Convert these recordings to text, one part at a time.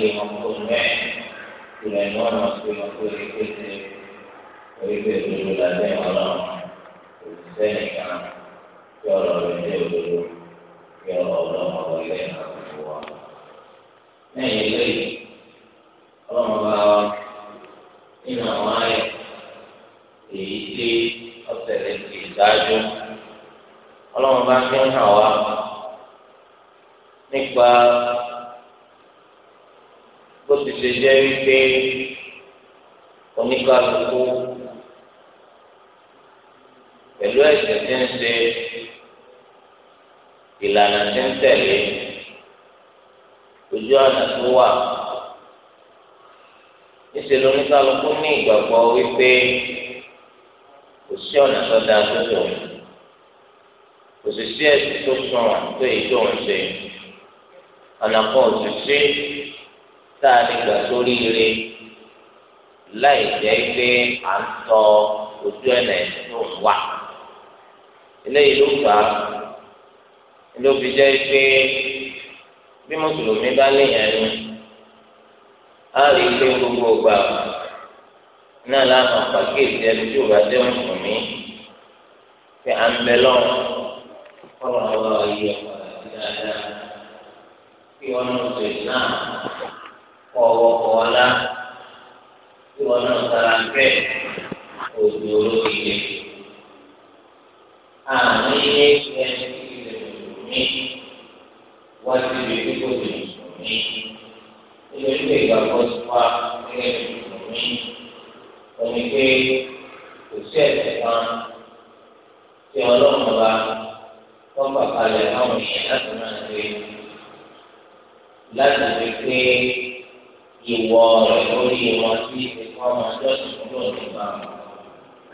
lè wọn kó mẹ́ẹ̀ ìlànà ìwọ náà fi wọn kó lè pété oríṣi ìdúró lábẹ́ wọn náà òṣìṣẹ́ nìkan tí ọ̀rọ̀ rẹ̀ jẹ́ òdodo tí ọ̀rọ̀ ọlọ́mọ wọlé àkókò wa. lẹ́yìn eléyìí ọlọ́mọ bá wa nínú àwọn ayẹ èyí tí ọ̀sẹ̀lẹ̀ ti dájú ọlọ́mọ bá ń fi hàn wá nípa lè jẹ́ wípé oníkàlùkù pẹ̀lú ẹ̀sìn tí ń ṣe ìlànà tí ń tẹ̀lé ojú ọ̀nà tó wà níṣẹ́ lóníkàlùkù ní ìgbàgbọ́ wípé kò sí ọ̀nà tó dáa tó tó kò sì sí ẹ̀sìn tó sùn tó èyí tó ń ṣe ọ̀nà kan ò sì sí tá a lè gbà sórí ire láì jẹ́ pé à ń tọ ojú ẹ̀nà ìlú wa eléyìí ló fà á ló fi jẹ́ pé bí mùsùlùmí bá léèyàn ni á rí i gbogbo ọgbà náà lánàá pàkíyèsí ẹni tí ò bá jẹ́ mùsùlùmí pé à ń bẹ lọ́rùn kọ́lọ́ ọ̀rọ̀ yìí ọ̀pọ̀ dáadáa kí wọ́n mú sèé náà ọwọ́ ọ̀la tí wọn náà sara ń bẹ òdì olóyè àmì ilé ìfẹ́ ìfẹ́ mi wá sí ibi tí kò lè sùn mí ilé ìfẹ́ ìgbàgbọ́ sí wa gẹ́gẹ́ bí òní pé kò sí ẹ̀sẹ̀ kan tí ọlọ́run ọba tó ń pàpalẹ̀ àwọn èèyàn láti máa ṣe láti fi pé ìwọ rẹ̀ lórí wọn tí ìfọ́ máa dọ́sùn kúrò nípa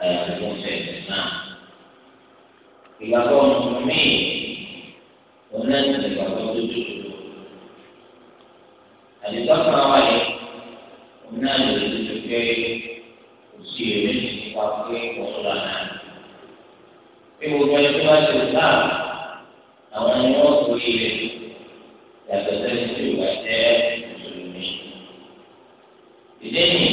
àyàwó fẹ̀mí náà. ìgbàgbọ́ mùsùlùmí onáìsí ìgbàgbọ́ tó dúró. àdìgbàgbọ́ wa yẹ onáìsí ìdúró pé kò sí èrè nípa pé òun là náà. bí gbogbo ẹni tó bá ti sá àwọn ẹni wọn kò yẹ yàtọ̀ sẹ́ni tó yẹ jẹ́ ẹ́. lẹ́yìn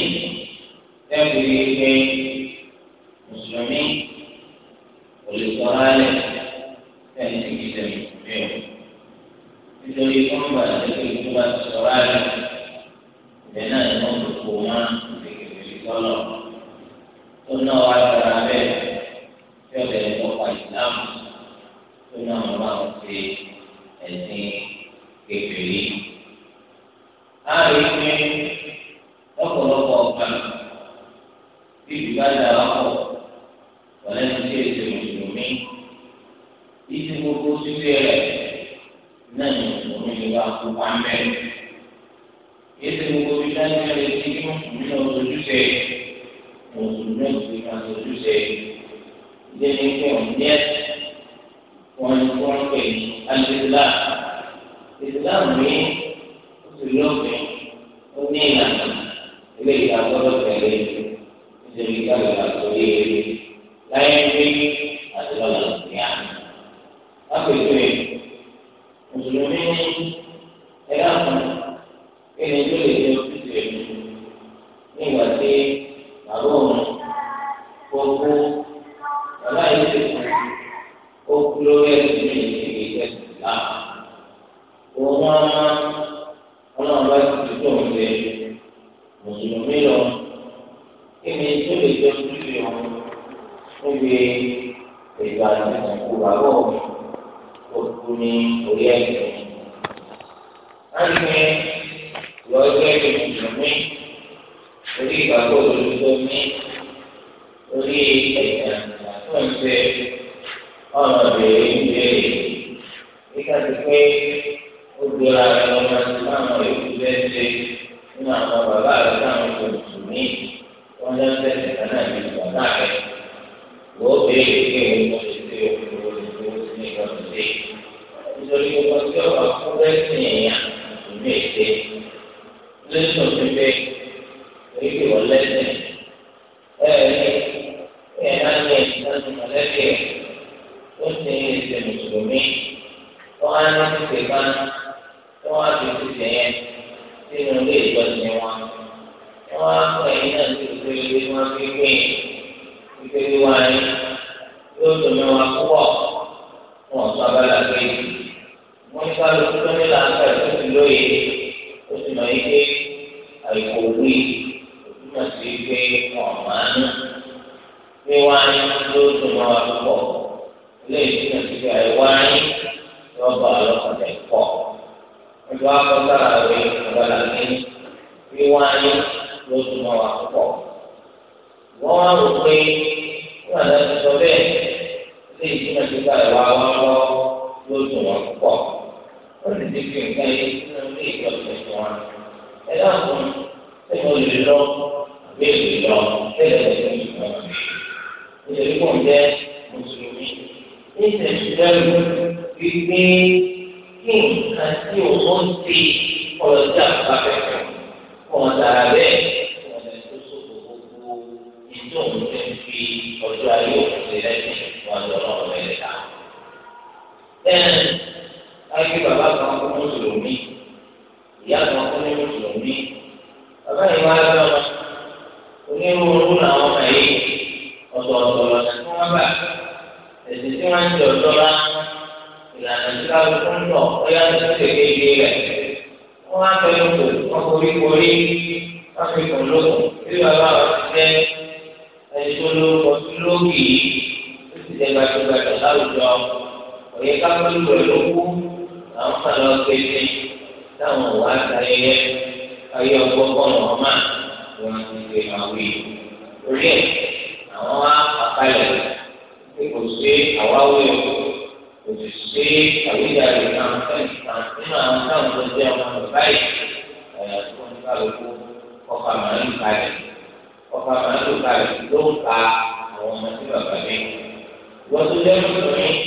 وزوجين المسلمين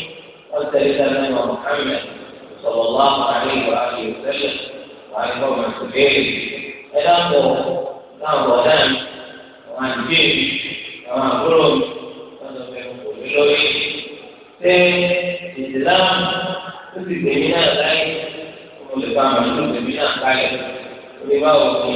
والثالثة منها محمد صلى الله عليه وآله وسلم وعن قوم السبيل الأمر كان ولان وعن جيل وعن قرون lórí ṣé ìsìlámù ó ti tèmi náà láyé ó lè bá àwọn ìlú tèmi náà kalẹ̀ ó lè bá òkú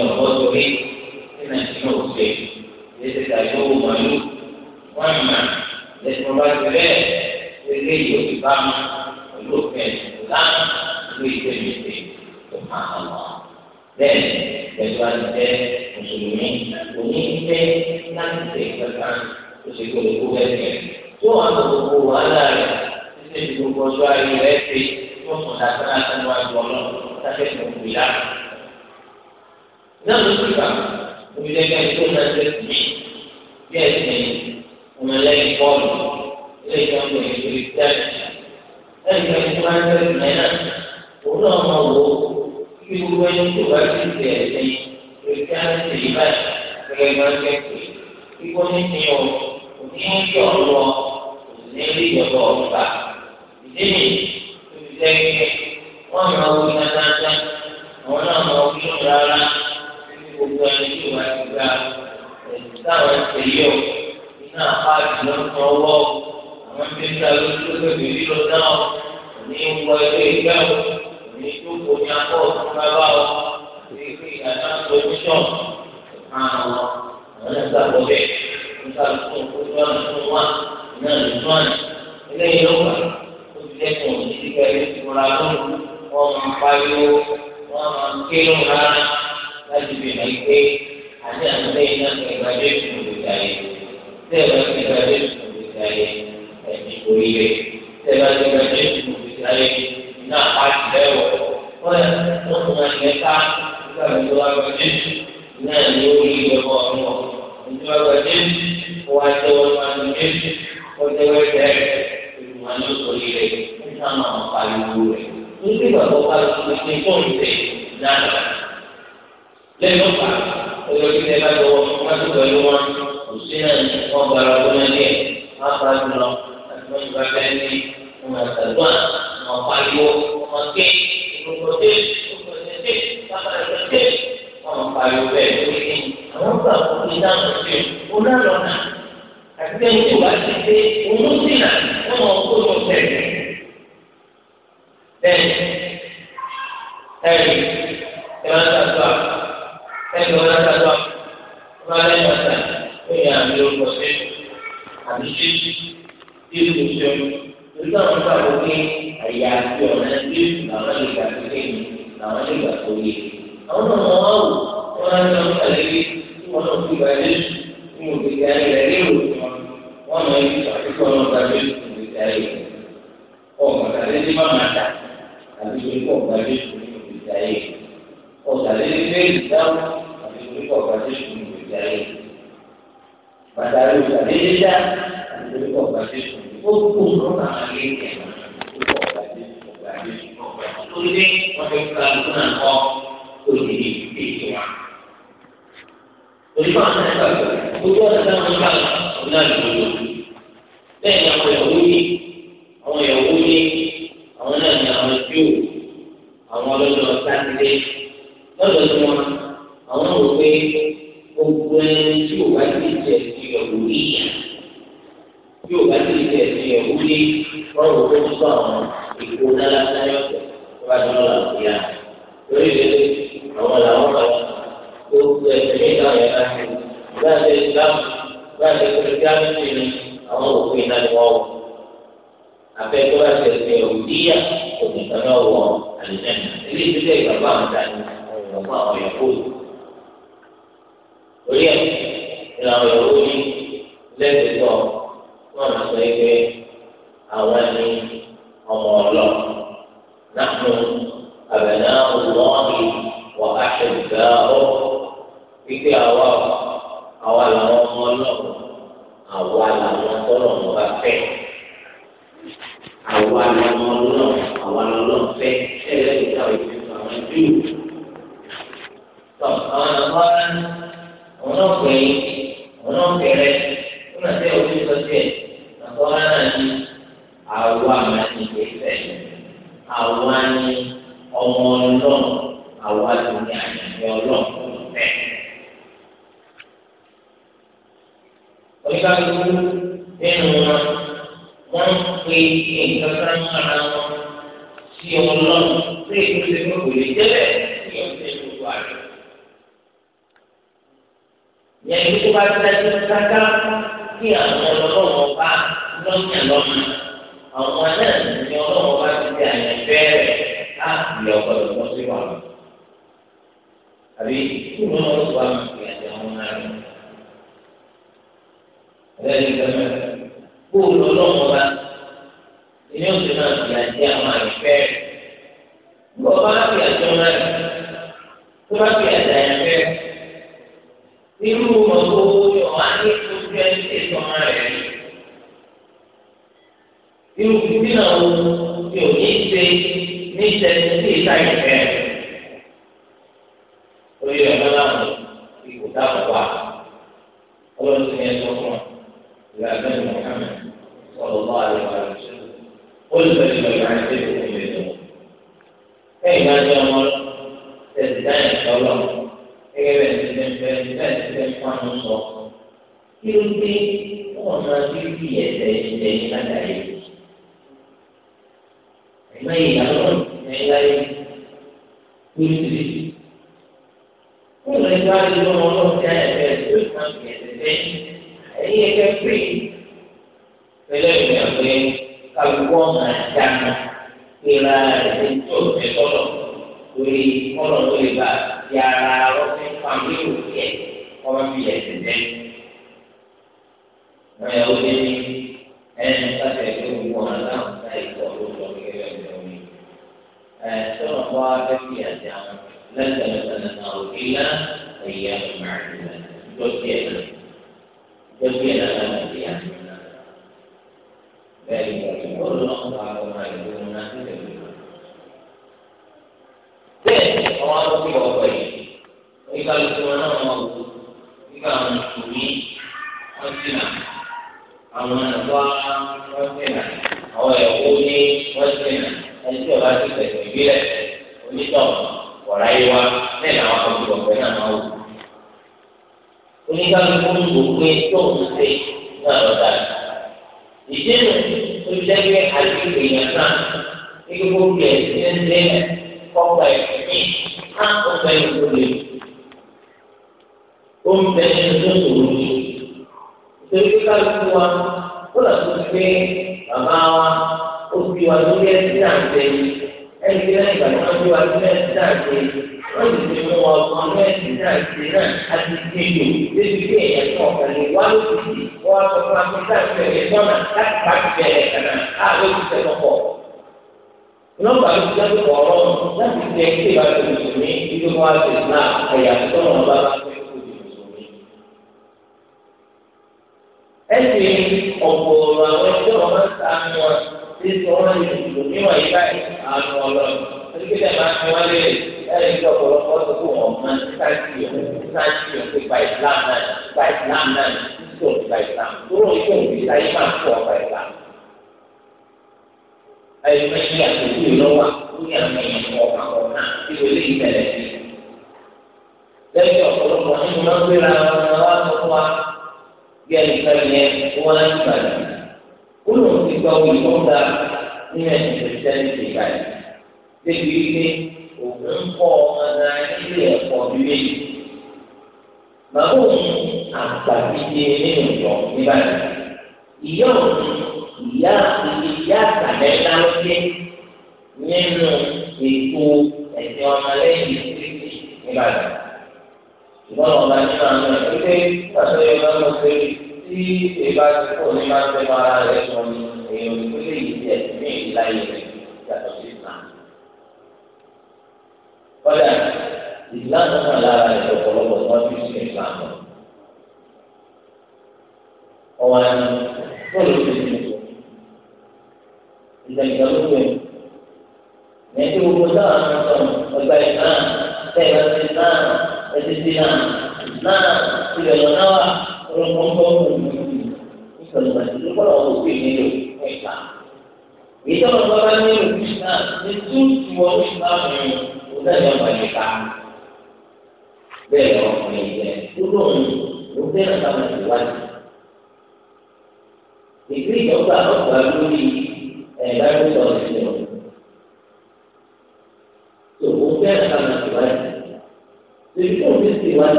ilé wọn fi ka lónà kọ òdì ìdè wa. Òdìbò àwọn ẹ̀ka gbogbo ọ̀sẹ̀ náà ń bá ọ̀nà ìdòdò. Bẹ́ẹ̀ ni àwọn أيام أيام معلومات جزء جزء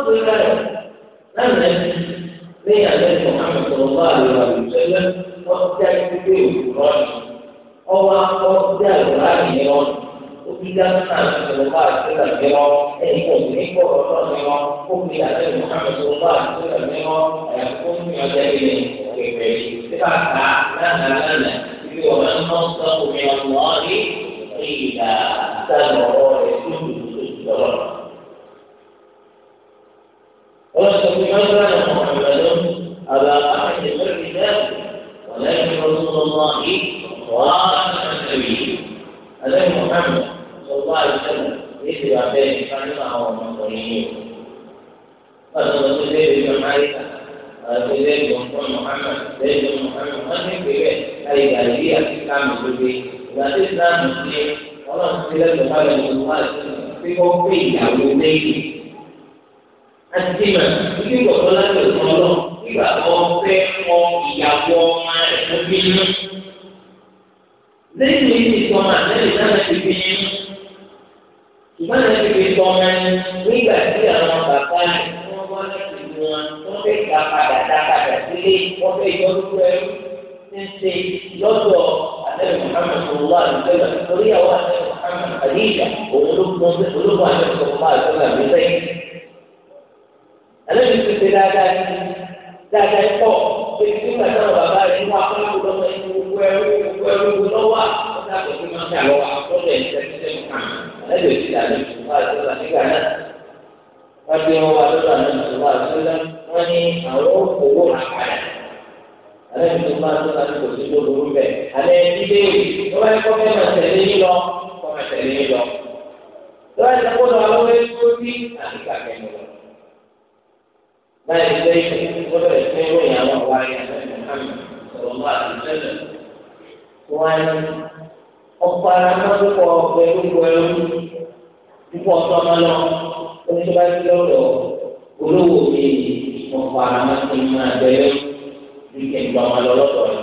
أصل الآية أن محمد صلى الله عليه وسلم يرى أن يكون من عجائبه وكيفه لبعثها لنا لنا ومن نصدق من الله ولا تكون مثلا محمد أبا أحد من الرجال ولكن رسول الله صلى الله عليه وسلم يتبع بين كلمة أو مصريين فصلت زيد بن معرفة زيد بن محمد زيد بن محمد مسلم في أي ألبية كان مسلم لا تسلم مسلم ولا تسلم هذا المسلم في قوة يعود àti mà ibi gbọ̀dọ̀ lábẹ́ òkun ọlọ́ nígbà tó fẹ́ kọ ìyàwó ọmọ rẹ̀ tó bí inú. lẹ́yìn ìdí ìtọ́mà lẹ́yìn náà ti bí inú. ìgbọ́n náà ti fi tọ́mà nígbà tí àwọn bàbá rẹ̀ wọ́n wá láti mú wọn wọ́n fẹ́ gbà padà dá padà sílé wọ́n fẹ́ yọ lóko ẹrú ń ṣe lọ́dọ̀ àtẹ̀wé Muhammad sọ̀rọ̀ àdúgbò torí àwọn àtẹ̀wé Muhammad àdìyà òun ló gbọ́n olóko àtẹ̀wé sọ̀rọ̀ àdúgbò àdúgbò ẹlẹ́yìn tó ṣe dáadáa ní dáadáa pọ̀ pé kí wọ́n náà bàbá rẹ̀ wá fún ìgbọ́dọ̀ ìgbòho ẹrú ìgbòho ẹrú lọ́wọ́ ọ̀dà pẹ̀lú máa ń lọ́wọ́ àkọọ́lẹ̀ ìṣẹ́ṣẹ́ kan ẹlẹ́yìn tó ṣe dáadáa ní wọ́n ti wà nígbà náà wọ́n ti wọ́n wá lọ́dọ̀ àná ìṣòwò àtúndá wọ́n ní àwọn owó àkàrà ẹlẹ́yìn tó máa ń lọ́dọ̀ àti kòsí lóru bẹ́ẹ̀ alẹ́ ilé ìwé tó bá yẹ kó fẹ́ máa tẹ̀lé yín lọ kó máa tẹ̀lé yín lọ lọ́wọ́ ìṣàkóso àwọn ewé tó ti àti kàkẹ́ nù lọ láì ṣe ó bẹ̀rẹ̀ sí ìròyìn àwọn ọ̀wá rẹ̀ àti Muhammad sọ̀rọ̀ mọ́ àti sẹ́lẹ̀. Wọ́n á ní ọ̀pọ̀ ara máa ń kọ pẹ̀lú pẹ̀lú púpọ̀ sọ́mọ́ náà ó ní tó bá ti lọ́dọ̀ olówó mi ọ̀pọ̀ ara máa ti máa bẹ̀rẹ̀ ní kẹ̀kẹ́ ọmọ lọ́lọ́dọ̀ rẹ̀.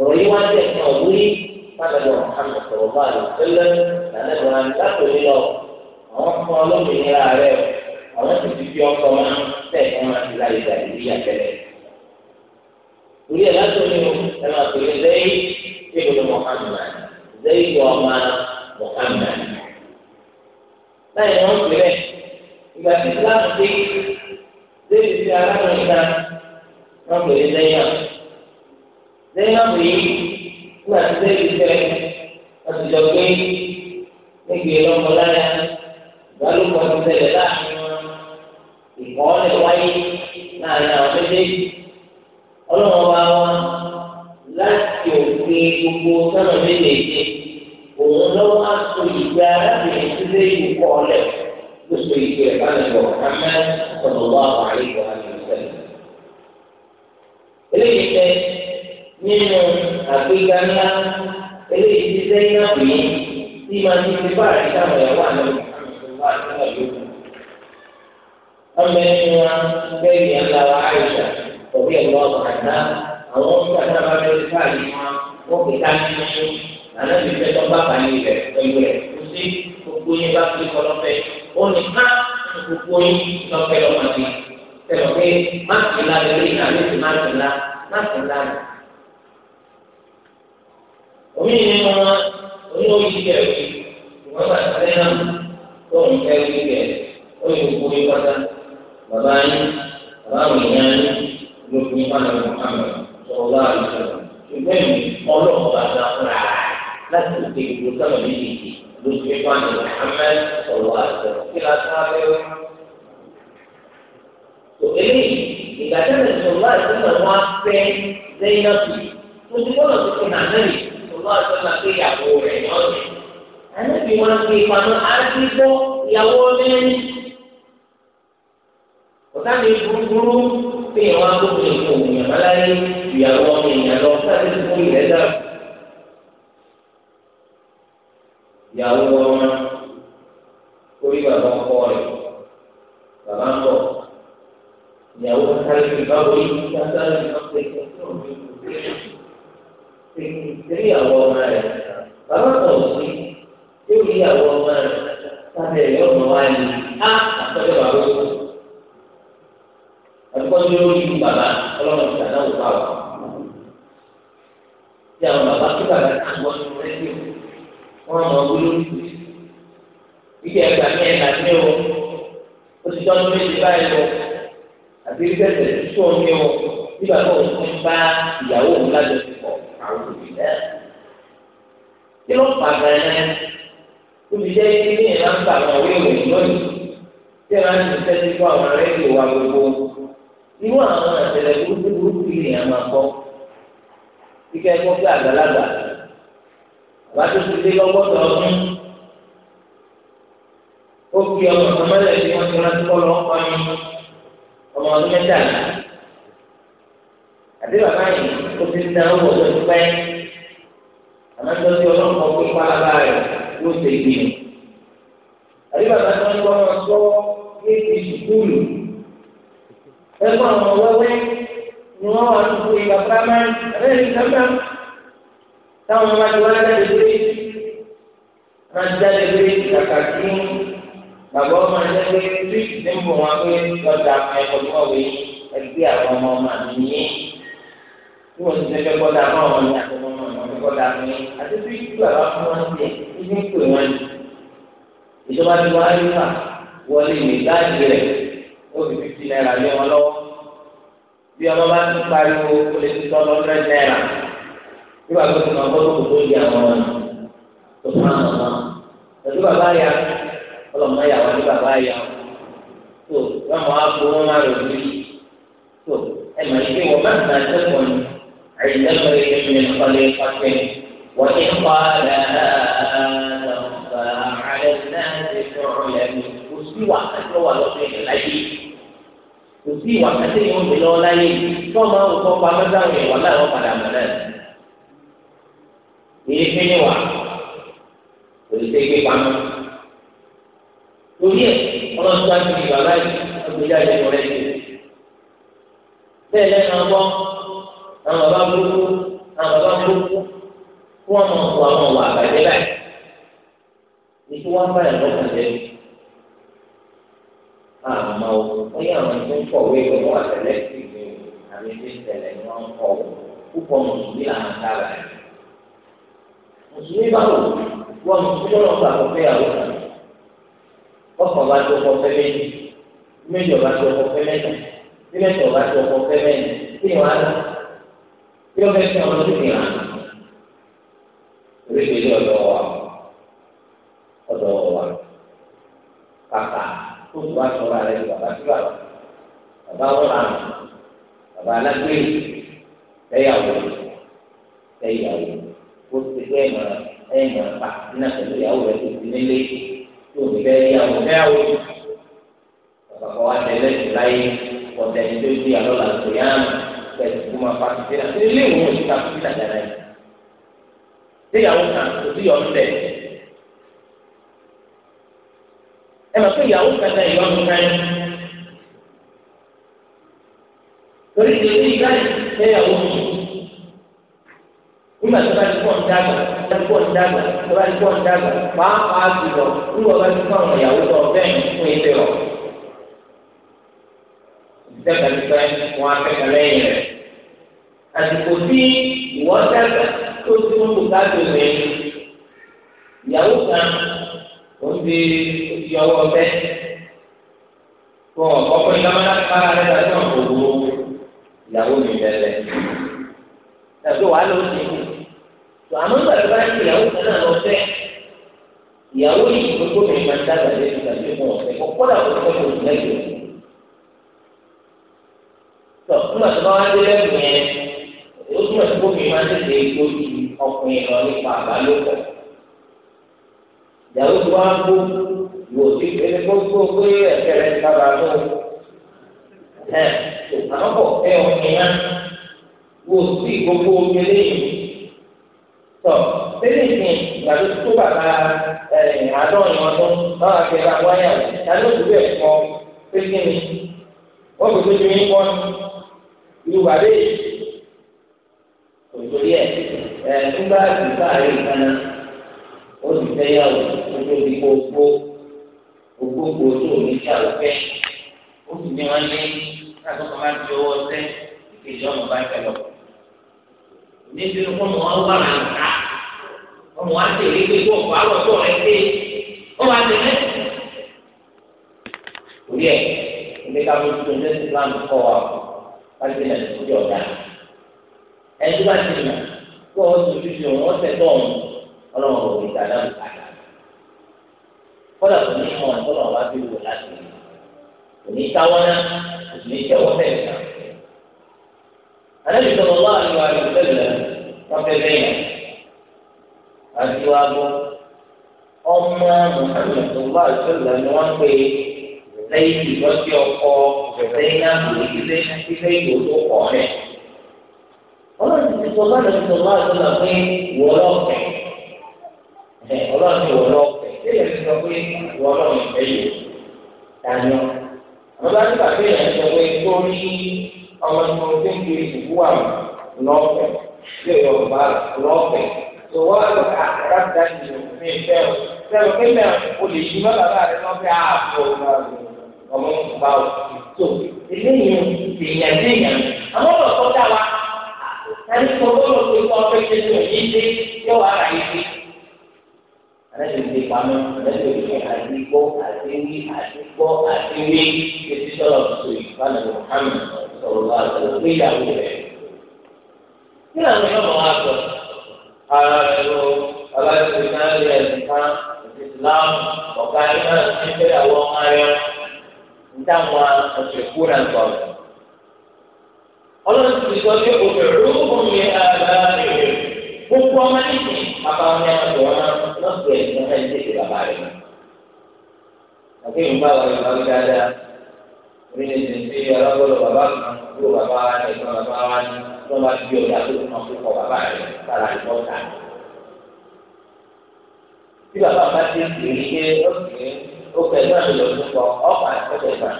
ọ̀rọ̀ yìí wọ́n á jẹ́ ẹ̀ka òwúrí pàdánù Muhammad sọ̀rọ̀ mọ́ àti sẹ́lẹ̀ lànà ìwọ̀n àti àwọn tó ti fi ọkọ máa ń tẹ̀ fún wọn láti láyé ìgbà ìlú yà tẹ́lẹ̀. Orí ẹ̀ láti omi o, ẹ máa pè é lẹ́yìn ìbùdó Muhammad, lẹ́yìn ọmọ Muhammad. Láyé wọn pè é, ìgbà tí Islam dé, lẹ́yìn tí arákùnrin náà wọ́n pè é lẹ́yìn àwọn. Lẹ́yìn àwọn yìí, wọ́n àti lẹ́yìn tẹ́ wọ́n ti jọ pé nígbè lọ́mọ láyà, ìbálòpọ̀ ti tẹ̀lé láàrin ìkọ́lẹ̀ wáyé láàrin àwọn méjèèjì ọlọ́run bá wọn láti òfin gbogbo sọ́nà méjèèjì òun lọ́wọ́ á so ìgbé arábìnrin sílé ìkọ́lẹ̀ tó so ìgbé ìbánidọ̀ kámẹ́ sọ̀rọ̀ wá àríwá àlùfẹ́. eléyìí tẹ nínú àgbéga ńlá eléyìí ti sẹ́yìn náà yìí tí màá ti fi bá àríkà mọ̀ ẹ̀wà náà wà nígbà yòókù ọmọ ẹni wa bẹ́ẹ̀ yẹn la wa àyíṣà òbí ẹ̀ lọ́wọ́ kàdá àwọn ọmọ kàdá bá bẹ́ẹ̀ ká yìí wọn wọ́n fi ká ní ní àná mi fẹ́ tọ́ bàbá yìí rẹ̀ pẹ̀lú rẹ̀ kó sí gbogbo yín bá fi kọ́ lọ́fẹ́ ó ní ká gbogbo yín lọ́fẹ́ lọ́mọdé tẹ̀lé pé má ti la lórí ìdáná ti má ti la má ti la nù. omi ni mo ma oyún oyin kẹ̀ ẹ̀ ìwọ́n bá ti náà tó ń fẹ́ oyin kẹ̀ oyin gbogbo yín pátá. bàbá yín bàbá àwọn èèyàn yín ló fi wọn lọ Muhammad sọ̀rọ̀ wá àlùfẹ́ ṣùgbọ́n èmi ọlọ́run bá dá fúnra láti ṣe ìlú sábà méjèèjì ló fi wọn lọ Muhammad sọ̀rọ̀ wá àlùfẹ́ kí la sá abẹ́rẹ́ tò eléyìí ìgbàdàgbà sọ̀rọ̀ wá àlùfẹ́ wọn fẹ́ lẹ́yìn náà tù mo ti gbọ́dọ̀ tó fi hàn mẹ́rin sọ̀rọ̀ wá àlùfẹ́ pé ìyàwó rẹ̀ yọ̀ọ́ rẹ̀ ẹni tí wọ́n fi pamọ́ àdìgbò ìyàwó mẹ́rin ọ̀sán lè burúburú pé ìwọ agbóhùn ìfún òmìnira máláyé ìyàwó ọmọ ènìyàn lọ sáré fún ilẹ̀ dà. ìyàwó ọmọ orí bàbá ọkọ rẹ̀ bàbá ń bọ̀ ìyàwó sáré fún ìbáwò yìí ká sáré fún ọ̀sẹ̀ ìfún òmìnira tẹ̀lé ìyàwó ọmọ rẹ̀ bàbá kan sí ìyàwó ọmọ rẹ̀ sáré ẹ̀yọ́ ọmọ wa á àtọ́jọba ló sọ ẹ̀kọ́ tí ó yí bàbá ọlọ́run ti àdáwò bá wà. Tí àwọn bàbá tó bàbá náà wọ́n ti rẹ́díò, wọ́n mọ̀ ọ́ lórí ìwé. Ìyá ẹ̀gbà mi ẹ̀dá mi o, ó ti tọ́jú méjì báyìí o, àti ilé ẹ̀sẹ̀ tó tó mi o, bí bàbá òun ti bá ìyàwó òun lájọṣepọ̀ àwọn òbí náà. Kí ló fà bẹ́ẹ̀ olùjẹ́ ilé ní ìlànà àwọn ìwé ìròyìn lónìí tí ẹ̀rọ ń tẹ́tí fún irú àwọn àtẹlẹ burúkú burúkú yìí ni a máa kọ kíkẹ́ ẹ̀kọ́ fún àgbàlagbà àbájọ ti dé lọ́gbọ́dọ̀ ọdún ó fi ọmọ ìsọmọlẹ̀ tí wọ́n ti rántí kọ́ lọ́wọ́ kọ́ ní ọmọ ọdún mẹ́ta àti bàbá yìí ó ti dá owó ọdún pẹ́ àmọ́tọ́ tí ọlọ́pàá ó pé pálábá rẹ̀ yóò ṣe ìgbìmọ̀ àti bàbá tí wọ́n ti wọ́n sọ ní ti sùkúlù ẹgbẹ́ àwọn wẹ́wẹ́ ni wọ́n wà ní ìlú ìgbà primary abẹ́rẹ́ ìjọba táwọn ọmọ àti wọ́n lẹ́dẹ̀ lé máa ń jáde lé kàkà sí bàbá ọmọ ẹgbẹ́ lé tí ní mbọ̀ wọn pé lọ́dà ẹ̀kọ́ tó wọ̀ yìí ẹgbẹ́ àwọn ọmọ ọmọ àmì yìí tí wọ́n ti ṣe fẹ́ kọ́dà náà wọ́n ní àtọ́mọ́ náà wọ́n kọ́dà mi àti tí ìlú àbá fún wọn tiẹ̀ ìdí ń pè wọn ìjọba ti wá yíwà wọlé ìgbà ìgbẹ́rẹ́ ó sì náírà lé wọn lọ́wọ́ bí ọmọ bá ti pariwo ó lè ti tọ́ lọ́dọ̀ náírà nígbà tó ti máa bọ́ tó kò àwọn ọmọ tó fún àwọn ọmọ ẹ̀dú bàbá yà ọlọ́mọ yà wọ́n ní bàbá yà tó wọ́n máa kó wọn máa lò ní tó ẹ̀ máa ṣe wọ́n máa máa tẹ́kọ̀ọ́ ní àyíkẹ́kọ̀ọ́ yẹ kí kọ́lé kọ́tẹ́ wọ́n ti kọ́ àdáadáa àdáadáa àdáadáa ìwà àti ọwà lọ́sẹ̀ yẹn láyé kò sí ìwà àti ẹ̀yìn omi lọ́wọ́ láyé tó máa ń kọ́ pa mẹ́tàwọn ìwà láwọn padà mọ̀ náà èyí fi ní wà kò sí ṣe gbé pamọ́ torí ẹ̀ ọlọ́run tó ti ìwà láyé ọdún yá ìlú rẹ̀ ṣe bẹ́ẹ̀ lẹ́nu ọgbọ́ àwọn bàbá burúkú àwọn bàbá burúkú fún ọmọ ọ̀pọ̀ àwọn ọ̀wà àbàjẹ́ láyé ètò bá ẹ̀ lọ́kàn jẹ́ àmọ́ ó yẹ àwọn tó ń kọ̀wé ìwé wọn àtẹ̀lẹ́ sí ìwé àmì tó ń tẹ̀lé ni wọ́n ń kọ̀wé púpọ̀ mùsùlùmí làwọn dára rẹ̀. mùsùlùmí báwo wọ́n mùsùlùmí lọ́nà ọ̀gbà kọ́ fẹ́ yàwó kan ọkọ̀ bá tó kọ́ fẹ́ méjì méjì ọba tó kọ́ fẹ́ mẹ́ta mílẹ̀tì ọba tó kọ́ fẹ́ mẹ́rin kí ni wàá lọ bí ọbẹ̀ fi àwọn ọdún yìí wá sọ̀rọ̀ àrẹ ní bàbá sí bàbá bàbá ọ̀rọ̀ àná bàbá alágbé ẹ̀yàwó ẹ̀yàwó ó ti gbé ẹ̀mọ̀ ẹ̀mọ̀ pa iná pẹ̀lú ìyàwó rẹ̀ tó ti nílé tó ti bẹ́ ẹ̀yàwó ẹ̀yàwó bàbá kan wá tẹ̀lé láyé ọ̀dẹ̀ tó di àlọ́ làǹtọ̀ yá pẹ̀lú kó máa pa títí náà ilé ìwòsàn títí náà dáná yìí. ẹ mọ̀ pé ìyàwó kẹta ìwà mi ká yẹn. torí ti ní ìgbàlè ṣe ìyàwó mi. nígbà tó bá ti pọ̀ ń dàgbà tó bá ti pọ̀ ń dàgbà tó bá ti pọ̀ ń dàgbà pàápàá jùlọ nígbà bá ti fáwọn ìyàwó lọ bẹ́ẹ̀ fún ilé rọ̀. ìjọba ti fẹ́ wọn akẹ́kọ̀ọ́ lẹ́yìn rẹ̀. àsìkò tí ìwọ́n dàgbà tó tún bùkátà rẹ̀ ìyàwó kan òbí ìyàwó ọbẹ̀ kọ ọkọ ìdámọ́lá kára rẹ̀ dájú ọ̀pọ̀ owó ìyàwó mi bẹ̀rẹ̀ tàbí wàá lọ sí i tó àmọ́ ìgbàlú bá ti ìyàwó kan náà lọ fẹ́ ìyàwó yìí gbogbo mi máa dábàá lé nígbà tí mo ọ̀fẹ́ kó kọ́dà kó tó kọ́ òun lẹ́yìn tó nígbà tó bá wá dé lẹ́yìn yẹn ó túmọ̀ sí gbogbo mi máa tètè gbòdì ọkùnrin lọ nípa àbálòpọ̀ ìyàwó tó wá gbó ìwò sí ẹni gbogbo pé ẹsẹ̀ rẹ̀ sábà tó ẹ̀ àwọn bọ̀ ẹ̀ ọ̀kìn yá wò sí gbogbo kele yìí tọ̀ tẹ́lẹ̀ ní ìgbàdo tó bàbá ẹ̀ àádọ́rin ọdún báwa ti ra wáyà tani ó dúró ẹ̀kọ́ pé kí ni ó kò tó ju yín pọ́n ìlú bàbá yìí kò tó yẹ ẹ̀ nígbà tí báyìí kan náà. ó sì fẹ́ yà wò lójú omi kó gbó gbogbo gbòòtò ní ìyàwó fẹ́ ó sì ní wọn ní káàtó kan máa di owó ọtẹ ìkejì ọmọ bá fẹ́ lọ. níbi kó wọn wà láyé ká ọmọ wa ti rí gbogbo ó wà orí ilé ká ní o ọlọ́run ò ní ìdáná ìdáná kọ́lá kò ní mọ̀ ìtọ́lọ̀ wá bí wò láti rí kò ní táwọn náà kò ní tẹ̀wọ́ bẹ́ẹ̀ náà. àlejò sọ̀rọ̀ wá àlùwà rẹ̀ tẹ́lẹ̀ wọ́n fẹ́ bẹ́ẹ̀ yẹn àti wá bọ́ ọmọ mùsùlùmí tó wá àtúntò ni wọ́n pè é lẹ́yìn ìlọ́sí ọkọ lẹ́yìn náà kò ní ilé ilé ìlú tó kọ̀ rẹ̀. ọlọ́run ti sọ bá àlejò sọ̀rọ̀ wá àtúntò pé wọ́ọ́rọ́ ọlọ́run ní ìwọ̀n lọ́wọ́ pẹ̀ ṣé èyí sọ pé ìwọ̀n lọ́wọ́ ìfẹ́ yìí dànù. àbúrò nígbà tó yẹ sọ pé tó ní ọmọ tí mo ti ń kiri ìbú wà lọ́pẹ̀ ṣé yorùbá lọ́pẹ̀ tó wọ́n lọ àkàrà dání ní ìfẹ́ o sẹ́nu pé mẹ́ o lè ṣí mọ́ bàbá rẹ lọ́pẹ̀ ààbò ọmọ ìgbà o tó eléyìí èèyàn léèyàn àwọn ọ̀dọ́ dá wa àti sọ́kọ́ lọ́pẹ̀ kọ́ ọ́ lẹ́yìn tí pamọ́ lẹ́yìn tí àti gbọ́ àti wí àti gbọ́ etí sọ̀rọ̀ tó ìfàlẹ̀ Muhammad sọ̀rọ̀ bá sọ̀rọ̀ pé ìyàwó rẹ̀. Kí làwọn ọmọ wa sọ? Ara rẹ̀ lọ, bàbá ti ná ilé ẹ̀sìn kan, ìsìlám, ọ̀gá iná ti ń fẹ́yàwó ọmọ ayọ́. Níta ọ̀sẹ̀ kú náà sọ̀rọ̀. Ọlọ́run ti sọ pé òfin rúkú mi àgbà gbogbo ọmọ níbi bàbá wọn ní àwọn ọmọ náà pè é nígbà tí èdè bàbá rẹ mọ. àti ìgbà wà ní bàbá dáadáa orí ni ti ti alágbọ́dọ̀ bàbá kan kúrò bàbá wa ní ìgbà bàbá wa ní wọ́n bá ti ọ̀dà tó kàn fún ọ bàbá rẹ sára ìbọn ta. tí bàbá bá ti ń pè é ṣe ó sì ń ó pẹ̀lú àmì lọ sí ọ ọ̀pá ẹ̀fẹ̀ gbà.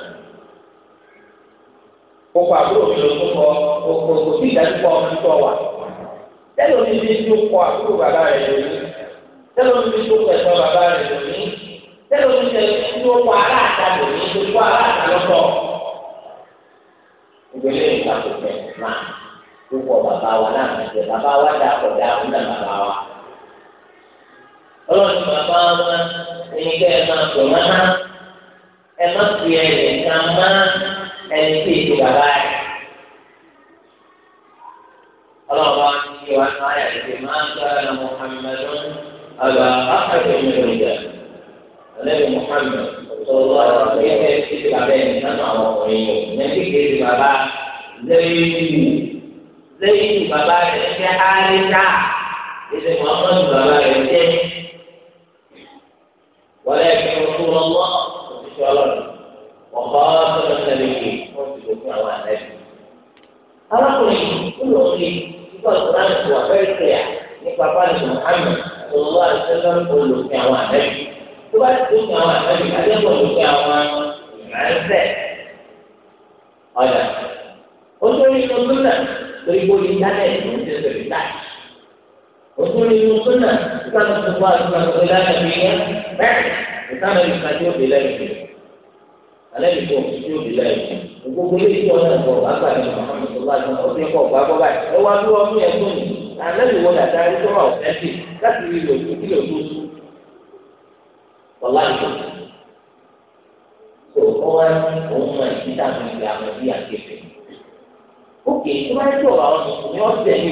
kókó àbúrò mi ló tó kọ kókó kò sí ìdájú tẹ́lẹ̀ omi fi tó kọ àbúrò bàbá rẹ̀ lónìí tẹ́lẹ̀ omi fi tó kọ ẹ̀gbọ́n bàbá rẹ̀ lónìí tẹ́lẹ̀ omi fi tó kọ aláàtà lónìí tó kọ aláàtà lọ́tọ̀ ìgbélé ìtàkùnkẹ̀ náà tó kọ bàbá wa náà mẹsẹ̀ bàbá wa dà kọ̀ dà kú náà bàbá wa ọlọ́run bàbá wa ẹni kẹ́ ẹ máa sọ̀rọ̀ náà ẹ má fi ẹ̀yẹ̀ ká má ẹni tí ètò bàbá rẹ̀. الله عنه وعن آياته ما كان محمد أبا أحد من الرجال النبي محمد صلى الله عليه وسلم يكتب عليه السمع والطريق نبي كتب على زي زي بابا في حالك إذا محمد بابا يكتب ولكن رسول الله صلى الله عليه وسلم وخاتم النبيين وفي جميع النبي أراكم كل شيء because Quran is wa very clear nípa báyìí Muhammad sallallahu alaihi wasallam olùfẹ́ àwọn ànábì tó bá ti lófin àwọn ànábì adébọ̀ lófin àwọn ìránṣẹ́ ọ̀dà olórí inú súnà lórí bó ní dánẹ́ẹ̀tì ní ti sèrí táì olórí inú súnà ìtàn tó wà nínú àgbẹ̀lẹ́ alẹ́yìn kò tí o lè lẹ́yìn gbogbo ilé tí wọn náà bọ̀ bàbá mi Muhammad sọlá ní ọdún ẹ̀kọ́ ọ̀gbà bọ́ báyìí ẹ wá dúró ọdún yẹn tóni alẹ́yìn wọn dàda ẹni tó wà ọ̀fẹ́ǹtì láti rí ìlò ìlú ìlú ìlú ìlú ọ̀la ìlú tó wọ́n wá òun mọ ìdíjà àkẹ́fẹ́ òkè tó bá yẹ kí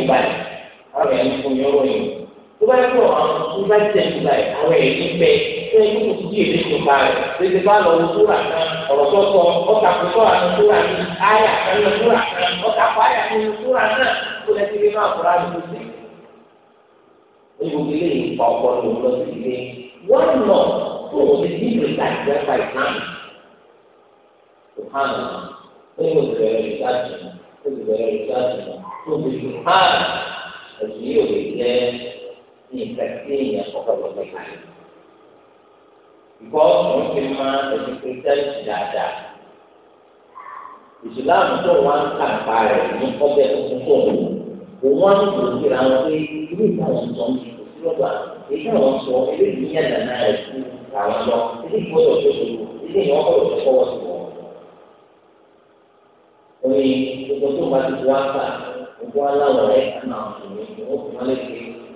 ọ̀sẹ̀ tó bá yẹ kó àwọn tó bá tẹ̀ nígbà yìí àwọn èyí bẹ̀ tó yẹ kó kò sí èdè tó bá rẹ̀ tètè bá lọ wo sóra kan ọ̀rọ̀ tó sọ ọ̀tà kò sọ̀rọ̀ àti sóra ní àyà kan lọ sóra kan lọ tó lẹ́ ti rí máa kóra pa ọkọ ló ní ìrìnà ìjẹ́pà ìsáàmù. Sùhánù ẹ̀yìn òṣèré ìsáàmù ó tó o ti sùhánù ẹ̀sìn yóò lè jẹ́ ní ìtàkì èèyàn kọ́kọ́ lọ́gbẹ́ kalẹ̀. Ìkọ́ òun ti máa tẹ̀sí pé tẹ́lifí dáadáa. Ìsìláàmù tó wá ń kà pa rẹ̀ ní ọbẹ̀ tuntun tó ń wò wọ́n ń lò sí ra wọn pé irú ìtàwọn sọ ń bí kò sí lọ́gbà èyí àwọn sọ eléyìí ní ẹ̀dàná rẹ̀ fún àwọn lọ eléyìí gbọ́dọ̀ tó tó eléyìí wọ́n gbọ́dọ̀ tó fọwọ́ sí wọn. Oye, gbogbo tó bá ti wá kà, gbogbo aláwọ̀ rẹ̀ kà náà sùn ní ìwọ̀n fún alẹ́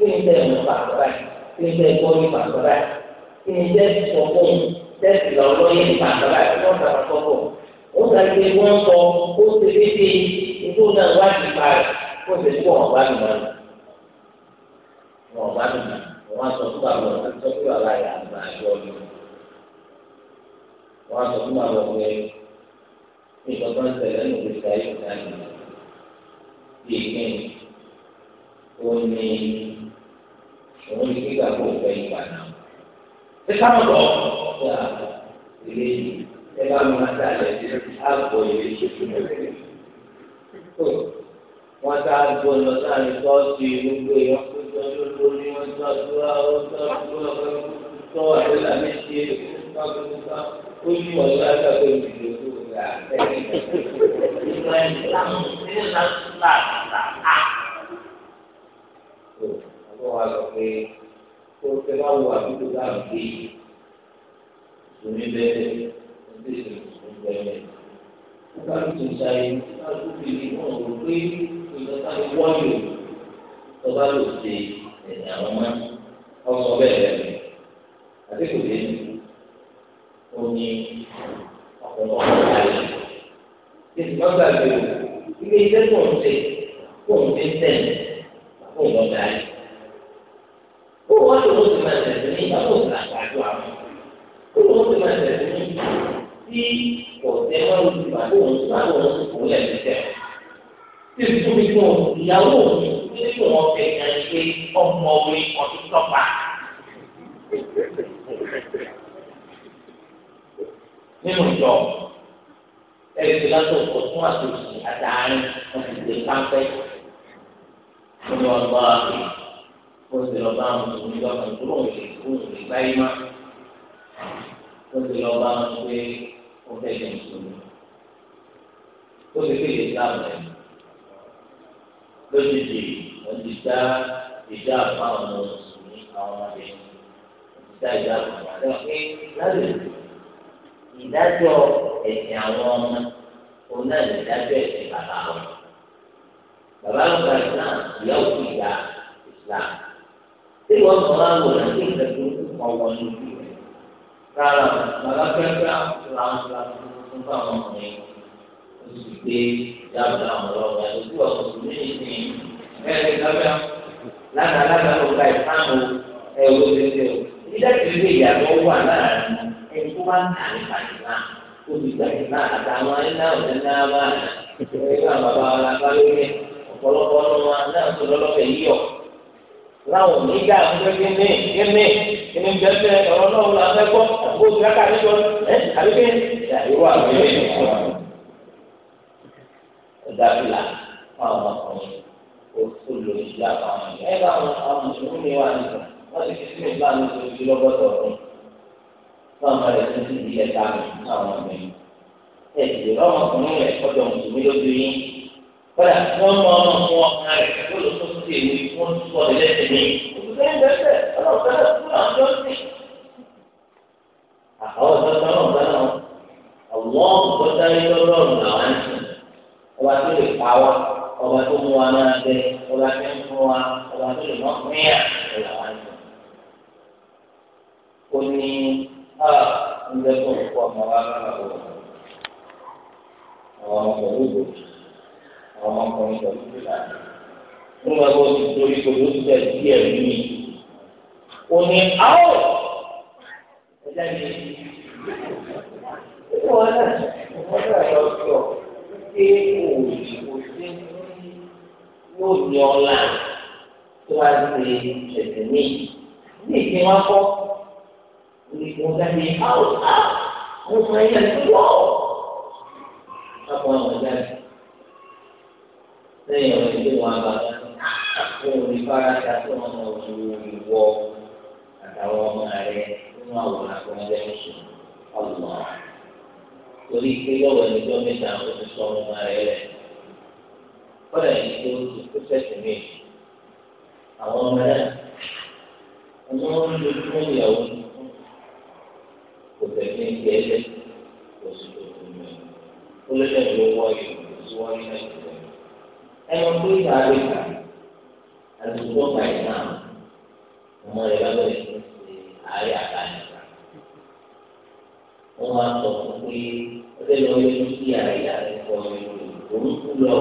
kí ni tẹ́ ẹ̀mú pàtó báyìí kí ni tẹ́ ẹ̀kọ́ ní pàtó báyìí kí ni tẹ́ ẹ̀sọ̀ fún tẹ́sí lọ́wọ́ yẹn ní pàtó báyìí wọ́n sàrà sọ́kọ̀ ó sàrà pé wọ́n sọ ó ṣe dédé ikú náà wá sí parí ó ṣe kó wọn bá mi mọ́ wọn bá mi mọ́ wọn sọ fún bàbá wọn sọ fún bàbá yà àgbà àjọ ọdún wọn sọ fún bàbá wọn yẹn nígbà ń tẹ̀lé ní ìgbésí ayé ìdáná yìí ní òní òun ní gbígbà kó o ìgbà náà. ẹ sábà lọ sí àgbà ilé yìí ẹ bá mi máa dàlẹ́ àgbọ̀ ilé yìí tó lọ wọ́n tá a lọ sáré tọ́sí gbogbo èèyàn tó tọ́jú lórí wọn tó àdúrà wọn tó àdúrà wọn tó àdúrà méjì kákúrúkà ó yí wọn láti àgbẹ̀ òdìdó tó rà ẹ̀ ẹ̀ ẹ̀ ẹ̀ ẹ̀ ẹ̀ ẹ̀ ẹ̀ ẹ̀ ẹ̀ ẹ̀ ẹ̀ wa sọ pé kó o fẹ́ wá wo àdúgbò láàbù gbé yìí ìṣòro bẹ́ẹ̀ ó ti ṣe ìṣòro bẹ́ẹ̀. nígbà tó ti ṣàyè láti fi ìwọ̀n rò pé ìjọba ti wọ́yò tó bá lò ṣe ẹ̀yìn àwọn ọmọ ọsọ bẹ́ẹ̀ rẹ̀ àti kò dé ní o ní ọ̀pọ̀lọpọ̀ àyè. ìṣèjọba gbàgbé o ilé iṣẹ́ tó ń ṣe kó ń ṣe tẹ̀ kó ń lọ dáa yìí kó wọ́n lòun ti máa tẹ̀sí ní ìyàwó ìlà àgbàdo àwọn kó lòun ti máa tẹ̀sí ní tí ọ̀tẹ̀ wọn lò ti máa lòun ti máa lòun ti kún lẹ́nu tẹ̀. tí ìfún mi tó ìyàwó mi ní kí wọ́n fẹ́ ká ṣe ọmọ orí ọdún tọ́pa. nínú ìjọ ẹ̀rí ti lásán ọ̀tún àtòsí àtàárín wọn ti pápẹ́. Ọlọ́run bá a ó sì àwọn ọmọ ìgbà kan tó lóun lè kó òun lè má ó sì lọ bá wọn fẹ́ jẹun sómi ó sì fi lè dá àwọn ẹ̀mí wọ́n ti dá ìdá àpá àwọn ọmọ sùnmí àwọn ọmọdé wọ́n ti dá ìdá àpá àwọn ọmọdé wọ́n pé ìdájọ́ ẹ̀sìn àwọn ọmọ òun náà lè dájọ́ ẹ̀sìn bàbá wọn bàbá wọn gba ìsìlámù ìyá òkú ìyá ìsìlámù tí wọ́n mọ̀ á wò lọ sí ìtẹ̀tù ọ̀wọ́ ní ìlú rẹ̀. Rárá bàbá pẹ́ẹ́pẹ́ àfúráńfúrá fún fáwọn ọmọ yẹn. Ó gbé dábàá àwọn ọlọ́wọ́ ẹ̀ lójú ọ̀sán tó ní ìsìn ẹ̀ẹ́dẹ̀ lábẹ́ lánàá lánàá ló ka ìfáàmù ẹ̀wọ́ tẹ̀tẹ̀ o. Ìdílé tẹ̀lé wà láàárín ẹni tó bá ń kà nípa ìlànà náà máa ń láwọn onígbà àtúntò ní kíní kíní bẹ́ẹ̀ ọ̀rọ̀ náà wọ́n lọ́ọ́ fẹ́ gbọ́ àbúrò tí wọ́n kà ní sọ ẹ́ àbíké ìwọ àbúrò yìí fún wa. ẹ̀dá fìlà fáwọn ọkùnrin òkú lò sí àwọn àwọn ẹ̀ bá wọn àwọn mùsùlùmí ni wà nígbà wọ́n ti fi sínú ìgbà ní oṣù lọ́gọ́tọ̀ ọ̀run náà máa lè tún sí ìdílé dànù àwọn ọmọ yìí. ẹ̀ ti lè rọ́ọ̀mọkùnrin rẹ̀ kọjọ mùsùlùmí lójú yín kọ́dà wọ́n mọ ọmọ fún ọkùnrin òkè ní wọ́n ń sọ ilé ẹ̀mí. Òṣìṣẹ́ ń bẹ̀rẹ̀ ọlọ́ọ̀tẹ́ fún àjọ sí. Àwọn ọ̀dọ́ta ọlọ́ọ̀tá náà àwọn ọ̀dọ́ta ilé ọlọ́run làwọn ń sìn. Ọba tó lè pa wá, ọba tó mú wa náà jẹ, ọba tó ń fún wa, ọba tó lè mọ́ fún yà làwọn ń sìn. Ó ní a ń dẹ́kun òkú ọmọ wa lára wọ̀. Àwọn ọmọkùnrin lòdì, àwọn ọmọkùnrin lòdì wọ́n máa bọ́ ti torí gbogbo sísè díẹ̀ mí. Ó ní áwọ̀ ẹ̀dá ni wọ́n náà wọ́n náà lọ sọ pé òòyì kò sí yóò ní ọ̀la tó bá ti ṣẹ̀ṣẹ̀ mí. Ní ìpín wọn kọ́ ìgbọ̀ngàn ni áwọ̀ áwọ̀ mo sọ ẹ̀yẹ́ ní wọ́ọ̀. Wọ́n kọ́ àwọn ọ̀gá rẹ̀ lẹ́yìn ọ̀rẹ́ ìdíwọ̀n abàtà. wọn ò torí pé lọ́wọ́ ẹnìjọ́ mẹ́ta ó ti sọ ọmọ rẹ rẹ̀. kọ́lá yìí tó tó fẹ̀sẹ̀ mí. àwọn ọmọ náà ọmọ wọn ń fún ìyàwó kò tẹ̀lé ní ẹlẹ́ kò sì tó tó mọ́ ẹ. ó lé lẹ́yìn ló wọ́ ìlú tó rẹ̀. ẹ̀wọ̀n tó yà á lè kà á. àti tó gba ìsàn ọmọ rẹ lọ́dọ̀ yìí ló ṣe àárẹ̀ àtàlẹ̀ wọ́n máa sọ fún pé ọdẹ lọ yẹ kí kí àárẹ̀ àti sọ òun kú lọ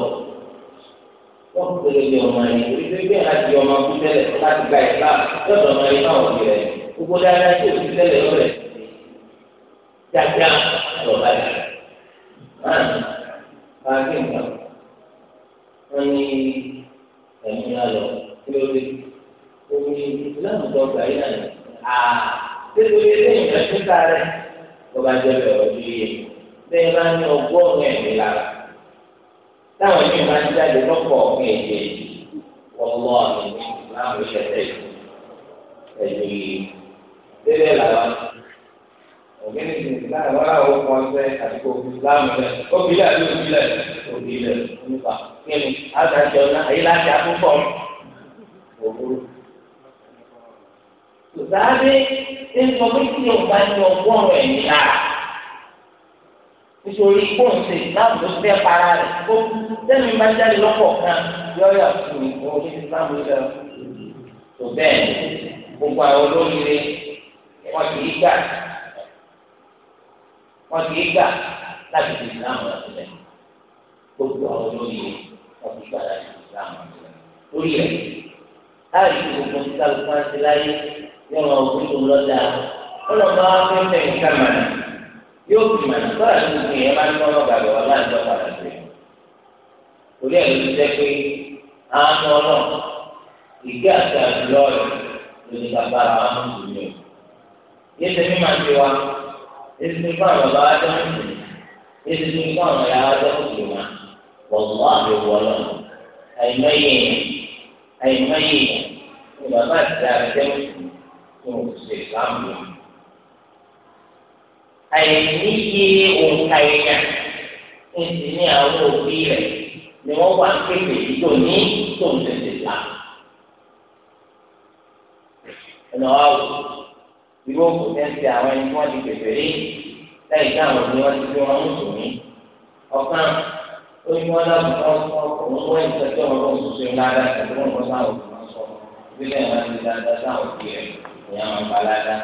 wọ́n pèlè bí ọmọ yìí lórí pé bẹ́ẹ̀ láti ọmọ kú tẹ́lẹ̀ láti gba ìsà lọ́dọ̀ ọmọ yìí náà wọ̀nyí rẹ̀ gbogbo dáadáa tó ti tẹ́lẹ̀ lọ́rẹ̀ dáadáa lọ́ba yìí. lọ gbà yín náà àà títí oye lẹ́yìn rẹ̀ tún ta rẹ̀ lọ́ba jẹ́ bẹ̀rẹ̀ ọdún yìí lẹ́yìn bá ní ọgọ́rùn-ún ẹ̀mí lára táwọn ẹ̀mí máa ń jáde lọ́pọ̀ ọ̀gbìn èdè ọlọ́ àmì láàmú ìṣẹ̀lẹ̀ ẹ̀mí lélẹ̀ làwọn ògbìn ìsìn láàrín wọn àwọn ọkọ ọ̀sẹ̀ àti òbí láàmú rẹ̀ òbí lẹ̀ àti òbí lẹ̀ òbí lẹ̀ nípa kí ni àtàjọ náà èyí láti àkókò òwúrò tòtàbí ṣe ń sọ pé kí o bá ní ọgbọ́n rẹ̀ ní à. nítorí fóun ṣe ìsìláàmù ló fẹ́ para rẹ̀ kó sẹ́mi bá jáde lọ́pọ̀ kan yọ̀ọ́yà fún ìfọ̀ ní ìsìláàmù lọ. tó bẹ́ẹ̀ gbogbo àwọn olóyè wọn kì í gbà wọn kì í gbà láti fi ìsìláàmù lọ sílẹ̀. gbogbo àwọn olóyè wọn kì í gbà láti fi ìsìláàmù lọ sílẹ̀. lórí ẹ̀ láì fi gbogbo ìsìláàmù kan ṣe láyé yóò máa wù ú lọ́dà ọlọ́ba afẹ́fẹ́ nǹkan mà yóò fi mà nípa àdúgbò yẹn bá ń tọ́ lọ́gà rẹ̀ wọ́n láǹdọ́ padà sí i. orí ẹ̀ ló ti jẹ́ pé àánú ọ̀nà ìgbé àti àdúrà rẹ̀ ló ní bàbá àwọn mùsùlùmí o. yéé ṣe mímọ̀ àti wa èsì ní fún àwọn bàbá àjọ mùsùlùmí èsì ní fún àwọn ìyá àjọ mùsùlùmí wọ́n mú àbí wọlọ́ àìmọye àìmọye bàbá àti àjọ mùsùlùmí fún òṣìṣẹ́ ìsìlámù àìníye òǹkà ẹ̀yà ń sì ní àwọn òbí rẹ̀ ni wọ́n wà kéde tó ní tó ń tẹ̀sẹ̀ là. ẹnà wa wò ìwé òkú tẹ́sí àwọn ẹni tí wọ́n ti pèsè rí lẹ́yìn tí àwọn òbí ti fi wọn mú sùn ní ọ̀kan ó ní wọn láti ọkùnrin wọn ìtẹ́jọ́ ọlọ́run ṣe ńlá dáadáa tó ń bọ́ sáwọn òbí wọn sọ ìgbélé ẹ̀ máa ń di dáadáa sáwọn òbí ẹ̀ ìyá máa gba ládá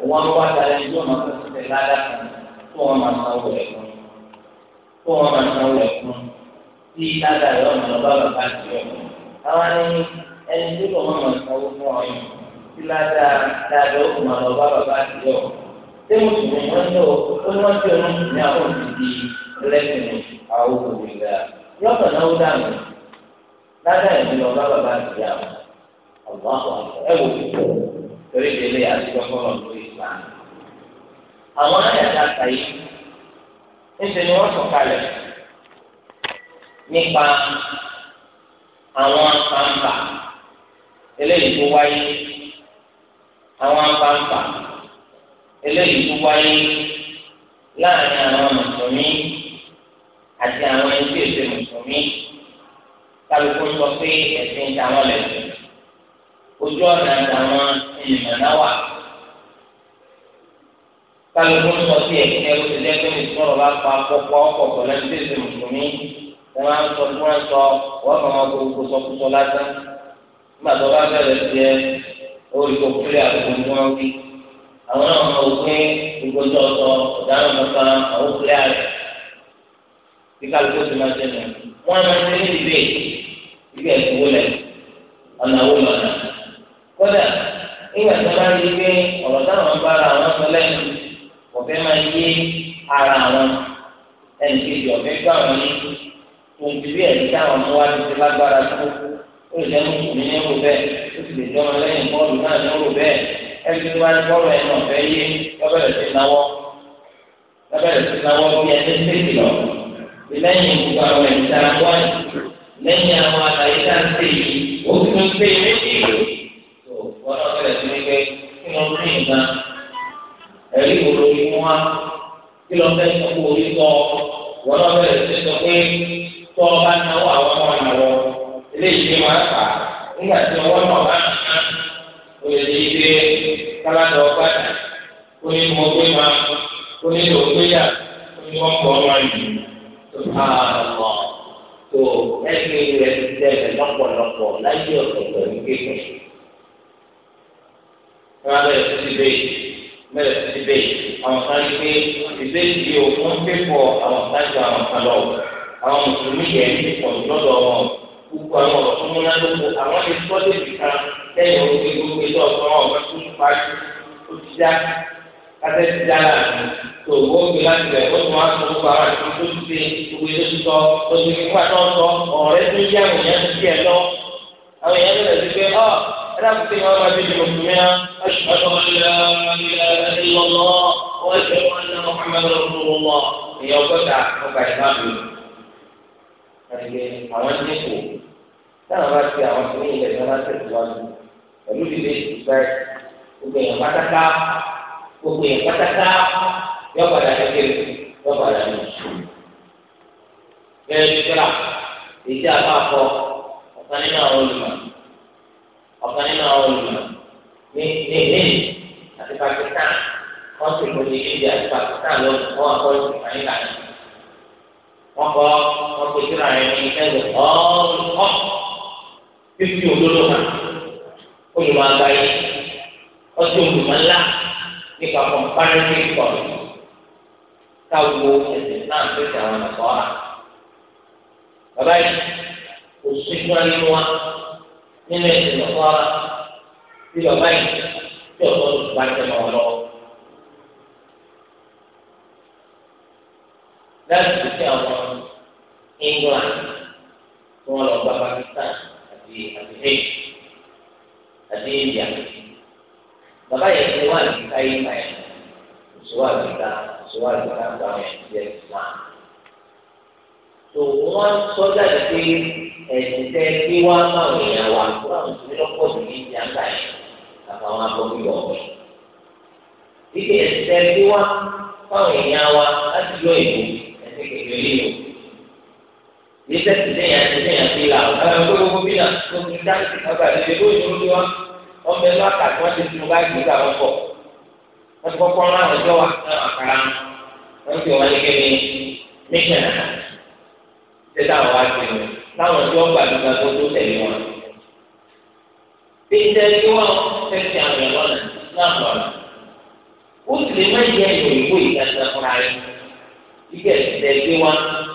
owó àwọn wá sáré ní yóò máa tó ti tẹ ládá kan tó wọn máa san owó rẹ fún tó wọn máa san owó rẹ fún tí ládá rẹ wọn máa bá bàbá ti rẹ fún àwọn ẹni ẹni tó lọ wọn máa san owó fún ọ yìí tí ládá ládá ó máa lọ bá bàbá ti rẹ ṣé mo sì ní wọn yóò ó ní wọn tí o ní àwọn òṣìṣì lẹ́sìn àwọn òṣìṣì yọ̀ọ̀kan náà ó dànù ládá ìdílé ọba bàbá ti rẹ àwọn ọ̀gbọ́n àwọn ẹ̀wọ̀n torí délé àtijọ́kọ́rọ̀ lórí ìlànà. àwọn àyàtà kàyí níṣẹ́ ni wọ́n sọ kalẹ̀ nípa àwọn àpàǹpà eléyìí tó wáyé àwọn àpàǹpà eléyìí tó wáyé láàrin àwọn mùsùlùmí àti àwọn ẹni tí èsè mùsùlùmí kálukú sọ pé ẹ̀sìn táwọn lẹ̀sìn ojú ọ̀nà àtàwọn ìmọ̀nà wà. kálukú ń sọ sí ẹ̀kí ẹ̀rú ti lẹ́gbẹ̀ẹ́ mi sọ̀rọ̀ bá pa pọ̀pọ̀ ọkọ̀ pẹ̀lú ẹni tẹ̀sí mùsùlùmí ẹ̀ máa ń sọ fún ẹ̀ sọ wọ́n kàn máa gbogbo sọkúsọ lásán. nígbà tó bá bẹ̀rẹ̀ tiẹ̀ ó rí kó kúlẹ̀ àdúgbò ní wọ́n wí. àwọn náà máa wò pé ìgbòjọ́ ọ̀sọ̀ ọ̀daràn mọ̀ta àwọn kúlẹ̀ àrẹ̀ tí kálukú ti máa ṣe nù. wọ́n máa ń ṣe ìbéè ìbéè nígbà tó bá rí i pé ọ̀rọ̀ táwọn bá ara àwọn sọ lẹ́nu ọ̀fẹ́ máa yé ara àwọn ẹnì kejì ọ̀fẹ́ gbà wọn ní òǹtí ẹ̀rí táwọn mú wá ti lágbára tó ó lè mú mi ní rò bẹ́ẹ̀ ó sì lè jọmọ lẹ́yìn bọ́ọ̀lù náà ní rò bẹ́ẹ̀ ẹbí wá ní bọ́ọ̀lù ẹ̀ náà fẹ́ yé lọ́bẹ̀rẹ̀ sí náwọ́ lọ́bẹ̀rẹ̀ sí náwọ́ bí ẹni tẹ́lẹ̀ lọ lẹ́yìn gbogbo àwọn ẹ̀dá wáyé lẹ́yìn àwọn àlàyé tá a ń tẹ̀lé ó tún tẹ̀lé méjì nìkan ẹ̀rí wo ló ní wá kí lọ fẹ́ sọ fún orí sọ wọ́n lọ bẹ̀rẹ̀ sí sọ pé tọ́ ọ bá náwó àwọn ọmọ ọ̀nà lọ eléyìí ni wọ́n á fà nígbà tí ọwọ́ náà bá ń ká oyè ní ibi káládà ọgbà dà ó ní mo gbé ma ó ní lò gbé yà ó ní wọ́n pọ̀ ọmọ yìí tó bá a lọ tó ẹgbẹ́ rẹ̀ ti tẹ̀lé lọ́pọ̀lọpọ̀ láyé ọ̀sẹ̀ pẹ̀lú kékeré debate bẹ̀rẹ̀ sí debate àwọn kan gbé debate di òfin pípọ̀ àwọn kan ju àwọn kan lọ àwọn mùsùlùmí yẹn ní pọ̀ lọ́dọ̀ wọn gbogbo àwọn ọ̀rọ̀ tó múnádóko àwọn lè sọ débi kan lẹ́yìn orí gbogbo ilé ọ̀sán ọ̀gá tó ń parí ó ti dá kátẹ́ ti dá láàrin tó owó gbé láti rẹ̀ ó tún wá sọ gbogbo àwọn àti tó ti ṣe gbogbo ilé tó sọ ó ti fi sọ ọ̀rẹ́ tó yá àwọn èèyàn ti ẹ̀ lọ àwọn èèyàn bẹ̀rẹ̀ sí pé ọ́ تبقي ومبيد المسلمين أشهد أن لا إله إلا الله وأشهد أن محمدا رسول الله يوم بدع وبعثامي أرجع أوان نكو أنا ما أشتي أوان سمي أنا سأتوان فلو في بيت بس وبين فتكا وبين فتكا يوم بدع كثير يوم بدع نكو كيف تلعب إذا أفاقه وصلنا أول مرة ọ̀kan nínú àwọn olùmọ̀ ní ní ìlú àti Pakistan wọ́n ti kọ́ India àti Pakistan lọ́nà wọ́n wà kọ́ ní àyíká yìí wọ́n kọ́ wọ́n pe síra rẹ̀ ní ẹgbẹ́ ọ̀ọ́ fífi òdodo hàn olùmọ̀ àgbáyé wọ́n ti olùmọ̀ ńlá nípa comparative study káwo ẹ̀sìn náà tó ti àwọn ẹ̀kọ́ rà bàbá yìí kò sí fún ẹni wá nínú ẹsẹ̀ lọ́kọ́ ara tí bàbá yìí tí ọ̀tọ̀ tó bá tẹ̀ lọ́wọ́ lọ́wọ́. láti fi sí àwọn England tí wọ́n lọ gba Pakistan àti àti Haiti àti India. bàbá yìí ti wá ní káyé káyé òṣùwà àgbẹ̀ká òṣùwà àgbẹ̀ká gba àwọn ẹ̀jẹ̀ Islam. tó wọ́n sọ jáde pé ẹ̀sìn tẹ́ gbé wá máwọn èèyàn wà tó àwọn ìṣúná lọ́pọ̀ jù ní ìjà ńlá yẹn àtàwọn abọ́bíyọ̀ ọ̀gbìn. Ìgbé ẹ̀sìn tẹ́ gbé wá máwọn èèyàn wà láti yọ ìbò ẹ̀sìn kékeré yìí o. Ní sẹ́sì lẹ́yìn àti lẹ́yìn àti ìlà ọ̀gá gbogbo bílà tó ti dá sí ọgbà ìdílé tó ìṣòro ti wá ọmọ ẹlú àkàtì wọn ti Wọ́n ti kọ́kọ́ rán àwọn ìjọ wọn ti wọ́n ní kéde táwọn tí wọ́n gbà ló gbàgbọ́ tó tẹ̀lé wọn. Pété tí wọ́n fẹ́ẹ́ àwọn ẹ̀rọ náà lọ́nà. Ó sì lè má yẹ ìròyìnbó ìdájọ́ fúnra rẹ̀. Ibẹ̀ tẹ̀ gbé wá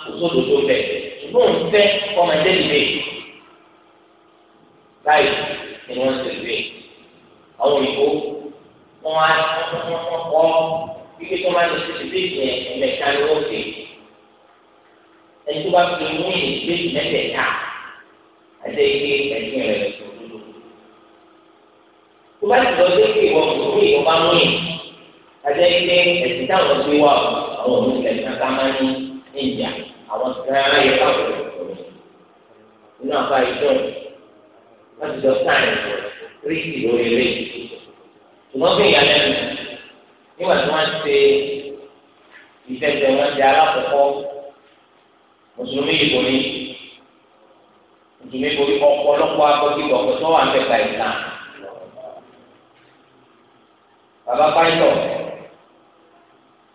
òṣòdò tó bẹ̀. Ṣùgbọ́n òun fẹ́ ọmọdé ìwé. Báyìí ni wọ́n ṣe gbé. Àwọn òyìnbó wọ́n á wọ́n kọ́ ibi tó máa ń ṣe ṣe bí ìgbẹ́ ni wọ́n ṣe ẹni tó bá fi mú ìgbésí mẹ́tẹ̀ẹ̀ta àti ẹgbẹ́ ẹgbẹ́ rẹ̀ lọ́dọ̀ tó bá ti lọ sí pé ìwọ mùsùlùmí ìwọ bá mú yìí àti ẹgbẹ́ ẹ̀sìn táwọn gbé wà àwọn mùsùlùmí náà máa ní ìjà àwọn sẹ́rẹ́ yẹ káwọn mùsùlùmí nínú àbá ìjọ wọ́n ti lọ sáyẹn ríkì lórí rẹ̀ ṣùgbọ́n bí ìyàlẹ́nu níwọ̀n tí wọ́n ti ṣe ìfẹsẹ̀ wọn di mùsùlùmí ìbòmí mùsùlùmí ìbòmí ọ̀pọ̀lọpọ̀ agbọ́gidọ̀ ọ̀pọ̀ tó wà ń tẹ̀ka ìlànà bàbá pàìtọ̀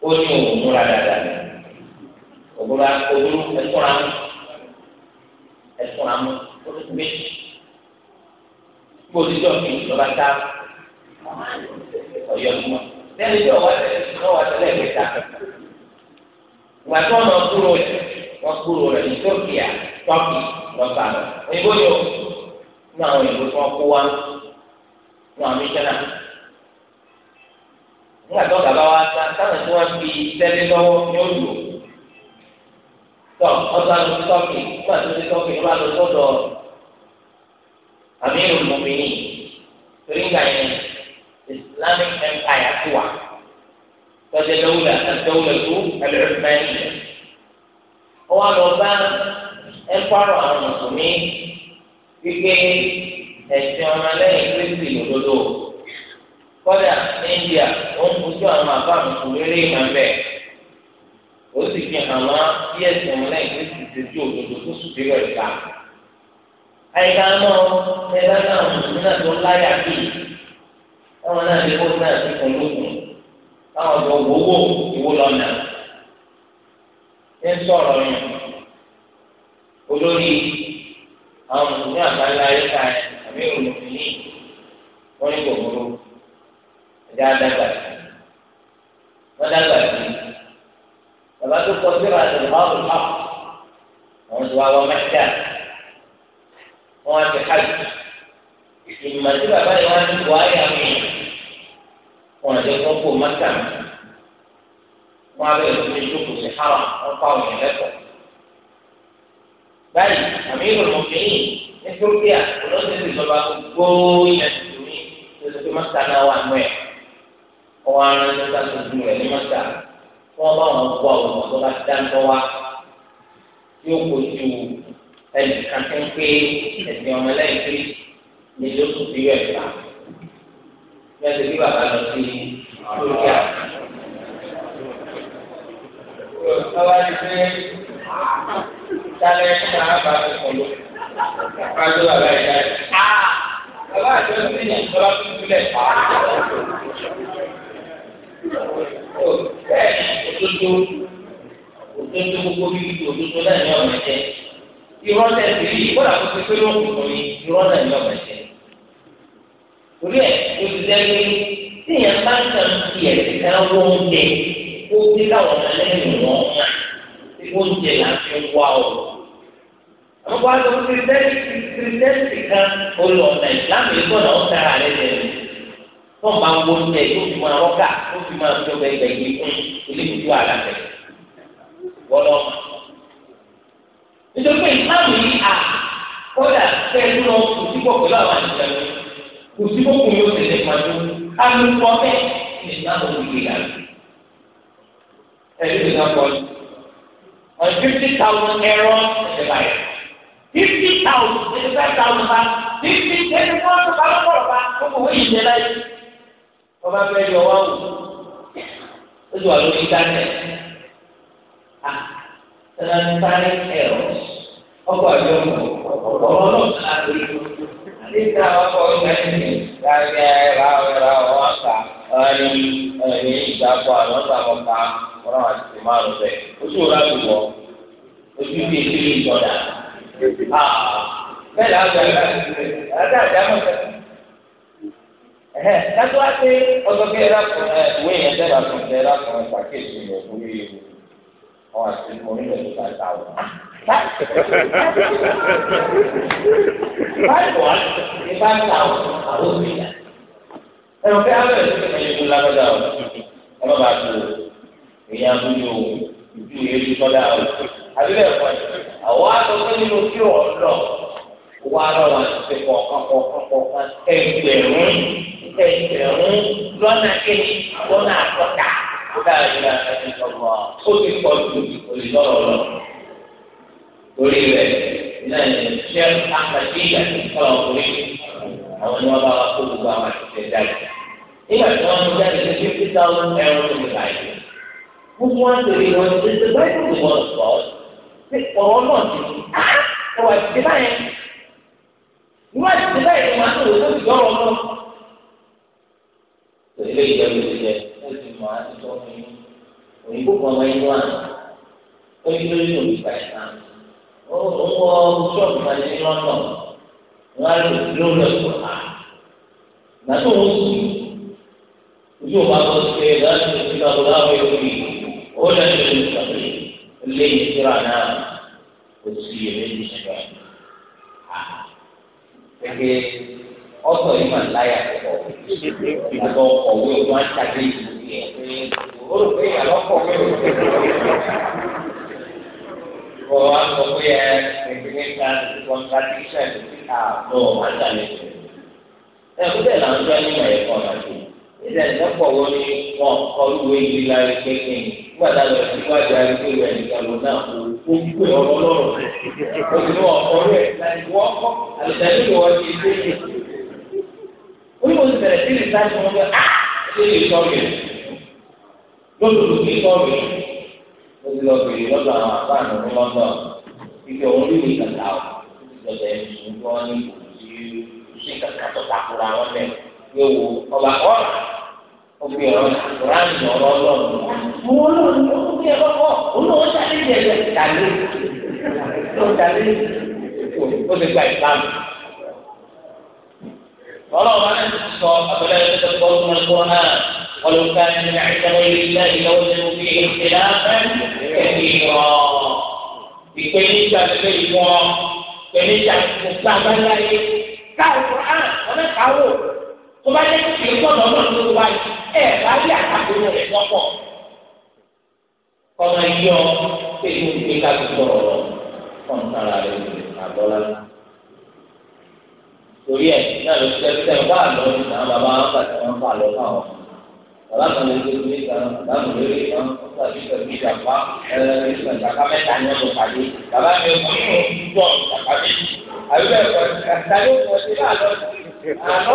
ó ní òun múra dáadáa ní òbúra òbúrú ẹ̀fúnra mú ẹ̀fúnra mú ó ti kú méjì kó o ti jọ kí ìjọba ta ọ̀yọ́ ìmọ̀ lẹ́yìn tí ọwọ́ àtẹ̀lẹ́ ìṣúná wà tẹ́lẹ̀ ìgbẹ́ta wà tó ọ̀nà yìí wọ́n kúrò rẹ̀ ní tókìá tọ́kì lọ́sà lọ. òyìnbó yóò ní àwọn òyìnbó tí wọ́n kó wá ní àwọn mísánná. nígbà tó gàba wa ta táwọn tí wọ́n fi tẹ́lẹ̀ lọ́wọ́ ní òjò. tọ́ ọ̀sán lọ sí nígbà tó sí tọ́kì ló bá lọ àmì ìrùmọ̀mìnì torí yẹn Islamic Empire tó wà. فهي دولة الدولة العثمانية ọwọ́ lọ bá ẹ̀kọ́rọ̀ àwọn mùsùlùmí wípé ẹ̀sìn ọmọlẹ́yìn kristi lòdodo kọ́dà India ó ń kojú àwọn àbá mùsùlùmí rí ìmọ̀ bẹ́ẹ̀ ó sì fi hàn wá bí ẹ̀sìn ọmọlẹ́yìn kristi ti ju òdodo tó sùn sí rẹ̀ ká àyíká náà mùsùlùmí náà tó láyà náà lè kó náà tó wọ́wọ́ ìwó lọ́nà. ń sọ̀rọ̀ yẹn olórí àwọn mùsùlùmí àbáńlá ayé ká àmì olùmùsùlùmí wọn ní gbòmòrò ẹ̀dá dàgbà sí wọn dàgbà sí bàbá tó kọ sí ìrànlọ́wọ́ ìrànlọ́wọ́ àwọn tó wá wọ mẹ́tíà wọn á ti hajj ìmọ̀ tí bàbá yìí wọn á ti wọ ayé àmì wọn àti ọkọ̀ mẹ́tíà wọn á bẹ̀rẹ̀ sí ìjókòó haram wọn fa òyìn lẹ́kọ̀ọ́. báyìí àmì ìrònú kìíní ní turkiya olóṣèlú ìjọba gbogbo ilẹ̀ tuntun ní oṣù mọ́tà náà wà nù ẹ̀ ọwọ́ ara ní mọ́tà tuntun rẹ̀ ní mọ́tà wọ́n bá wọn bọ́ àwọn ọmọ tó bá dá ń tọ́wá yóò kojú ẹnì kan tó ń pé ẹ̀sìn ọmọlẹ́yìn pé ní lóṣù tí yóò ẹ̀ gbà. bẹ́ẹ̀ ni bí bàbá lọ sí turkiya. káwá ní pé kálẹ̀ náà bá ti pọ̀ lọ. Kájú bàbá yìí dá yìí. Bàbá àti ọ̀sẹ̀ yìí ń tọ́lá tó túlẹ̀. Bẹ́ẹ̀ òdodo òdodo gbogbo bíbí òdodo náà ní ọ̀nà jẹ. Irọ́ náà ti rí ìbọ̀dà tó ti pé lóògùn ní irọ́ náà ní ọ̀nà jẹ. Orí ẹ̀ oṣù tẹ́lẹ̀ tí ìyẹn bá ń tàn sí ẹ̀ ti náà wọ́n ń jẹ kó dé láwọn ọmọlẹ́yìn wọn mà tí wọ́n jẹ láti wá o. àwọn bá lọ kìrìtẹ́sì kìrìtẹ́sì kan olùọ̀nà ìsìlámù yìí gbọ́dọ̀ ń tara rẹ̀ lẹ́nu. wọ́n máa wo oúnjẹ tó fi máa rọ́kà tó fi máa fi ọbẹ̀ ìgbà yìí fún olùdíjú àlàfẹ́ bọ́lọ́. nítorí pé ìsìlámù yìí à kọ́dà pẹ̀lú lọ kò síbọ̀ pẹ̀lú àwọn àṣìṣe kò síbọ̀ kò yóò tẹ̀lé pàdé alùpùpọ̀ bẹ́ẹ̀ ìsìlámù yìí pẹ̀lú ìsọ̀kọ̀lù. On fifty thousand ẹ̀rọ ẹ̀dẹ̀bà yẹn. Fifty thousand twenty-five thousand ba fifty twenty-four thousand ba lọ́kọ̀ọ̀ ba gbogbo owó yìí jẹ́lá yìí. Wọ́n bá fẹ́ yọ wá wò. Ó ti wà lórí íńtánẹ̀tì. À sanitary errors. Ọkọ̀ àjọ ọ̀pọ̀ ọlọ́ọ̀ta àti nígbà ọkọ̀ ọ̀gá ẹni láti ẹ̀rọ ẹ̀rọ ọ̀ọ́ta ọ̀ẹ́ni ẹ̀yìn ìgbàgbọ́ àlọ́ta ọ̀pá ọlọ́run àti ti máa lọ bẹ́ẹ̀ ojú òra ló wọ ojú bí èdè ìjọba ah, bẹ́ẹ̀ láti àgbà àti àti àmọ̀tẹ́ ẹ̀hẹ́ dájú wá pé ọjọ́ kẹ́ ẹ̀rá fún ẹ̀ ìwé yẹn tẹ́lá fún ẹ̀ ẹ̀rá fún ẹ̀ pàkíyèsí rẹ̀ orí ewu ọ̀hún àti mo nílò tó bá ta wọn. báyìí wá ní bá ta wọn àwọn òbí yà ẹ̀rọ pé abẹ́rẹ́ tó ti mọ ìyẹn tó lágbádá ọ̀ ẹ̀ má bàa tó o èyí àbújá o ìdú èyí sọ́dá o àbílẹ̀ ẹ̀kọ́ ẹ̀ àwọn àtọ́kọ́ nínú kí ọ̀dọ́ wà lọ́wọ́ àti kọ̀ọ̀kan ẹgbẹ̀rún ẹgbẹ̀rún lọ́nà kejì lọ́nà àkọ́tà kódà ìlà ẹ̀dínlọ́gbọ̀n ó ti pọ̀ ju olùdọ́rọ̀ lọ. torí rẹ̀ náà ní ṣé àpàtì àti ìtọ́lọ̀ orí àwọn ni wọ́n bá wá kó gbogbo àwọn àti ìṣẹ̀dá yìí. nígbà tí wọ́n mú jáde ní fifty thousand ẹ̀rọ tó ti báyìí. Who wants to be one? Is the Bible the word of God? Say, for all months. Ah! So I did I. You want to deny the man who is God or not? So the lady that was there, who is my aunt, told me, when you book on my one, when you know you know this by time, oh, oh, oh, shop, my name is London. Wọ́n á lò lóun lọ sọ̀rọ̀ náà. Nàtọ̀ wọ́n sùn. Ojú ò bá lọ sí ẹ̀ láti ṣe ìdáwó láwọn èèyàn ó lẹ́yìn lórí ìgbàgbé ilé ìtura náà kò sí èmi ìṣẹ́ gẹ́gẹ́ ọ̀sọ̀ yìí máa láyà pọ̀ ìgbàgbọ́ ọ̀wé ọ̀gbọ́n àtàgbé ìlú yẹn ó rò pé ìyàwó pọ̀ pé ó ti rò pé wọ́n á sọ pé ẹ ẹgbẹ́ ká kọ́ńtàkìṣẹ́ ìdíkà náà àtàlẹ́ ẹ̀ ń bẹ̀rẹ̀ àwọn ọjọ́ nígbà yẹn kọ́ ọ̀nà tó ìdẹ̀ ìdẹ́pọ̀ wọ́n ní wọn kọ́ ìwé yìí láyé pé kí ni gbàdá lọ sí wájú arúgbó rẹ ìgbàlù náà kò ó ń pè ọ̀rọ̀ lọ́rọ̀ o sì ní ọkọ rẹ láti wọ ọkọ àlùtàlẹ ìwọ ti dé ní. ó ti bẹ̀rẹ̀ sí ìta tí wọ́n á ṣe lè sọ rẹ̀ lọ́dọ̀dọ̀ kì í sọ rẹ̀ ó ti lọ bèrè lọ́dọ̀ àwọn àbá àná ní lọ́dọ̀ ibi òun rí ìwé kàkà ó lọ́dọ̀ ẹ̀ ṣùgbọ́n ní kò sí iṣẹ́ ó fi ọ̀rọ̀ ránì ọ̀rọ̀ ọlọ́run. mo olóòrùn ló ń fi ẹ̀rọ pọ̀ olóòrùn sáré jẹ̀jẹ̀ dàlú ló dàlú ó lè gba ìbámu. ọlọ́run máa ń sọ abẹ́lẹ́ ẹ̀ṣẹ̀ tó ń mọ náà ولو كان من عند غير الله لوجدوا فيه اختلافا كثيرا. ìpèníjà lè wọ ìpèníjà kò sábà láyé ká òkúrán ọlọ́kàá wò tó bá yẹ kí kìí gbọ́dọ̀ náà ló wá yìí ẹ bá rí àtàkùn rẹ lọ́pọ̀ ọmọ yìí ọ pé kí n gbé kájú sọ̀rọ̀ lọ rẹ àgbọ lánàá torí ẹ náà ló ṣe ṣe wá àlọ ní àwọn bàbá wọn pàṣẹ wọn fà lọ fáwọn bàbá kan lè gbé kan bàbá mi kan bàbá mi lè rí kan bá ẹ ẹ mẹ́ta ní ọdún pàdé bàbá mi ò mú ìwọ̀n ìjọ kàkà méjì àbí bẹ́ẹ̀ kọ́ kàkà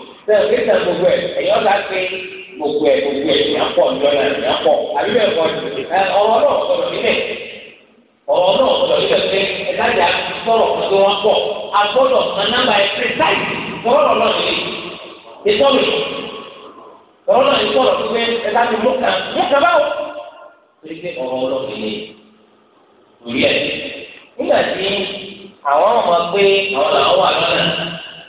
sẹ́yìn kí sẹ́yìn gbogbo ẹ̀ ẹ̀yọ́ ta pé gbogbo ẹ̀ gbogbo ẹ̀ ní akọ ní ọ̀nà ní akọ àbí kọ́ ọ̀rọ̀ náà sọ̀rọ̀ nílẹ̀ ọ̀rọ̀ náà nílẹ̀ pé sọ̀rọ̀ wọ́n pọ̀ agbọ́dọ̀ kan ẹ̀ sọ̀rọ̀ náà sọ̀rọ̀ náà pé ti mú mú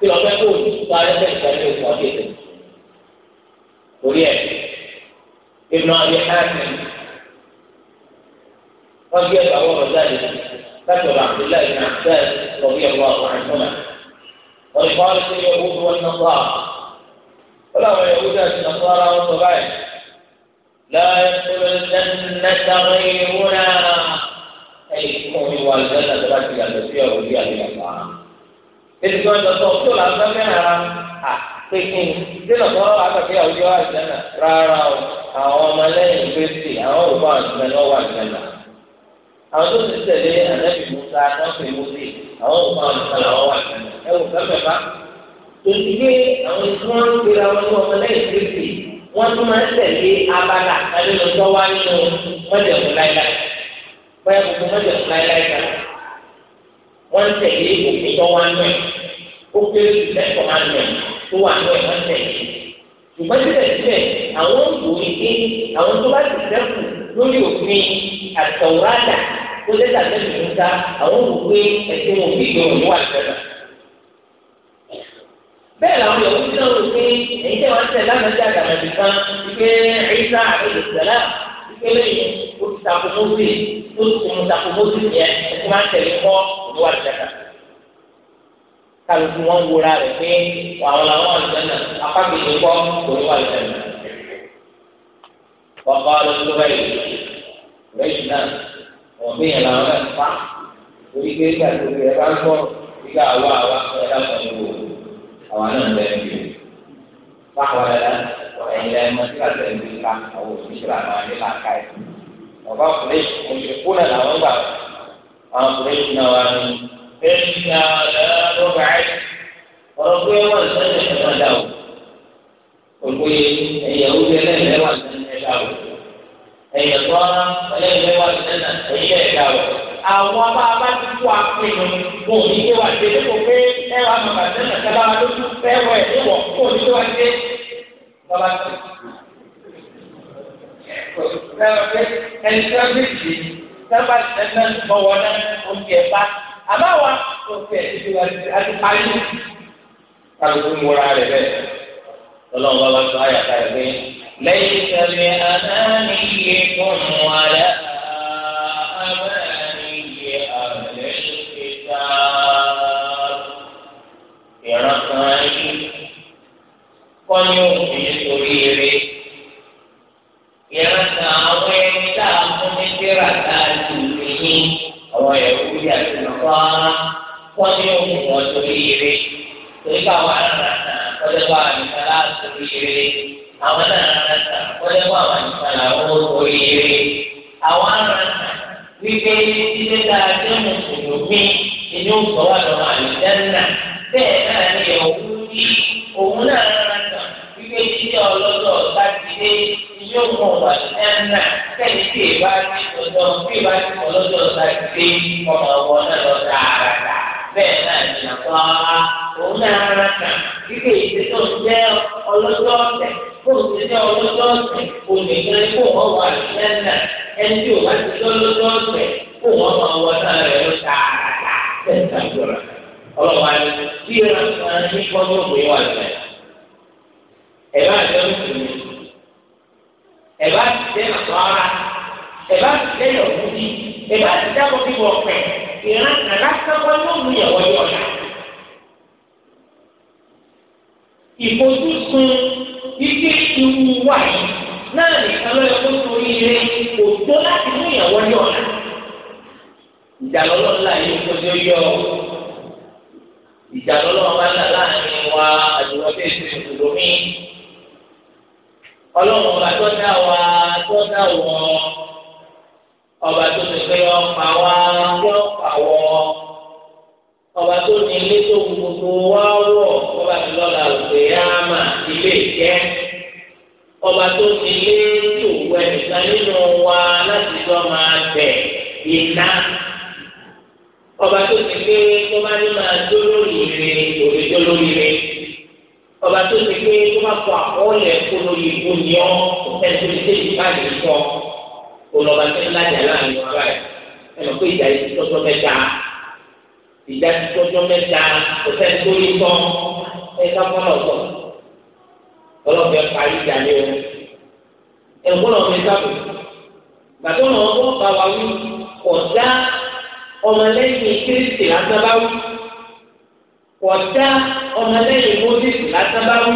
tí ọ̀fẹ́ kò ní sọ ayẹyẹ ìgbàlẹ̀ ìgbà ọ̀dẹ̀ torí ẹ̀ ìnà ayé hàmì wọ́n gbé ẹ̀ka wọ́n rọ̀ jáde láti ọ̀rọ̀ àbúlá ìnà àbẹ́ lọ́wọ́ ẹ̀rọ àwọn àìsànà wọ́n kọ́ ọ́ sí ewu tó ń nàkọ́ à wọ́n làwọn ewu dà sí nàkọ́ ara wọn sọ báyìí láyé tó lè nẹ́ta wọ́n yẹ wúrà ẹ̀yìn fún mi wà lẹ́nà tó bá ti yàtọ̀ sí ọ̀rọ̀ yìí àti yàtọ̀ àná. ètò ìwọ̀n ìjọsọ tí ò lásán mẹ́rin ara à pékin dínà tó wọ́n àgbà pé àwùjọ àjẹnà rárá o àwọn ọmọlẹ́yìn kristi àwọn òkú àjẹnà ni wọ́n wà àjẹnà àwọn tó ti tẹ̀lé ànábì musa àtọ́fẹ́ musa àwọn òkú àjẹnà làwọn wà àjẹnà ẹ wò fẹ́fẹ́ bá tòtí pé àwọn tí wọ́n ń gbéra wọn ní ọmọlẹ́yìn kristi wọ́n tún máa ń tẹ̀lé abala nínú tó wá nínú mọ́jẹ̀mú láíláí bóyá gbogbo mọ́jẹ̀mú láíláí kan wọ́n ń tẹ̀lé òfin tó wá nínú ó pé lẹ́kọ̀ọ́ máa ń lọ tó wà ní ẹ̀wọ̀n tẹ̀lé ṣùgbọ́n síbẹ̀síbẹ̀ àwọn òòyì pé àwọn tó bá ti sẹ́kù lórí òfin àtọ̀wádà tó lẹ́tà lẹ́nu níta àwọn òòyì pé ẹ̀sìn wọn bí ìgbọ̀n wà lẹ́nu. bẹ́ẹ̀ làwọn yòókù tí náà rò pé èyí tẹ́ wọn tẹ̀ lánàájú àgàmọ̀dì kan wípé ẹ̀yíṣà àgbẹ̀lẹ̀sẹ̀lá wípé lẹ́yìn ó ti takò ti mú takò mọ́sí yẹn ó máa tẹ̀lé kọ́ òun kálukú wọn wúra rẹ pé àwọn làwọn àlùjáná apákejì kọ òní wà lùjáná. Bàbá lọ́sọ báyìí lẹ́yìn náà wọ́n bí yẹn làwọn náà fa orí pé ìgbà tó yẹ bá ń bọ̀ ìgbà àwa àwa ẹ̀ dákọ̀ ní wò àwọn náà ń bẹ̀ ń bì. Báwo la ẹ̀yin lẹ́yìn mọ́ sí àtẹ̀ ń bí ká àwọn òṣìṣẹ́ làwọn ẹni là ká ẹ̀. Bàbá kùnrin òṣèkú náà làwọn gbà àwọn kùnrin náà wà ní. إلا لا نبعد وربنا وانسان كما داو وقوي أي يهود لا يهوى أنسان يداو أي نصارى لا يهوى أنسان يداو àwọn ọba abájúkú àpinnu wọn ò ní ṣe wá ṣe dípò pé ẹwà màmàdé nàkàlà lójú ẹwà ẹ níwọ kó o ní ṣe wá ṣe bàbá tó. ẹni tí wọn bí jì sábà tẹ́lẹ̀ ń bọ̀ wọ́n náà ó ń jẹ bá àbáwa òkè ìdíwà àti parí kálukú ń wọra rẹ bẹ́ẹ̀ ọlọ́run bá wá sọ àyàká rẹ pé lẹ́yìn sẹ́mi àdáni yé fún wa rẹ àbẹ́rẹ́ yé àbẹ́rẹ́ ní torí eré ìrànkan àwọn ẹni tá a fún ní tíra tá a dùn àwọn ẹ̀rú yàtọ̀ nasara wọn ní òun wọn torí ire torí káwọn aráàlá kọjá bá àyíká láti torí ire àwọn náà aráàlá kọjá bá àwọn àyíká làwọn ó torí ire àwọn aráàlá wípé ilé dáadé mùsùlùmí inú gbọ́wọ́ lọ́wọ́ àyíká náà bẹ́ẹ̀ náà ni òun rí òun náà aráàlá wípé ilé ọlọ́dọ̀ bá ti dé yóò mú wà ẹnà sẹ́yìn tí ìbá ti ọjọ́ bí ìbá ti kọ̀ lọ́jọ́ ọ̀sán ti dé ọmọ ọwọ́ náà lọ dáadáa bẹ́ẹ̀ náà ní àpá òun náà rárá kan kíkè ìdí tó ń jẹ́ ọlọ́jọ́ ọ̀sẹ̀ kó o ti jẹ́ ọlọ́jọ́ ọ̀sẹ̀ òmìnira kó wọ́n wà ẹnà ẹni tí òun ti jẹ́ ọlọ́jọ́ ọ̀sẹ̀ kó wọ́n mọ ọwọ́ náà lọ dáadáa bẹ́ẹ̀ ẹ̀bá ti dé nàkọ́ra ẹ̀bá ti dé yọ̀kúndì ẹ̀bá ti dé akọ́kíbọ̀ pẹ̀ ìran àlásánwó yóò mú yẹ̀wọ́ yọ̀ọ̀la. ìfojúsùn ike ìwú wà yìí náà nìkan ló yẹ kó torí ilé kò tó láti mú yẹ̀wọ́ yọ̀ọ̀la. ìjà lọ́lọ́ ńlá yìí kò tó yọ ìjà lọ́lọ́ ńlá láàrin wa àdúrà bẹ́ẹ̀ tó ọlọ́run ọba tó dá wa tó dá wọn ọba tó ti pé ọ̀pá wa yọ ọ̀pá wọn ọba tó ní ilé tó gbogbo wa wọ̀ ọba tó lọ́la òkè ámà ilé ìjẹ́ ọba tó ní ilé tó wọ ẹnìkan nínú wa láti jọ máa bẹ̀ iná ọba tó ti pé tó bá ní máa dó lórí ire òrèjọ́ lórí ire ọba tó ti pé tó bá kọ àkọọ́lẹ̀ kó lórí ikú ni ọ́ ẹ̀sìn tí èyí bá yìí kọ́ olùọba tó ń lajà láàrin wọn báyìí ẹnì pé ìjà yìí ti tọ́jọ́ mẹ́ta ìjà ti tọ́jọ́ mẹ́ta kò sẹ́ni tó yí tán ẹ ká fọ́nà ọ̀tọ̀ ọlọ́ọ̀fẹ́ parí ìjà ni o ẹ̀gbọ́n ọ̀fẹ́ sábò gbàtọ́ náà wọ́n bá wa wí ọ̀dá ọmọlẹ́yìn kírísì lásán bá wí ọ̀dá ọmọlẹ́yìn moses lásán bá wí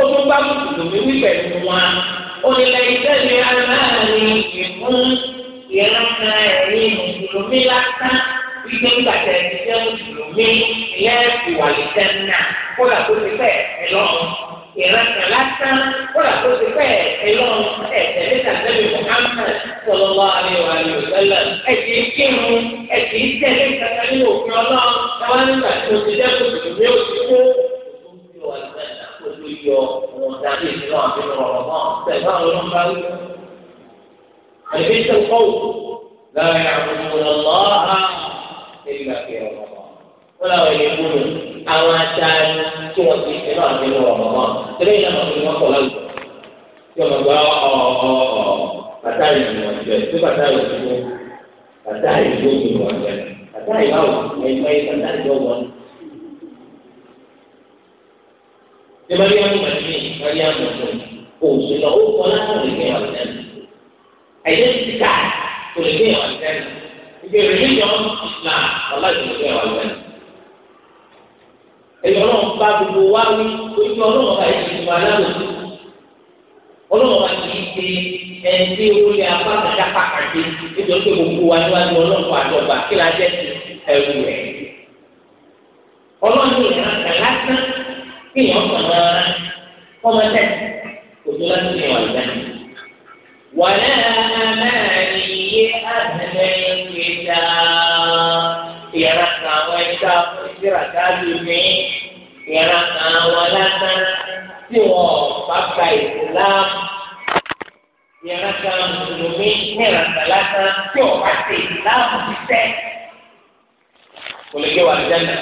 ó tún bá mùsùlùmí wí pẹ̀lú wọn onílẹ̀ ìtẹ́lẹ̀ aláàárín ìfún ìrántí ẹ̀rí mùsùlùmí lásán wípé nígbà tẹ̀ ẹ̀ ti jẹ́ mùsùlùmí ìyá ẹ̀ ti wà lẹ́sẹ̀ náà kó làkó ti fẹ́ ẹ̀ lọ́rùn. ìrẹ́kẹ̀ lásán kódà kó ti pẹ́ ẹlọ́run ẹ̀sẹ̀ níta tẹ́lẹ̀ Muhammad sallallahu alaihi wa sallam ẹ̀sì kírun ẹ̀sì tẹ̀lé kàkà nínú òfin ọlọ́run ẹ̀wọ́n nígbà tó ti dẹ́kun tòmí ó ti kó olú yọ wọn dábì nínú àbínú ọ̀rọ̀ náà tẹ̀sán ló ń bá wí. Àbí tó kọ́wù lára àwọn ọmọ ọlọ́ha nígbà tí ọ̀rọ̀ náà. Wọ́n láwọn ènìyàn gbọ́dọ̀. àwọn adarí tí wọ́n ti ṣe náà nínú ọ̀rọ̀ náà tẹ́lẹ̀ yìí náà ni wọ́n kọ́ láwùjọ tí wọ́n gba ọ̀ ọ̀ ọ̀ bàtà ìlú wọn jẹ tí bàtà ìlú wọn bàtà ìlú wọn jẹ bàtà ìlú wọn ẹ̀gbẹ́ bàtà ìlú wọn. ní mariam màdí mariam màdí òṣù náà ó kọ́ láwọn ìgbéyàwó náà ẹ̀yẹ́ ti ká kò lè gbéyàwó náà ìgbéyàwó náà ìsìlá ọ̀la ìgbéyàwó náà ẹ̀yọ́ náà bá gbogbo wá wí ojú ọlọ́run ọba yìí ti wà lánàá ọlọ́run ọba kì í ṣe ẹ̀ńdé orí apá kàdá pàkàdé nítorí pé gbogbo wa níwájú ọlọ́run àjọba kí la jẹ́ ẹ̀rù ẹ̀ ọlọ́run yóò yára kà lásán kí èèyàn kàn án ọmọ tẹ̀ òjò láti ní ìwà ìdáná wàlẹ́ àmàlẹ́ yé àtẹ̀lẹ́ ìgbéga ìyára kan àwọn ẹ̀ka síra káàdì mi ìran àwọn lásán tí wọn bá ka ìsìlámù ìran kan mùsùlùmí ní ìran kan lásán tí wọn bá ti ìsìlámù títẹ. kò lè gbé wà lẹ́nà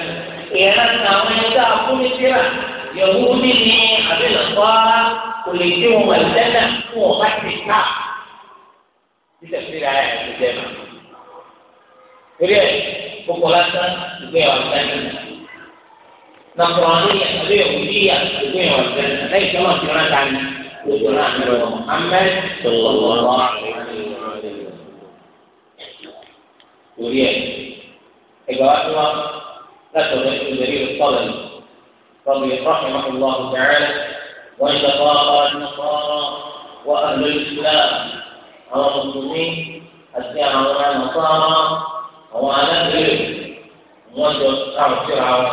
ìran kan àwọn ẹni tá a fún ní yẹ̀wò ní àbẹ̀lẹ̀kọ́ kò lè gbé wọn wà bá ti ìsìlámù. títẹ̀ ẹ̀ ló jẹ́ náà. torí ẹ kókó lásán ìgbéyàwó sẹ́yìn nàkùrọ̀nì àbí òwúdíyà ìgbéyàwó sẹ́yìn lẹ́yìn tó náà ti rán ta ni gbogbo náà ti rọ amẹ́ tòlọ́wọ́ torí ẹ ẹgbẹ́ wa tó wá láti ọ̀dọ̀ ìgbéyàwó sọ́ọ̀lẹ̀ رضي رحمه الله تعالى وإذا قال النصارى وأهل الإسلام على المسلمين أتي على النصارى àwọn alábẹ̀rẹ̀ wọ́n jọ táwọn síra wọn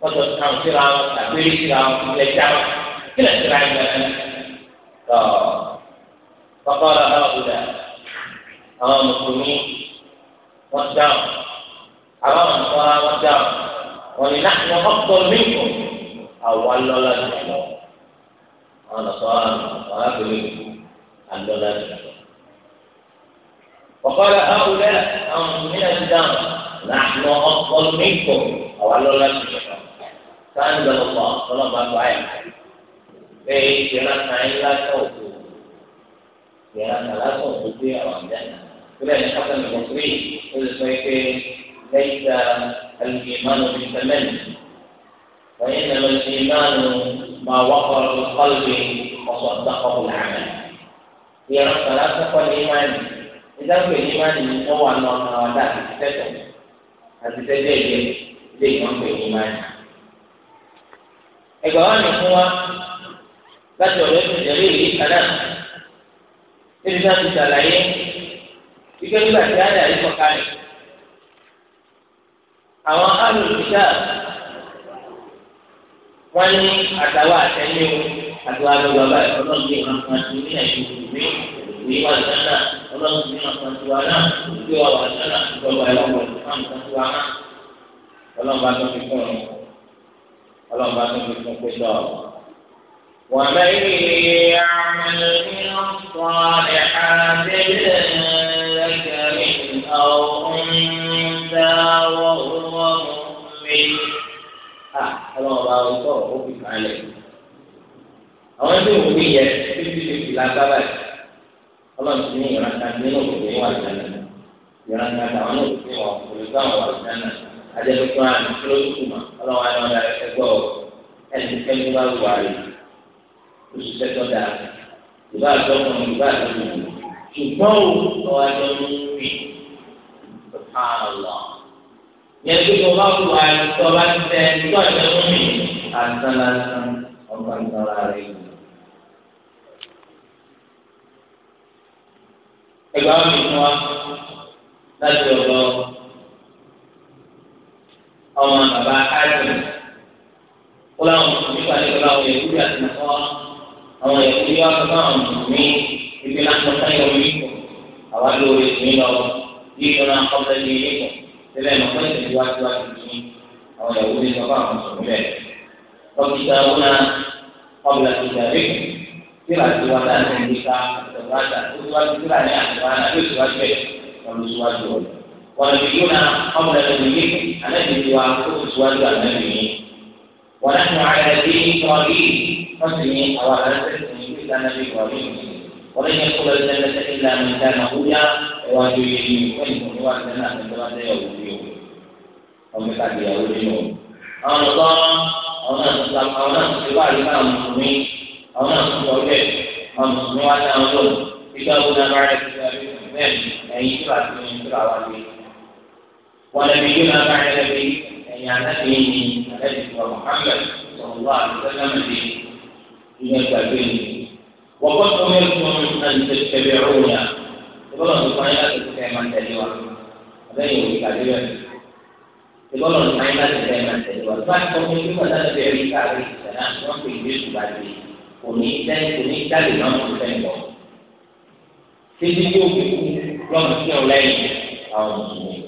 wọ́n jọ táwọn síra wọn tàbí síra wọn ilẹ̀ já wọn kílẹ̀ síra yẹn lẹ́nu. tó kọ́kọ́ rẹ̀ náà kú dà àwọn mùsùlùmí wọ́n dáhùn àwọn mùsùlùmí wọ́n dáhùn wọ́n ní láti wọ́n kọ́ àwọn alọ́lá nìyẹn lọ. àwọn nàṣọ́ àwọn alábẹ̀rẹ̀ alọ́lá nìyẹn lọ. وقال هؤلاء أنفسنا الدم نحن أفضل منكم أو على لا فأنزل الله صلى الله عليه وسلم في جلال نعيم لا توقف جلال لا توقف في الجنة كلا الحسن البصري قل ليس الإيمان بالثمن وإنما الإيمان ما وقر في القلب وصدقه العمل هي ثلاثة الإيمان ìdájọ́ èyí máa ní wọ́n wà lọ ọmọ ọ̀dà àti tẹ́tẹ̀ àti tẹ́tẹ̀ ẹ̀yẹ ilé ìwọ̀npẹ̀ èyí máa ní. ẹgbẹ́ wa ní fún wa láti ọ̀rẹ́ fún ìjẹ́lẹ̀ èyí kanáà níbi náà ti ṣàlàyé ike nígbà tí a dà yìí sọ̀kalẹ̀ àwọn alùpùpù wọn ní àtàwọn àtẹnudẹ àti wọn àgbẹ̀wò àbáyọ ọlọ́ọ̀gbìn àwọn àti oníyàjú ìwé ìwé wà lọ́nà ọlọ́run ní àtúntò àná tí wọ́n wà sọ́nà ìjọba ẹ̀rọ àtúntò àná ọlọ́run bá tó fi fún un ọlọ́run bá tó fi fún pé sọ. ومن يعمل من الصالحات ذكر أو أنثى وهو مؤمن ọlọ́run bá wọ́n sọ̀rọ̀ ó fi kàn án lẹ̀. àwọn ẹgbẹ́ òkú yẹn fífi fi lágbára yìí ọlọ́run ti ní ìrántá nínú òkè wà lẹ́nu ìrántá táwọn náà ti wọ olùgbà wà lẹ́nu adẹ́nukú àná kílódùkù mà ọlọ́run àná ọ̀dà ẹgbẹ́ ọ̀ ẹni kẹ́kẹ́ bá wù àlè oṣù tẹ́tọ́ dà ìbá àtọ́kùn ìbá àtọ́kùn ṣùgbọ́n o ọwọ́ àjọ ń rìn subhanallah yẹn tó tó bá wù àlè bá ti tẹ tó àjọ ń rìn àtàlásán ọgbà ń tọ́ra rẹ̀ yìí. ẹgbẹ́ wọn mi fún wa láti ọ̀dọ̀ ọmọ bàbá ájì ó láwọn mùsùlùmí wà ní ìlú àwọn èkúrú àti nàkọ́ àwọn èkúrú wà fún àwọn mùsùlùmí ibi láti ọ̀sán yọ̀ mí kù àwa lóore sí mi lọ yí ìlú náà kọ́ fẹ́ di ilé kù sílẹ̀ ní ọ̀pọ̀ ìṣẹ̀lẹ̀ wá sí wá sí mi àwọn èkúrú ní sọ́kọ́ àwọn mùsùlùmí rẹ̀ wọ́n ti wọn náà ọ̀bùnà ìjà rẹ̀ kù tíra tí wọn dáná ní ká àtẹwádà tó wájú tíra ní àtẹwádà tó síwájú ẹ wọn síwájú ọ wọn lè yí na ọmọ rẹ lè yí alẹ́bìnrin wa tó síwájú alẹ́bìnrin wọn náà tún ààrẹ bí wọn rí wọn sì ní àwọn àlẹ́ tẹ̀sán ní ìgbà náà bí wọn rí wọn lè yẹ kó lọ sí ẹgbẹ́ tẹ̀sán ìlànà ìdáná wúyá ẹwàjú yẹ ní wọn ìmọ̀ ní wọn àtẹ̀sán àtẹ̀sán ẹ̀wọ̀ yìí o ọmọ ìkàgbéyàwó nínú àwọn ọ̀dọ́ àwọn náà àwọn náà ti wọlé àwọn mùsùlùmí wa náà lò ìgbà wo náà bá rẹ̀ kíkà bí mẹ́rin ẹ̀yìn tó àti ẹ̀yìn tó àwọn àgbẹ̀. wọn lẹ́bi yóò náà bá rẹ̀ lẹ́bi ẹ̀yìn àtàkì ẹ̀yìn àtàkì ìwà Muhammad sọ̀rọ̀ àti ìyẹn gbàgbé ni. wọ́n kọ́ tó mẹ́rin tó mẹ́rin náà ti tẹ̀lé ọ̀rọ̀ yà ìbọ̀lọ̀ tó fún ayé láti tẹ̀ máa tẹ̀lé wa lẹ́yìn òwe kàdé rẹ̀ ìbọ̀lọ̀ tó fún ayé láti tẹ̀ máa tẹ̀lé kò ní dá kò ní dá lè máa tó fẹ́ lọ. Títí tí ó kú lọ́nà sí ọ lẹ́yìn àwọn mùsùlùmí.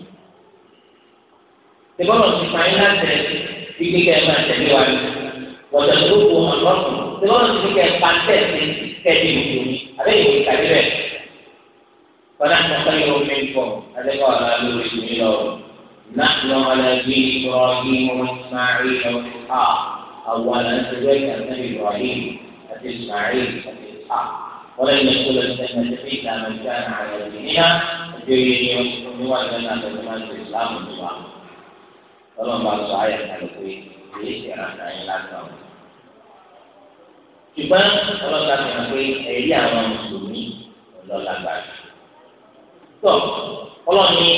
Tìbọ́lọ̀ ti fa iná tẹ kíkí kẹ́ ẹ máa tẹ̀lé wa ní. Wọ̀tẹ̀ tó kù ọlọ́sùn. Tìbọ́lọ̀ ti fi kẹ́ ẹ pa tẹ̀sí kẹ́ẹ̀dì mùsùlùmí. Àbẹ́ ìwé ìkàdé rẹ̀. Wọ́n á sọ pé yóò ń bọ̀ adékọ̀ ọ̀la lórí ìwé lọ́wọ́. نحن على دين إبراهيم وإسماعيل وإسحاق أولا سبيل النبي إبراهيم أبي إسماعيل أبي إسحاق ولن يدخل الجنة إلا من كان على دينها الدين يحكم وأننا نتمنى الإسلام والنظام فلما بعد صحيح على الكويت ليس أنا إلا أنهم ṣùgbọ́n ọlọ́ta ti hàn pé ẹ̀rí àwọn mùsùlùmí ọlọ́la gbàgbé. tó ọlọ́ni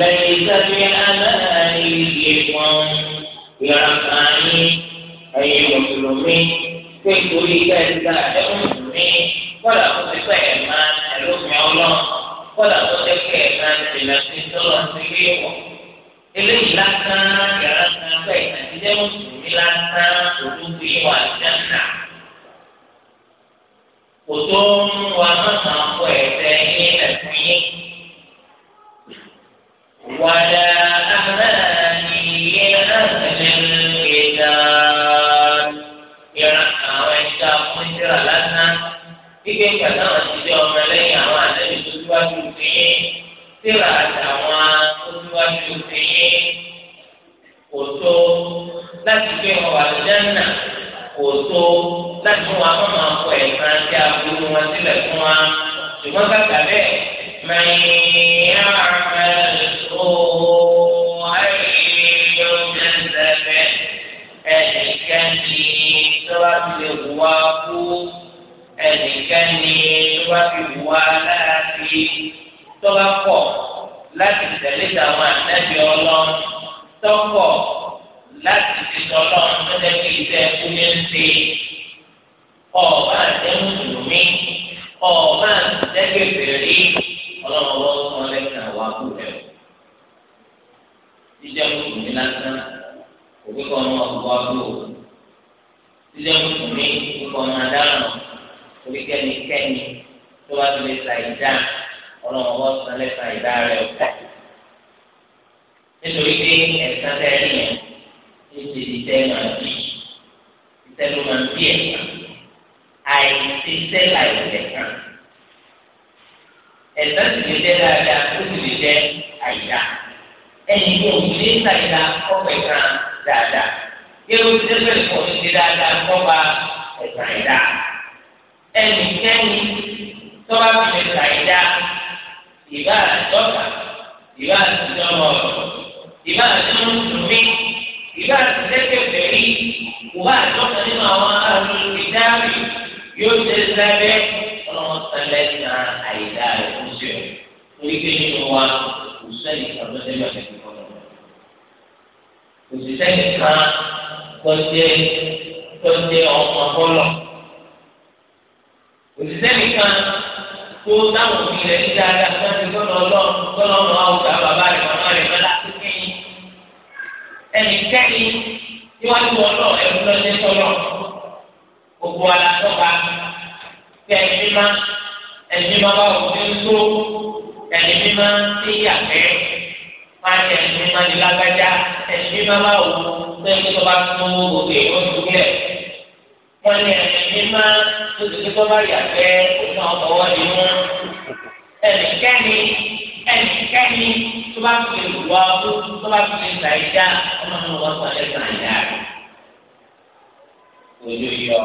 lẹ́yìn ìsẹ́fẹ́ aláàárín ìgbẹ́ wọn ìrànlọ́ni ẹ̀yin mùsùlùmí pé nítorí ilé ẹ̀ka ẹ̀rọ mi kọ́lá tó ti pẹ́ ẹ̀ma ẹ̀rọ mi ọlọ́ kọ́lá tó ti pẹ́ ẹ̀ma ìlà tí tọ́lọ̀ ti rí wọ̀. eléyìí lásán yàrá kan pẹ́ àtijọ́ mùsùlùmí lásán òdúgbò ìwà àjànà. òtó ń wa mọ́tà ọkọ ẹ̀fẹ́ yín ẹ̀fún yín. wàdà àmàlà ni yẹn náà tẹ̀lé ń gbé dáa fún ìṣẹ́ra lásán gbígbé ìgbà táwọn ti jẹ́ ọmọ lẹ́yìn àwọn àtẹ́bí tó síwájú sí síra àtàwọn tó síwájú sí kò tó láti gbé wọn wà lẹ́nà kò tó láti fún wa mọ́ máa kọ ẹ̀ka tí a burú wọn sílẹ̀ fún wa ṣùgbọ́n kàkà bẹ́ẹ̀ mẹ́yìn àmàlẹ́ tó ayé yóò jẹ́ sẹ́fẹ́ ẹ̀ẹ́dẹ́gẹ́ni ìjọba ti lè wá kú ẹnìkẹ́ni ìjọba ti wá láti tọ́ba pọ̀ láti tẹ̀lé àwọn ànábì ọlọ́run tọ́pọ̀ láti ti tọ́lọ́run tó lè fi iṣẹ́ ẹkú ní ṣe ọba àti mùsùlùmí ọba ọlọ́run ọlọ́run fún ọlẹ́kìn àwọn àbúrò ẹ̀ jíjẹ́ mùsùlùmí lásán òwe kan náà wá bú jíjẹ́ mùsùlùmí kíkọ́ ọmọ adáhùn oríkẹ́ni kẹ́ni tó wá ti lè sa ìdá ọlọ́run ọwọ́ san lẹ́sà ìdá rẹ̀ ọ̀tá. nítorí pé ẹ̀sán tẹ́lẹ̀ yẹn ti ti di tẹ́ máa bí ìtẹ́ ló máa bí ẹ̀ka àìsí tẹ́ láì tẹ̀ka. ẹ̀sán sì lè jẹ́ dáadáa ó sì lè jẹ́ àìdá ẹ̀yìn kò ní ṣàìdá ọ̀pẹ̀ kan dáadáa yẹ́rù ti dẹ́gbẹ́ ìfọ̀ ní ti dáadáa kọ́ba ẹ̀sà ìdá ẹnikẹ́ni tọ́ba fi ẹ̀sà ìdá ìbá àtọ́ta ìbá àtijọ́rọ̀ ìbá àtijọ́rùmí ìbá àtijẹ́kẹ̀fẹ̀rí ìbá àtọ́ta nínú àwọn arúgbìdáàbì yóò ṣe sábẹ́ ọlọ́wọ́n sálẹ̀ náà àìdá rẹ̀ fún ṣe orí pé nínú wa kò sẹ́yìn àbọ̀dẹ́gbẹ̀rẹ̀ kò sì sẹ́yìn kan tọ́jẹ́ tọ́jẹ́ ọmọ bọ́lọ̀. Òṣìṣẹ́ nìkan tó dáhùn sí rẹ̀ ní dáadáa fún ẹni tó lọ lọ tó lọ mọ àwùjọ bàbá rẹ̀ màmá rẹ̀ mọ́lá tó kẹ́yìn. Ẹnì kẹ́yìn níwájú ọlọ́ ẹ̀rú lọ́jẹ́ tọ́lọ̀. Gbogbo ara tọ́ka kí ẹni mímá ẹni mímá bá òfin tó ẹni mímá sí yàtẹ́ wani ẹni mímá ni lágbájá ẹni mímá bá wù sẹ́yìn tó bá tún òkè oṣùgbẹ́ wani ẹni mímá tó ti tó bá yàgbẹ́ òun àwọn ọmọ wọn ni wọn ẹnikẹ́ni ẹnikẹ́ni tó bá fi lè wá tó tó bá fi lè ta ìjà ọmọ náà wọ́n sọ ẹ̀sán ìjà rẹ̀ ojú yọ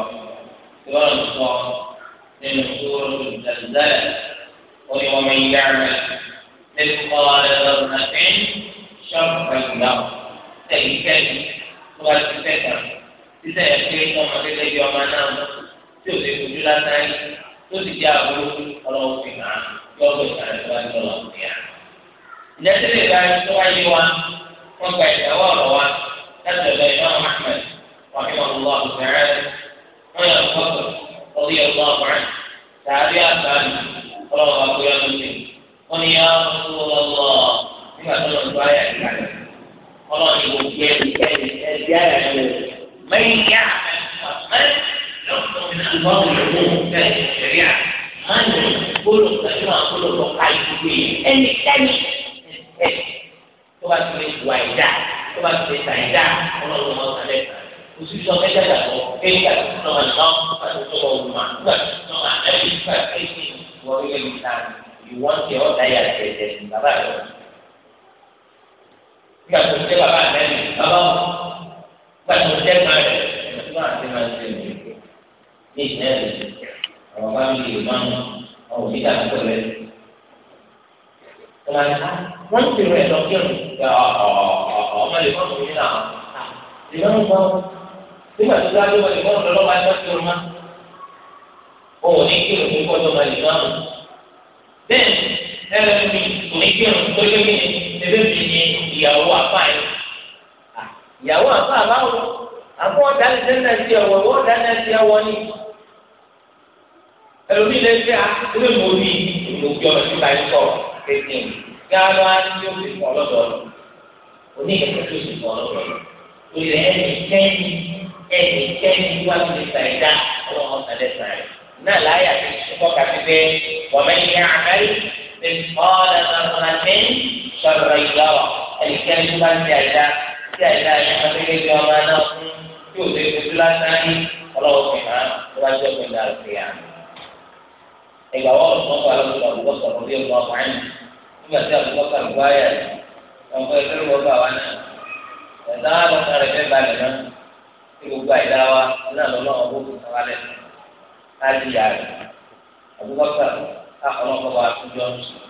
ìwọ́n sọ nínú sóró ìdàlùdàlẹ̀ ó ní wọ́n mi yára ẹ̀ ẹ̀ kọ́ ẹ̀ lọ́rùn náà ṣọ́ọ̀bù ìyá ọ̀ tẹ̀lé kẹ́lí tó bá ti fẹ́ kàn títẹ̀ yẹ kí ọmọ gẹ́gẹ́ bí ọmọ náà tí ò lè fojú lásán yìí tó sì jẹ́ àbúrò ọlọ́wọ́ fi hàn yọ ọ́ lọ́sàn án tó bá ti lọ́wọ́ fi hàn. ìdájọ́ lè gba tó wáyé wa wọ́n gba ìdáwọ́ ọ̀rọ̀ wa láti ọ̀dọ̀ ìmáà Ahmed wàhí ọ̀lọ́ àbùsẹ̀rẹ́ wọ́n yà lọ́kọ̀ ọ̀rí ọ̀lọ́ àbùrẹ́ tààrí àtàlù ọlọ́wọ́ àbúrẹ́ lọ́sẹ̀ wọ́n yà ọ́ nígbà tó lọ́n tó ayà yìí kalẹ̀ ọlọ́run ni gbogbo ẹni ẹni ẹni ayà yìí lọ mẹ́yìn yá mẹ́rin lọ́kùnrin mi náà gbọ́ mi lọ́wọ́ bẹ́ẹ̀ ṣẹ̀rí à mẹ́rin gbọ́dọ̀ pẹ̀lú àwọn gbọ́dọ̀ tó ká ìdúgbò yìí ẹni ẹni ẹni tó bá ti lè wù àìdá tó bá ti lè tà àìdá ọlọ́run máa kalẹ̀ òṣìṣọ́ mẹ́tẹ́ẹ̀dá lọ kéyìí àti náà náà pàṣẹ tó wọ̀ wùmá nígbà tó náà ẹ̀ nígbà tó bàbá àtẹ́lẹ̀ bàbá wọn nígbà tó ń jẹ́ màrẹ̀ ẹ̀mí wọn àti màrẹ̀ ṣe ní ìlú ní ìṣẹ́lẹ̀ àwọn bá mi lè máa ń àwọn òbí dà tó lẹ wọ́n ti rẹ̀ lọ kí ọmọ lè fọ́n mi náà ìlànà kan nígbà tó dájú wọn lè fọ́n mi lọ́wọ́ àti ọ̀sẹ̀ ọ̀ma òun ní kí lóun kọ́ tó ma lè máa bẹ́ẹ̀ ẹ̀rọ mi kò ní kí lóun tó lé mi ìyàwó àbá yẹn ah, ìyàwó àbá àbáwò àbọ̀ ọ̀dánilẹ́nà ti ẹ̀wọ̀ ẹ̀wọ̀ ọ̀dánilẹ́nà ti ẹ̀wọ̀ ni ẹlòmíì lè fẹ́ àtúntò mọ̀ ní ìmọ̀jọ́ nípa ẹ̀kọ́ kékeré gáàlọ́ á ní omi pọ̀ lọ́dọọdọ oní ìkẹ́kẹ́ tó sì pọ̀ lọ́dọọdọ olè ẹnì kẹ́yìn ẹnì kẹ́yìn wá sí ìta ìdá ọlọ́run ọ̀sán ẹ̀sán rẹ̀ náà láyà tó ti kọ́ ẹnikẹ́ni tó bá ní àyíká tí àyíká yẹn máa tẹ́lẹ̀ bí ọmọ náà fún tí ò lè fojú lásán ní ọlọ́wọ́ fi hàn tó bá jẹ́ òpin dàrú sí yàn. ìgbà wọ́n lọ́sọ̀ wà lọ́sọ̀ àbúkọ́ sọ̀rọ̀ bí ọmọ ọmọ ẹni nígbà tí àbúkọ́ sọ̀rọ̀ bá yà wọn fẹ́ fẹ́ wọ́n bá wa náà ẹ̀dá wa lọ́sọ̀ rẹ̀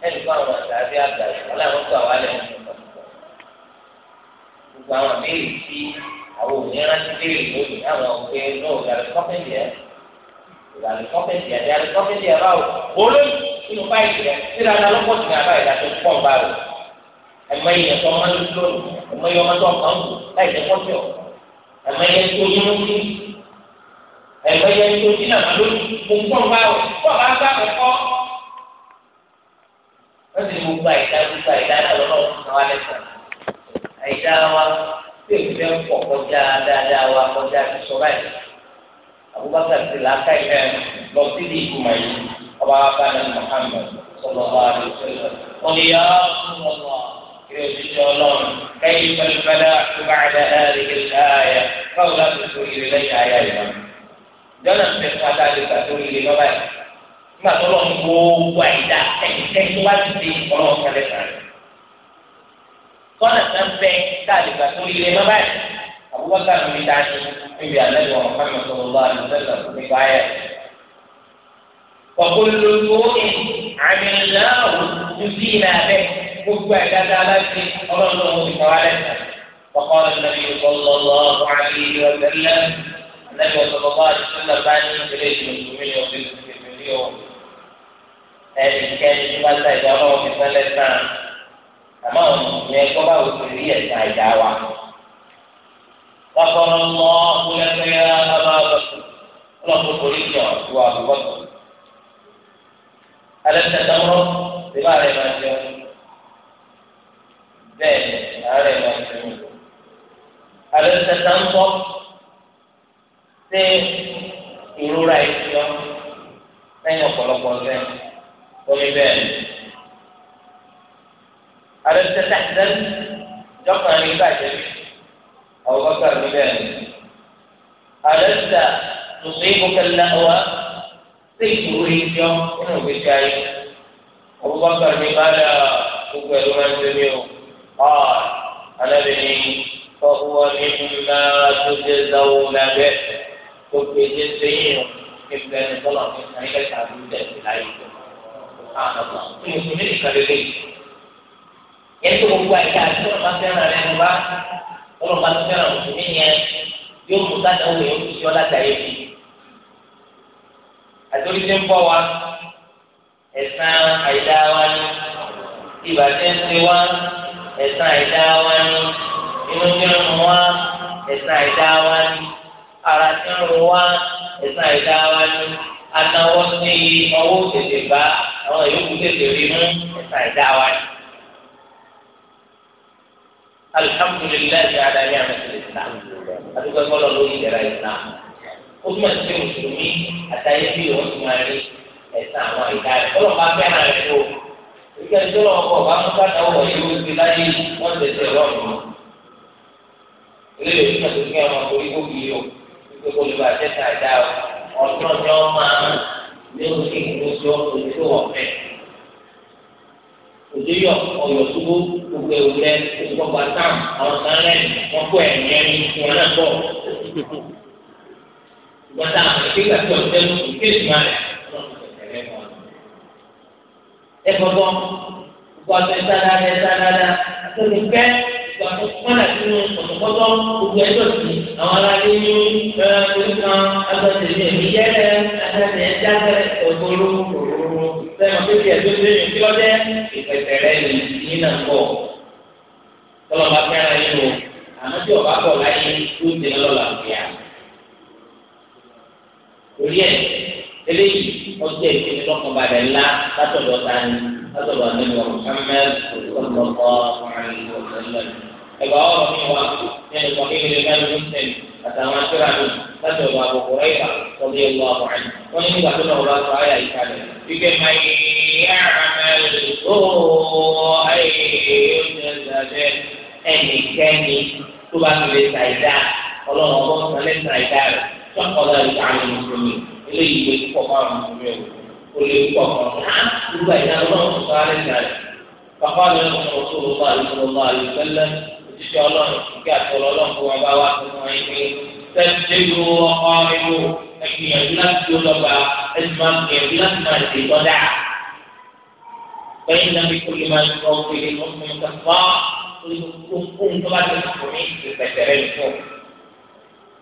ẹnì kan àwọn àtàbí àgbàlẹ̀ aláwọ̀ tó àwọn alẹ́ nínú ìgbàgbọ́. gbogbo àwọn àbẹ́rẹ́ tí àwọn òmìnira ti béèrè lónìí àwọn ọ̀gbẹ́ náà ìdàlẹ̀ kọ́pẹ́ǹdì ẹ̀ ìdàlẹ̀ kọ́pẹ́ǹdì ẹ̀ ìdàlẹ̀ kọ́pẹ́ǹdì ẹ̀ báwo olóyún inú báyìí rẹ̀ síra ara lọ́pọ̀ sí àbá ìdàtọ̀ pọ̀n bá rẹ̀ ẹ̀mọ iye tó máa ń lò ẹ̀mọ iye ọmọ tó kàn ń wò láì jẹ́ pọ́sẹ̀ ẹ̀mọ iye tó yín ń wí ẹ̀mọ iye tó yín náà lórí gbogbo bá rẹ̀ tó bá bá rẹ̀ kọ́ wọ́n sì mú gba ìdá gbogbo ìdá náà lọ́wọ́ fún wa lẹ́sàn. àìdá wa tí èmi fẹ́ pọ̀ kọjá dáadáa wa kọjá ti sọ báyìí. Abubakar ti làákà ẹ̀ lọ sí ní ìgbìmọ̀ yìí ọba wa bá ní Muhammad sọlọ wa ní sọlọ. Oníyà ọ̀sùnmọ̀lá kí o ti jẹ ọlọ́run kẹ́yìn pẹ̀lúpẹ̀lú àtúbà àdá ẹ̀rí kẹta àyà báwo láti sọ nígbà tó lọ ní gbogbo àyíká ẹnikẹ́ni tó bá ti di ọ̀rọ̀ ọ̀kẹ́lẹ̀ sáré. kọ́nà kan bẹ káàdì gbà tó ilé má báyìí àbúkọ́tà ló ní dájú níbi àlẹ́ wọn kọ́nà tó lọ́wọ́ àlùfẹ́lẹ̀ tó ní báyà. wàkúlù lóyè àmì ìlànà tuntun ìlànà gbogbo àyíká tá a bá ti ọlọ́run ló ń وقال النبي صلى الله عليه وسلم النبي صلى الله عليه وسلم بني إليه المسلمين وفي sí o ẹnikẹ́ni tó bá ta ìdá ọlọ́wọ́ fi sẹ́lẹ̀ tán àmọ́ àwọn ìyẹn kọ́ báwo ti rí ẹ̀ka ìdá wa. Lọ́kọ̀ọ́rọ́ mọ́ ọkùnrin ẹgbẹ́ alábàbọ̀tò ọlọ́kùn torí ìjọ ìwà àbúbọ̀tò. Alẹ́sẹ̀ sọ́wọ́ ti bá rẹ̀ máa jẹun. Bẹ́ẹ̀ni, àárẹ̀ máa jẹun. Alẹ́sẹ̀ sọ́wọ́ ṣé ìrora ìjọ. lẹ́yìn ọ̀pọ̀lọpọ̀ ọ̀sẹ̀ omi bẹ́ẹ̀ ni. àrẹsẹ̀ tàìsẹ̀ jọ́kùnrin bàjẹ́ ọ̀gọ́gà mi bẹ́ẹ̀ ni àrẹsẹ̀ tùsùn ìbùkẹ́lẹ́ wa sí ìṣòro o nínú ìgbésí ayé ọ̀gọ́gà mi bá dà gbogbo ẹ̀rọ máa ń tẹ́ mi o ọ̀ alábìnrin fọwọ́ mi máa tó jẹ́ sáwọ́ lábẹ́ tó pèsè sẹ́yìn o ni alabinrin ni ilu naa to je sawo labe to pese seyin o ẹgbẹ́ ẹni tọ́lọ̀ ní ayé tàbí ìdẹ̀sí láyé tó ànàmọ́ mùsùlùmí nìkan lè lè yẹn tó gbogbo àyíká àti tọ́lọ̀ bá fẹ́ràn rẹ̀ ń bá tọ́lọ̀ bá fẹ́ràn mùsùlùmí yẹn yóò mú dáadáa wò yóò fi ọ́ládàá yẹn fi àtòrí ti ń bọ̀ wá ẹ̀sán àyíká wa ni ìbàjẹ́ ń ṣe wá ẹ̀sán àyíká wa ni inú ti ń wá ẹ̀sán àyíká wa ni ara ti ń wá ẹ̀sán ẹ̀dá wa ní anáwó ní ọwọ́ tètè bá àwọn yòókù tètè rí mú ẹ̀sán ẹ̀dá wa ní. alihamudulilayi ala yi ama ti islam adigun ẹgbọlọ ló yí yàrá islam ó túmọ̀ sí pé mùsùlùmí àtàyè bí òun ti máa rí ẹ̀sán àwọn ìdá rẹ̀ ọlọ́run bá fẹ́ràn rẹ̀ tó ìgbà tí ó kọ̀ bá mú káta ọwọ́ yìí ó ti láyé wọ́n tẹ̀sẹ̀ lọ́rùn pé kó lè bá tẹ́tà dá o ọ̀tọ̀ ni wọ́n máa ní oṣù ìgbésí oṣù ọ̀fẹ́ òjòyọ ọyọ túbú gbogbo ewúrẹ́ ìgbọgbà tam àwọn kan lẹ́yìn wọn kó ẹ̀yìn ẹ̀yìn wọn náà bọ gbọ́dọ̀ àwọn ìgbésẹ̀ àti ọ̀tẹ̀ ló ń ké ìgbà rẹ ẹ bọbọ gbọ́dọ̀ ẹ sáadáa ẹ sáadáa tó lè fẹ́ wà ní kọ́nà sínú pọ̀tọ̀pọ̀tọ̀ gbogbo ẹjọ́ sí àwọn aláàbí ní ẹ̀ẹ́dẹ́gbẹ̀rún kan agbẹ̀sẹ̀ ní èmi yẹ́rẹ́ agbẹ̀sẹ̀ ẹ̀dá ọ̀gbọ̀rọ̀ òróró sẹ́wọ̀n tó ti ẹ̀dọ́ sí ẹ̀yìn kílọ́dẹ́ ìpẹ̀tẹ̀ rẹ̀ ní ìyín náà pọ̀ tọ́lọ́ bá fẹ́ràn yín o àmọ́ tí ọ̀bá bọ̀ láyé tó ti lọ́la òkèèyà orí ẹ̀ eléyìí ọjọ́ ìpinnu lọ́kànbalẹ̀ ńlá látọ̀dọ̀ tani látọ̀dọ̀ àdéhùn ọ̀hún ẹgbà ọ̀rọ̀ mi wà nínú ìkọ̀kẹ́ ilé báyìí mùsùlùmí àtàwọn akẹ́rà mi láti ọ̀dọ̀ àbùkù ẹ̀yà ọ̀dọ̀ ẹ̀lú àbọ̀rẹ́ wọn ní nígbà tó náà wọ́n sọ ayà yìí kalẹ̀ wípé máyì àmàlẹ́ ó ayé ìrìnàjẹ́ ẹnikẹ́ni tó bá ti lè ta ìdá ọlọ́run ọgbọ́n kan lè ta ìdá rẹ̀ sọ́kọ̀ọ́dà ìdá àwọn mùsùlùmí eléyìí lè pọ̀ fáwọn mùsùlùmí o lè pọ̀ fún un. gbogbo ìdá ọlọ́run sọ iṣẹ́ ọlọ́run kíkẹ́ àtọ́lọ́ ọlọ́run kó wọn bá wá fún wọn yìí pé tẹ́lifíṣẹ́ yóò ọkọ inú ẹgbìyànjú láti tó lọ́ba ẹgbìyànjú máa gbìyànjú láti máa ṣe lọ́dà. lẹ́yìn náà bí kò lè máa ń sọ pé ọkùnrin kan fọ́ ohun tó bá ti kù ní ìpẹ̀tẹ̀rẹ̀ nìkan.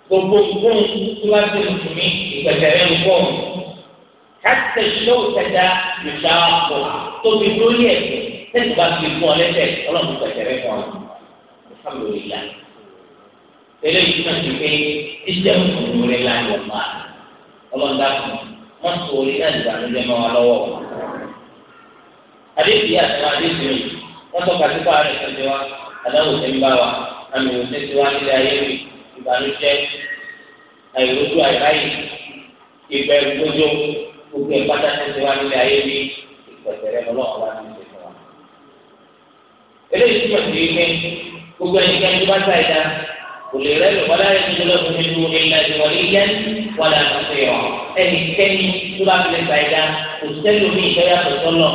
gbogbo ohun tó bá ti kù ní ìpẹ̀tẹ̀rẹ̀ nìkan. káṣíṣe ìṣòwò tẹ̀dá ìṣàkóso tóbi lórí ẹ̀sìn tẹ̀síwájú fún ọ lẹ́sẹ̀ ọlọ́run pẹ̀tẹ̀rẹ̀ fún ọ alhamdulillah eléyìí náà ti pé iṣẹ́ òkùnkùn rẹ̀ láti ọ̀pá ọlọ́dà kan wọ́n sọ orí náà ìdánilẹ́ mọ́ wa lọ́wọ́ wa. adébíyà àtàwọn adébíyà wọ́n tọ́ka sí fáwọn ẹ̀sẹ̀ tí wa adáwò tẹ́ ń bá wa àmì òṣè tí wa nílé ayé mi ìbànújẹ́ àìrójú àìráyè ìbẹ̀rù gbójó gbogbo ẹ̀ pátá tí wa nílé ayé mi ìpẹ̀tẹ̀rẹ̀ ọlọ́ọ̀lá ti ṣe fún wa. eléyìí túmọ̀ sí pé gbogbo ẹnikẹ́ni tó bá ta ìdá kò lè rẹ́ lọ́wọ́ láyé tó lọ́wọ́ mi lu ilẹ̀ ìwọ̀n ní yẹn wọ́n là ń fi hàn ẹnikẹ́ni tó bá fi lè ta ìdá kò sẹ́lẹ̀ omi ìfẹ́yà tọ̀tọ̀ lọ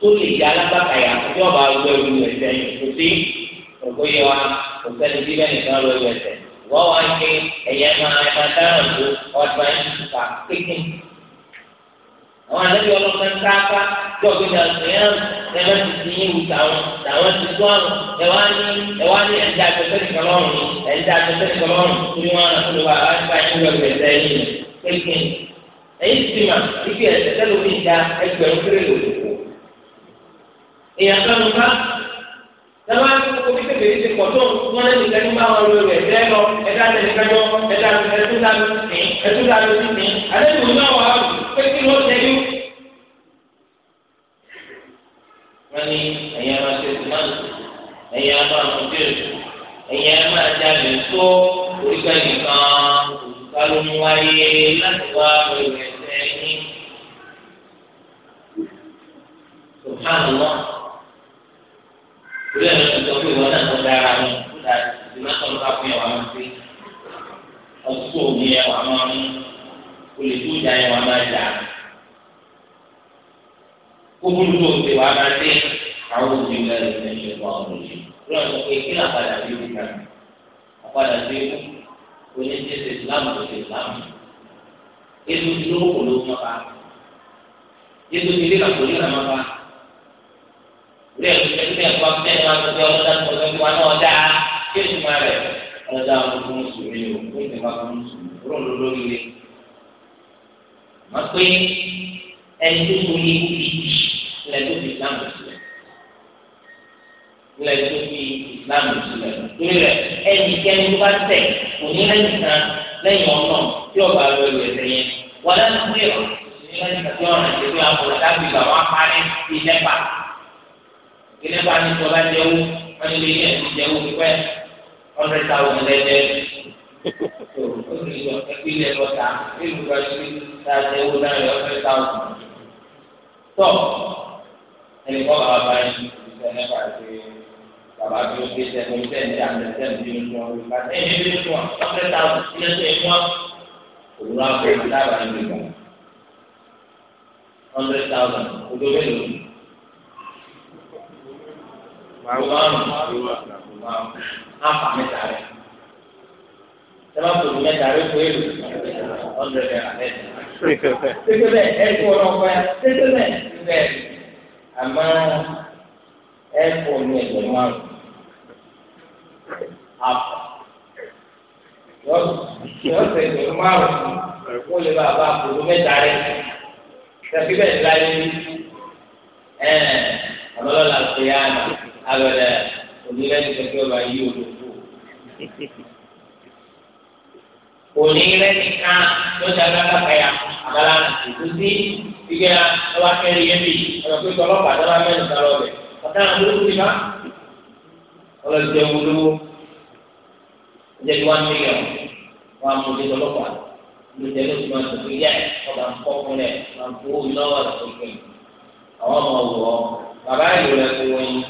tó lè jẹ́ alábàkàyà tí ọba ọgbẹ́ olú ẹ̀sẹ̀ kò sí ògbóyè wa kò sẹ́ni tí bẹ́ẹ̀ nìkan lọ ẹ̀sẹ̀ wọ́n wá ń ké ẹ̀yẹ́ máa ẹ̀ máa dáhùn tó ọgbà àwọn àlejò ọlọ́pàá ń káàká tí ọ̀gbìn àgbẹ̀yàn ẹ̀rọ ti ti yín wù táwọn táwọn ti tó àrùn ẹ̀wá ní ẹ̀wá ní ẹ̀dá àtẹ̀tẹ̀ nìkan lọ́rùn ẹ̀dá àtẹ̀tẹ̀ nìkan lọ́rùn tí wọ́n rà fún wa wá nípa ìlú ẹgbẹ̀ ẹ̀dá yìí kéèké ẹ̀yìn ti mà ibi ẹ̀sẹ̀ tẹ́lómi ìdá ẹgbẹ̀rún kéré lòdì kù èèyàn kan sábà kókó bí kébèrè ti pọ̀ tó wọn lé nìkan ní báwọn lórí rẹ̀ bẹ́ẹ̀ lọ ẹ̀dá tẹ̀lékájọ ẹ̀dá ẹ̀dúndàlú sìn ẹ̀dúndàlú sìn àlejò ní àwọn àwọn pé kí ló tẹ̀lé. wọ́n ní ẹ̀yin àwọn ṣèṣùmọ́ ẹ̀yin àwọn àmọ̀jẹ́rì ẹ̀yin àwọn àjálẹ̀ tó orígbà nìkan kálómú wáyé láti wá lórí rẹ̀ sẹ́yìn torí ẹ̀rọ ti sọ pé ìwọ náà tó dára ní kúta ìdúná tó ń bá fún ẹwà máa fi ọtúkọ òní ẹwà máa mú olè tó dá ẹwà máa dà kókòrò tó ti wà máa dé àwọn òbí ń bẹ̀rẹ̀ ìfẹ́ ṣe fún àwọn òbí lórí ọ̀sán pé kí làpadà sí ibi kan àpadà sí ibi oníṣẹ́ṣe ìsìlámù tó ṣe ìsìlámù ètò ìlú òkòló máa ètò ìlú ìlàkòló máa bá ilé ẹ̀kọ́ ilé ẹ̀kọ́ abẹ́rẹ́ máa ń tọ́jú ọlọ́dà tó tọ́jú wa náà dá kí èsì máa rẹ̀ ọlọ́dà wọn fún mùsùlùmí o fún ìsìn máa fún mùsùlùmí kúrò ló lórí rẹ̀. máa pé ẹni tó kú ní ibi ilẹ̀ tó fi ìsìlámù sílẹ̀ ilẹ̀ tó fi ìsìlámù sílẹ̀ torí rẹ̀ ẹni kẹ́ni tó bá tẹ̀ kò ní lẹ́yìn kan lẹ́yìn ọ̀nà tí ọba lọ ìwé ẹ̀sẹ̀ yẹn wọ́n lẹ́nu pé ọ̀ ilé bá ní sọ bá jẹ́wó wọ́n ní lè yẹn ti jẹ́wó pípẹ́ ọ̀rẹ́ ta òun lẹ́jẹ́ ó sì yọ ìpínlẹ̀ lọ́ta nílùú bá ti ta jẹ́wó láàrin ọ̀rẹ́ ta òun. tọ́ ẹnì kọ́ bàbá bá yín ìṣẹ́ nípa ti bàbá bí ó gbé sẹ́nu iṣẹ́ ní àtẹ̀sẹ̀ ní ojú ọ̀rẹ́ ta ẹ̀yìn ní ojú ọ̀rẹ́ ta òun ilé tó ẹ̀kọ́ òun á fẹ́ẹ́ dábàá nígbà. hundred thousand ojú mélòó àǹfà mẹ́ta rẹ̀ sábà tó ní mẹ́ta rẹ̀ fún èrò ọ̀dọ̀ rẹ̀ alẹ́ tètè bẹ́ẹ̀ ẹ̀kú ọlọ́pàá yà tètè bẹ́ẹ̀ bẹ́ẹ̀ àmọ́ ẹ̀kú ní ẹ̀jẹ̀ márùn àpò lọ́sẹ̀ ẹ̀jẹ̀ márùn ó lè bá a bá àpòlù mẹ́ta rẹ̀ tètè bẹ́ẹ̀ láyé ẹ̀ ọlọ́lá ṣe yá náà alọ̀lẹ̀ onílẹ̀ni kẹ̀kẹ́ ọba yí olóko onílẹ̀ni ká lọ́jà alákàtà ya abala ètò sí ìgbé ọba kẹrin yẹn bì ọ̀nà pé ọlọ́pàá tó bá mẹ́rin sá lọ́bẹ̀ ọ̀tá àwọn olóko ti bá ọlọ́dún jẹ́ olówó ẹ̀jẹ̀ bí wọ́n mílíọ̀n wọ́n á mú ọdún ọlọ́pàá lójẹ́ ló ti máa tó fi yẹ ọba ń kọ́ fún rẹ̀ máa ń fowó iná wà lọ́wọ́ àwọn ọmọ wọ̀ bàbá ìlú rẹ̀ kó wọ́n yín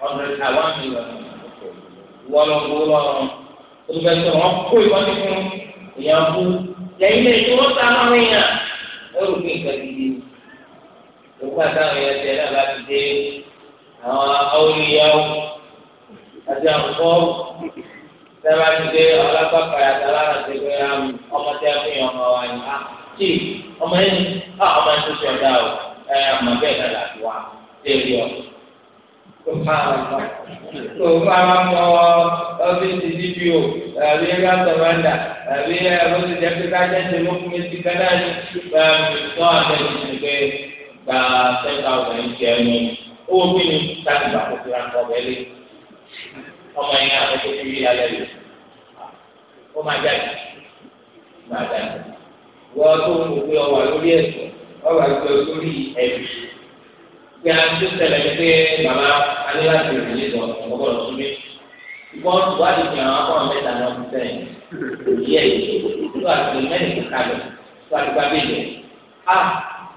hundred and one million wọ́n lọ kó lọ́rùn olùfẹ̀sọ̀ wọn kó ìwọ́n ti fún èèyàn kú lẹ́yìn lẹ́yìn tí wọ́n ta máa ń yàn ó rò pé nǹkan gidi òkú àtàwọn èèyàn tẹ̀ náà láti dé àwọn awolíyàwó àti àkọ́ sábà ti dé ọlọ́pàá kàyàtà lára ti gbé ah, ọmọ tí a fi hàn ọmọ wa yìí tí ah, ọmọ yìí ah, ọmọ yìí tó ṣe ọ̀dà o ẹ̀ eh, ọmọ bẹ́ẹ̀ náà láti wá dé rí ọ̀dọ̀ tó máa mọ tó máa mọ ọ́fíìsì dpo àbí ẹ̀rọ sọ̀rọ̀ǹdà àbí ẹ̀rọ ti jẹ́ pípa jẹ́sẹ̀ ló fún mi sí kádà ní tó àbẹ̀ ìdílé pé gba ten thousand ní tiẹ̀ ní owó mi ní táàbù àkókò ra nǹkan ọ̀bẹ lé ọmọ yẹn àkókò tó yí alẹ́ lò ó máa jáde máa jáde wọ́n tó ń gbé ọwà lórí ẹ̀sùn ọwà lórí ẹ̀sùn pé a ti ṣẹlẹ̀ ní pé bàbá aníláàbí rẹ̀ yé lọ ọgbọ́n lọ síbi ìgbọ́n ìwádìí fi àwọn akọ́ mẹ́ta náà ti sẹ́yìn òyì ẹ̀ ìlú àti mẹ́rin kò kalẹ̀ tó a ti gba bẹ́ẹ̀ yẹn. a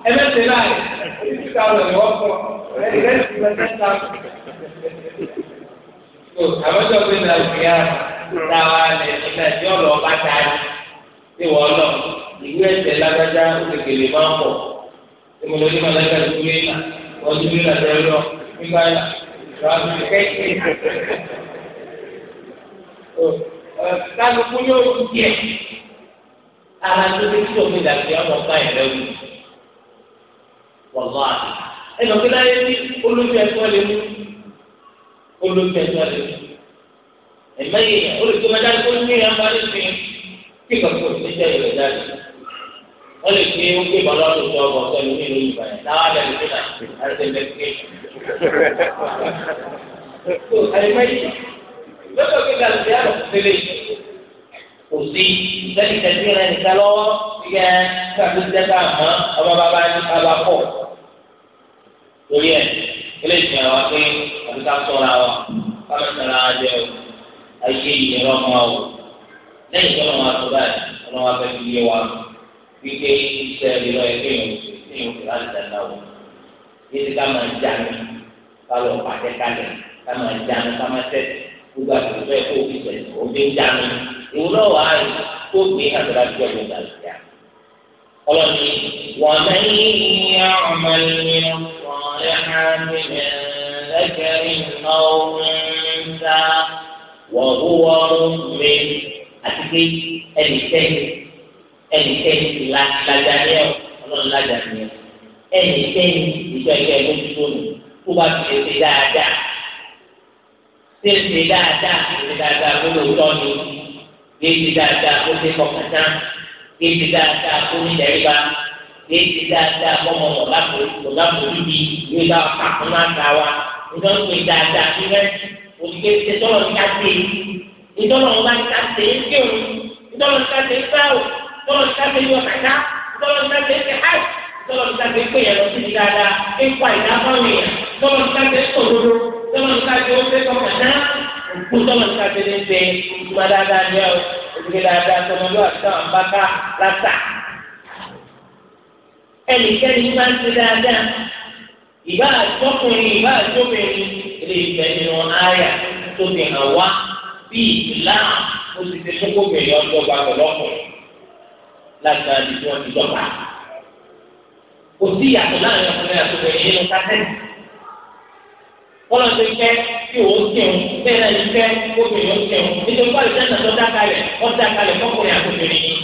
ẹ mẹ́tẹ̀ẹ́ láàyè èyí ká lọ ìwọ́ sọ ẹ ẹ ti mẹ́tẹ́ ta. tó àbájọ pé nàìjíríà táwa lẹ́yìn nàìjíríà lọ bá ta ẹ̀ ṣé wọ́n lọ ìwé ẹ̀sẹ̀ lágbájá ó kékeré máa pọ̀ ojú bí ìlànà ẹ lọ nígbà yà lọ́wọ́ àti kẹ́kẹ́. kálukú yóò kú díẹ̀ ara tó ti tó mi dàbí ọmọ ọba yẹn lẹ́wù wọ́lọ́ àti ẹnì ọ̀gbìn láyé ní olójú ẹ̀tọ́ lè mú olójú ẹ̀tọ́ lè mú ẹ̀mẹ́yẹ olùkọ́ mẹ́ta ló ní ẹ̀ma lè fi kí kàkó ìgbésẹ̀ rẹ̀ jáde wọ́n lè fi ó kébà lọ́dún tó ọgbọ̀n tó ẹni nílùú ìgbà yẹn táwọn àgbẹ̀lẹ̀ ti náà àti investigation. tó àyèmáyé lọ́dọ̀ kíkà lùdí àlọ́ tẹ́lẹ̀ kò sí lẹ́yìn tẹ̀sí rẹ̀ nìkan lọ́wọ́ yẹ káàdùn tẹ́ka àmọ́ ọba bàbá ní bàbá pọ̀ torí ẹ̀ ilé ìsìn àwọn pé àti sọ̀rọ̀ àwọn káwọn sọ̀rọ̀ àwọn ayé ìyẹ̀rọ̀ ọmọ wípé iṣẹ́ ìlọ ẹgbẹ́ yòó ṣe yòó fi láti dáná o yíṣẹ́ ká máa já mi ká lọ pàtẹ kalẹ̀ ká máa já mi ká máa tẹ̀sí gbogbo àtúntò ẹ̀kọ́ òbí tẹ̀sí òbí já mi ìwúlọ̀ wà á yìí tó gbé àtúrà tó ẹ̀yọ̀ dà sí à. ọlọ́ni wọ́n máa ń yí ọmọ ẹni wọn ẹ̀ka mi lẹ́kẹ̀ iná orin ta wọ́n wọ́n mi àti pé ẹnì kẹ́yìn ẹnikẹ́ni ti la lajà ní ẹ̀ ọlọ́run lajà ní ẹ̀ ẹnikẹ́ni ìjọ ìjọ ìlú dúró nù kó bá ti ṣe dáadáa ṣe ṣe dáadáa ṣe dáadáa kó lè tọ́ ni ṣe ṣe dáadáa kó ṣe kọkàtà ṣe ṣe dáadáa kó ní ìdẹ́rìbá ṣe ṣe dáadáa kó mọ̀ mọ̀ lápòlù bí yóò dá pàkó náà ta wa ìjọ ń pè dáadáa sí rẹ òṣìṣẹ́ ṣe tọ́lọ̀ ní ká ṣe ìjọ́lọ̀ ń bá ní ká ṣe é tọ́lọ̀ ní káfíń yọ kàtá tọ́lọ̀ ní káfíń ṣe hajj tọ́lọ̀ ní káfíń pè yẹn lọ sí ní dáadáa ipa ìdáfáwọn èèyàn tọ́lọ̀ ní káfíń sòdodo tọ́lọ̀ ní káfíń ó ṣe kọkàtá òkú tọ́lọ̀ ní káfíń ní ṣe ìgbà dáadáa ní ọ òkè dáadáa tọmọdé àti àwọn bàbá látà ẹnikẹ́ni máa ń ṣe dáadáa ìbá àjọkùnrin ìbá àjọkùnrin lè bẹ̀ nínú àyà tó fi hàn wá bí ìlà ó ti ṣe kókó bẹ̀rẹ̀ ọjọ́ gbàgbọ́ lọ́kùnrin látara ibi tí wọ́n ti dọ́gba. kò sí ìyàtọ̀ láàrin ọkùnrin àti obìnrin nínú kásẹ́ẹ̀tì. wọ́n lọ sí fẹ́ kí òun kẹun bẹ́ẹ̀ náà ní fẹ́ obìnrin òun kẹun nítorí wọ́n lè sẹ́nà tó dákalẹ̀ wọ́n dákalẹ̀ fọkùnrin àti obìnrin yìí.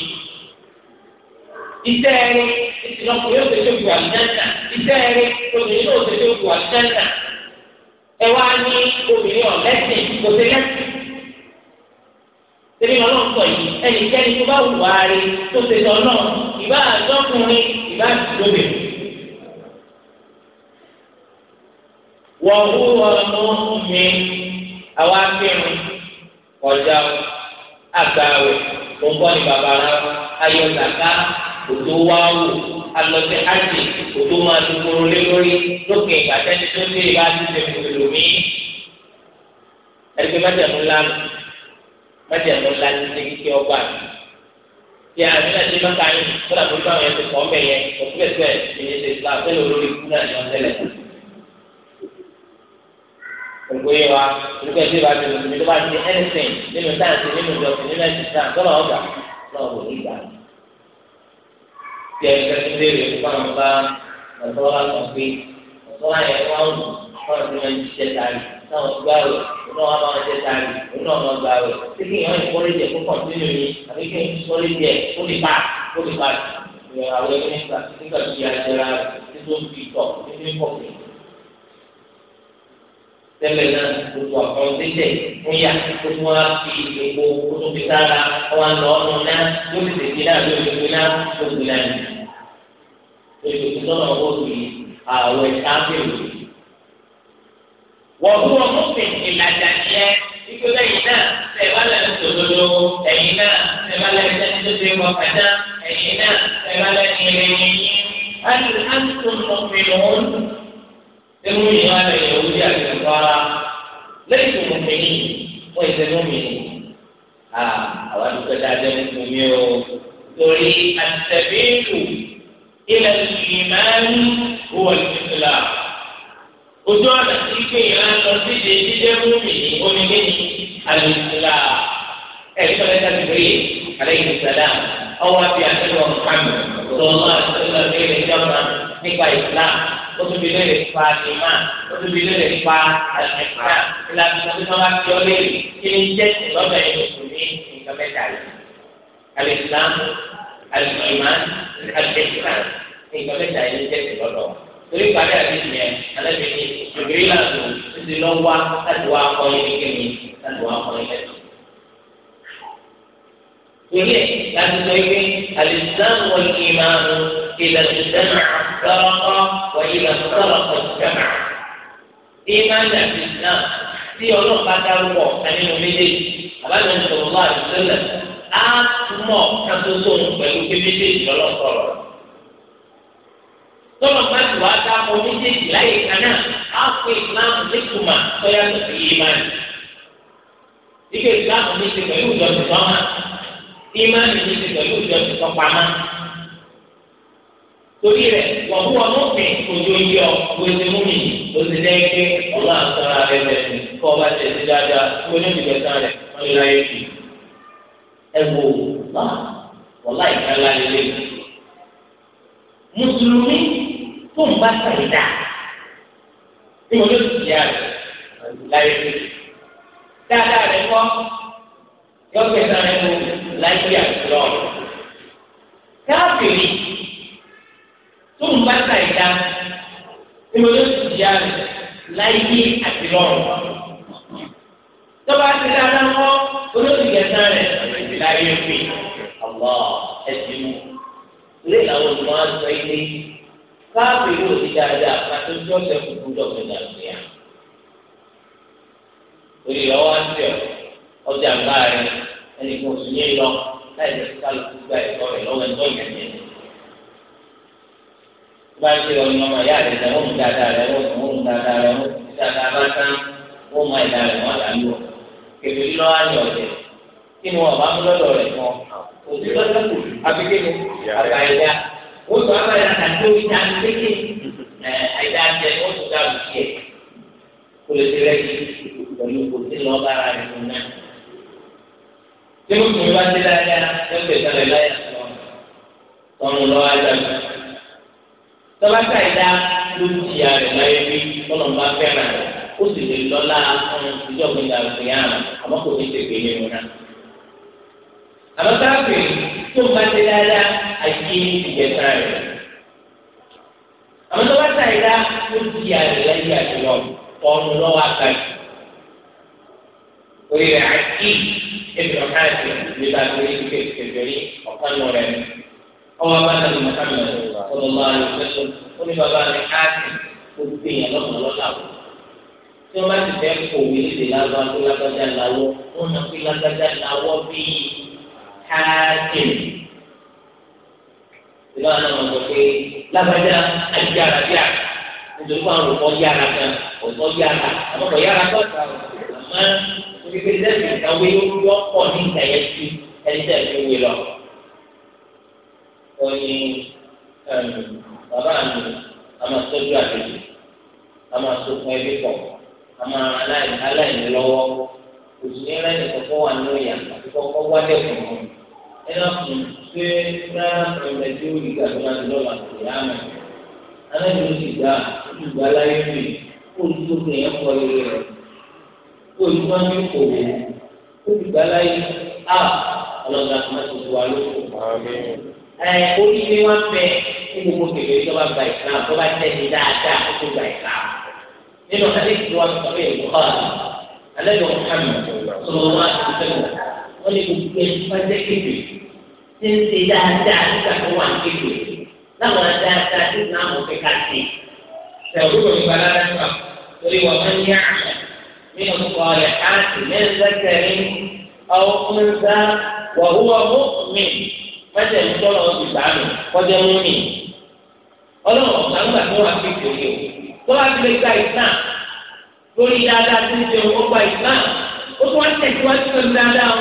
iṣẹ́ ẹ̀rí ìtìlọ́kùnrin yóò tẹ̀sí òkú àlùjáńtà iṣẹ́ ẹ̀rí obìnrin yóò tẹ̀sí òkú àlùjáńtà ẹ wá ní obìnrin ọ̀lẹ́sìn kò tẹ̀lé ọlọ́run sọ yìí ẹnikẹ́ni tó bá wùwà rí tó ṣe tọ́ náà ìbá àtọ́kùnrin ìbá àtìlóbì. wọ́n wúwo ọmọ mi àwa kírun ọjà àgbàwé òǹkọ́ ni bàbá rà ayọ̀ zàká òtó wá wò alọ́sẹ̀ ájì òtó máa dúró lé lórí lókè ìgbà tẹ́lẹ̀ tó ṣe ìbá àti ṣe mùsùlùmí. ẹgbẹ́ bá tẹ̀ mú lánàá májèmú ńlá ti ṣe kíkẹ́ ọgbà mi. Ti àmì náà ṣe mọ́ta yín kódà tó bá wọn ti kọ́ ọ́bẹ̀ yẹn òkúbẹ̀sẹ̀ ìyẹn ṣe ìgbà tẹ́lẹ̀ olórí ikú náà ní ọ̀tẹ́lẹ̀. Ògbó yẹn wa olùkọ́ ẹ̀ṣẹ̀ bá ti lòdì tó bá ti di anything nínú táǹtì nínú ìjọsìn nínú ẹ̀sìn náà tọ́lọ̀ ọ̀gà náà wò ní ìgbà. Ti ẹ̀rí kẹ́kẹ́ ti rè fún àwọn bá ọ̀tọ́ táwọn ti gbáwé oná wa máa jẹ tààrí oná wa máa gbáwé tí kì í yàn ìkórè jẹ kó kọ̀ntínú ni àbí kí n sọ́lé jẹ kó lè bá kó lè bá ìyàwó ẹgbẹ́ nígbà nígbà tí a jẹra tí tó ń fi tọ̀ nítorí kọ̀ọ̀kì. tẹ́lẹ̀ náà gbogbo àwọn tẹ́tẹ̀ ń yà kó tí wọ́n á fi epo kó tó fi sára wọn lọ ọ́nà náà yóò fi tètè náà yóò fi tètè náà yóò fi náà ní. ètò ìtọ́nà owó fi àwẹ̀ sáfẹ̀wò wọ́n wọ́n mú sí ìlàjà yẹn ìpínlẹ̀ yìí náà ṣe wá lẹ́nu tòlólo ẹ̀yìn náà ṣe wá lẹ́nu tẹ́tí tó ṣe wọ́n kàdá ẹ̀yìn náà ṣe wá lẹ́nu ìrẹ̀yìn yìí. alùpùpù alùpùpù mi lò ó ẹ̀mú yìí wá lẹ́yìn òwúrọ̀ àti ìfọ̀ra lẹ́yìn tó mú mi ní wọ́n ìṣẹ́ mú mi ní. àwọn àdúgbò dáadé mú mi o torí àtẹ̀bí ìlú ilẹ̀ ìmáàlú wọ̀ ní ìlà ojú ọ̀nà tí pé ìran lọ sí ìdè jíjẹ́ múmi ní onígbẹ́ni àlùsílà ẹ̀ríkọ̀lẹ́ta ti rí àlẹ́yìn ìsàlá ọwọ́ àti àtẹ́lẹ̀ ọ̀pánù lọ́wọ́ àtẹ́lẹ̀ ọ̀bẹ̀rẹ̀ ìjọba nípa ìsìlá ó tún fi léèrè pa àdìmá ó tún fi léèrè pa àdìmá ìlànà tó tún wá fi ọ léèrè kí ni jẹ́ ìlọ́bẹ̀ ìmùsùlùmí nǹkan mẹ́ta yìí àlùsílá àlùsílá àlùsílá nǹkan mẹ́ta yìí jẹ́ ìlọ́bẹ̀ torí pàdé àdéhùn yẹn alẹ́bìíní ìgbèrè làtò títí lọ wá láti wá kọ́ yẹn kékeré láti wá kọ́ yẹn lẹ́tọ̀. torí ẹ̀ láti sọ pé alìsàn wọn kì ìlà ìdáná àtọ́rọ́kọ́ wọ ìlà àtọ́rọ́kọ́ jẹ́mà. ìmáàlì àti ìsàn tí ọlọ́pàá dárúkọ nínú méjèèjì àbájọ ìṣòro wà lọ́sẹ̀lẹ̀ á túmọ̀ ká pẹ̀lú kébéjèèjì lọ́lọ́sọ̀rọ̀ tọ́lọ̀ máa ń wá dá mọ méjèèjì láyé kaná á pé ìsìláàmù nítumà tọ́yà tó fi ìmánì. Ike ìsìláàmù ní ti pẹ̀lú ìjọsìn tọ́mà, ìmánì ní ti pẹ̀lú ìjọsìn tọ́pamá. Torí rẹ̀, wọ́n mú ọmọ pin ojú yíyọ wíṣí mú mi, ó ti dẹ́ pé ọlọ́ àtọ́ra rẹ̀ rẹ̀ kọ́ bá tẹ̀ sí dáadáa tí ó ní ìgbẹ́sán rẹ̀ wọ́n tó ń bá sọ ìdá tí mo lè fi yára láyé pé dáadáa rẹ kọ́ yọ kẹta rẹ kó láyé àtúrọ̀ káàpìrì tó ń bá sọ ìdá tí mo lè fi yára láyé àtúrọ̀ tọ́ba ti dáadáa kọ́ olóòtú kẹta rẹ láyé pé ọ̀wọ́ ẹ̀sìn mú lé làwọn olùmọ̀ àti sọ káàpì yóò di dáadáa kátó ní ọ̀sẹ̀ kúkú dọ̀gbìn dàgbé yá. ọwọ́ àti ọ̀ ọjà ń bá rẹ̀ ẹnì kan oṣù yẹn lọ láì lè kálukú gba ẹ̀kọ́ rẹ̀ lọ́wọ́ ẹ̀kọ́ yẹn yẹn. Bá ṣe lọ ọmọ ìyá rẹ̀ lẹ̀ mú dáadáa rẹ̀ wọ́n mú dáadáa rẹ̀ wọ́n mú dáadáa bá tán wọ́n mú ẹ̀dá rẹ̀ wọ́n là ń lọ. Kèmí lọ́ á yọ̀ kí ni wọ́n bá mú lọ́dọ̀ rẹ̀ kan? Òṣìṣẹ́ lọ́dọ̀ wọ́n tún abáyé àtàkì orí ta ní kékeré ẹ̀ àìdá jẹ wọ́n tún dá lù sí ẹ̀ kó lè ti rẹ́ẹ̀kì pẹ̀lú kò sí lọ bá ara rẹ̀ fún náà. tí mo tún bá ti láyà ẹ pè sálẹ̀ láyà tọrùn lọ́wọ́ ajá mi. tọ́lá káyidá ló ti yà láyé bí tọ́lọ̀ bá fẹ́ràn rẹ̀ ó sì lè lọ́lá fún ìjọba ìdàgbìyàn àmọ́ kò ní tẹ̀gbẹ́ nínú náà. àmọ́ sáà pè tó ń bá ti láyà àyè ìjẹta rẹ̀. àwọn tó bá tàyè dá ó di àrè lẹ́yìn àjùlọ ọ̀run lọ́wọ́ àkàjù. orí rẹ̀ àti ẹ̀mí ọ̀ká ẹ̀sìn nígbà tó yẹ kí kẹ̀kẹ́ ọ̀kan nù rẹ̀. ọwọ́ bá tàbí mọ̀tàmì ọ̀dọ̀mọ̀ àlùfẹ́sọ̀ ó ní bàbá mi káàkiri ó gbé yẹn lọ́kàn lọ́kàn tí wọ́n bá ti fẹ́ kó omi lè lágbá tó lágbájá làwọ́ wọ́n máa fi lágbájá làwọ́ bíi káàkiri ìlú àná wọn sọ pé lágbájá ayélujára bíà nítorí pé àwọn olùkọ́ yára kan olùkọ́ yára àwọn ọ̀dọ́ yára kọ́ ta àmọ́ oníkèké lẹ́sìn ìdáwé olúwọ́ pọ̀ ní ìtẹ̀yẹ sí ẹni tẹ̀ fi wé lọ. ó ní bàbá mi a máa tọ́jú àlejò a máa sokun ẹbí pọ̀ a máa aláìní lọ́wọ́ òṣìṣẹ́ rẹ̀ nìkan wà nínú ìyá àti kọ́kọ́ wá dẹ́kun ẹ̀rọ fún pé náà ẹ̀rẹ̀ tí ó rí gàdúrà lọ́la kò yá mọ̀. Anáyẹ̀ ló ti gbà olùgbà láyé mi kó o tó fi yẹn kọ́ lórí rẹ̀. Kó o tó wá ní òwò olùgbà láyé á ọlọ́dà tó ti wà lóko. Ẹ orí mi wá fẹ́ kí gbogbo kèké tó bá gba ìka tó bá tẹ̀lé dáadáa kó tó gba ìka. Nínú àdéhùn wa sọ pé ìlú kọ́ àná. Alẹ́ lọ́wọ́ Muhammad sọ̀rọ̀ wá sí sẹ́wọ̀n. Wọ́n ní gbogbo ẹ̀ bá jẹ́ kéde ṣe ń ṣe dáadáa nígbà tó wà ní ìlú láwọn dáadáa tí ìlú náà mọ̀ fẹ́ ká sí. ṣàwùrọ̀ mi balá lẹ́fà torí wọ́n máa ń yá àmà nínú ọkọ̀ rẹ̀ á sì lẹ́sẹ̀kẹ̀rin ọ̀húnṣá wọ̀húwọ̀ mọ́mí mẹ́tẹ̀ ń tọ́lọ̀ ìgbà mi kọjá mọ́mí. ọlọ́wọ́ sàǹgbà tó wà sí ìlú yìí tó wà sí ìgbà ìsàn lórí dáadáa tí ń ṣe ọgbà ìsàn ó tún wá tẹ̀síwájú pẹ̀lú dáadáa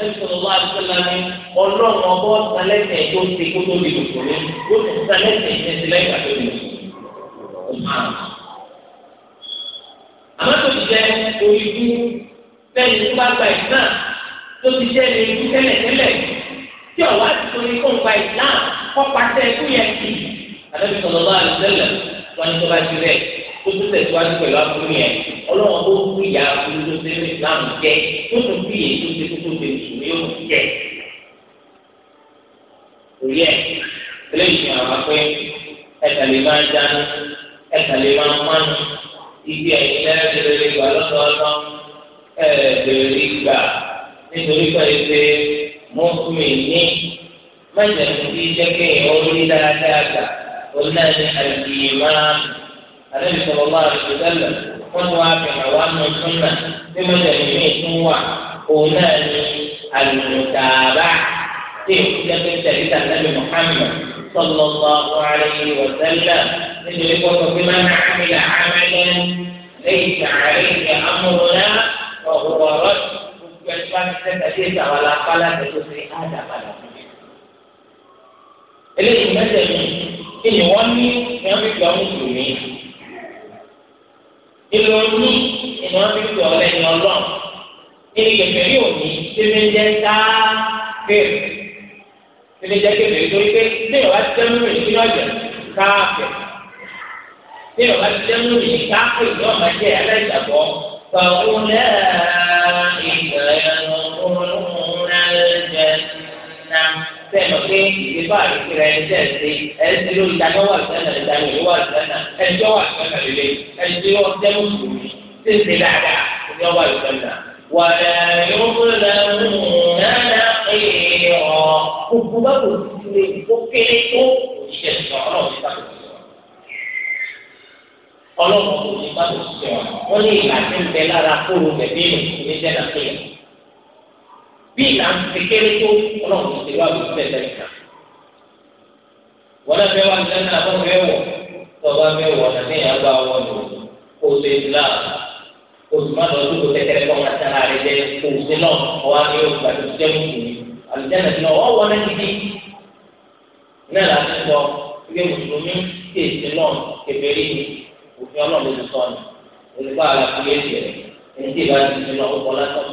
àtẹ̀sọ̀rọ̀ wá àdúgbò ní ọlọ́run ọgbọ́ sálẹ́sẹ̀ tó ti kó tó di lòkò ní ó ti sálẹ́sẹ̀ ní ti lẹ́gbà tó di lòkò. àmọ́ tó ti jẹ́ oríṣi lẹ́yìn tó bá gba ìsìlá tó ti jẹ́ oríṣi tẹ́lẹ̀tẹ́lẹ̀ tí ọ̀wá ti tó ní kó ń kọ́ pàṣẹ ikú yẹn kì í àtẹ̀sọ̀rọ̀ wá wọn ni tó ti rẹ̀ kó tó tẹ̀síwájú pẹ̀lú aburú yẹn ọlọ́run tó kú ìyá aburú tó ṣe ní islam jẹ tó tún bí èyí tó ṣe tó ṣe mùsùlùmí yóò mú jẹ. òye eléyìí fi hàn pé ẹ̀ka lè máa dáná ẹ̀ka lè máa mánu ibi ẹ̀yìn náà ti lè gbà lọ́sọ̀ọ́sọ́ ẹ̀ bèrè gbà nítorí pẹ̀lú pé mọ́kùnmí ní mẹ́jẹ̀ tó ti jẹ́ kéèyàn ó dáadáa gbà ó náà ní àdìmọ́ àmì. النبي صلى الله عليه وسلم قدوة كمعوان والسنة لمن جميع سوى أولاني المتابعة تيجي من تريد النبي محمد صلى الله عليه وسلم إن يقول بمن عمل عملا ليس عليه أمرنا فهو رد bukan kita wala pala sesuai ada pada Eléyìí mẹ́tẹ̀ẹ̀mí kí ni wọ́n ní ní wọ́n fi gba ìlú oní ìlú ọtí tó ọ̀rẹ́ ní ọlọ́run ìlú kẹfẹ́rí òní tẹ́lẹ̀ jẹ́ káfíìrì tẹ́lẹ̀ jẹ́ kẹfẹ́rí torí pé tẹ́lẹ̀ wá ti tẹ́lẹ̀ lórí ìdílé ọ̀jọ̀ káfíìrì tẹ́lẹ̀ wá ti tẹ́lẹ̀ lórí káfíìrì yóò máa jẹ́ aláìsàbọ̀ fàwọnà ìgbà ẹ̀rọ ọ̀rọ̀ ọ̀rọ̀ sẹ́nu pé ìdìbò àdìsí rẹ̀ ń tẹ̀sí ẹ̀sìn ló ìdáná wà sẹ́nà ìdáná ìlú wà sẹ́nà ẹjọ́ wà sẹ́nà líle ẹjọ́ ọ̀sẹ̀ mùsùlùmí ṣe ṣe dáadáa ìdí ọwà ìsẹ́nà. wàlẹ̀ ìrúbùlẹ̀ nana ẹ̀yẹ ọ̀ gbogbo bá kò sí ilé ìkó kéré tó òṣìṣẹ́ sọ ọlọ́run nípa kò sí wọn. ọlọ́run kò ní bá kò sí wọn wọ́n ní ìlànà ń bẹ lára kóró bẹ̀bí bí ìlànà kékeré tó ọlọ́run ti wá lóṣù tẹ̀lé kan. wọ́n fẹ́ wá ní ẹ̀ka tó fẹ́ wọ̀ tọ́ba fẹ́ wọ̀ nàní àgbà wọn lò kó o ṣe ìlà oṣù má lọ dúró kékeré kọ́ máa tẹ̀lé àrẹ jẹ kó o ṣe náà wọ́n á ní oṣù àti oṣù tẹ̀lé kù àlùjáde náà wọ́n wọ́n náà dídí náà láti sọ ilé mùsùlùmí tí èsì náà kébèrè ni òfin ọlọ́run ló ti sọ ni olùkọ́ àlàkùnrin èsì rẹ̀ ẹni tí ìbá ti ti lọ ọkọ̀ lásán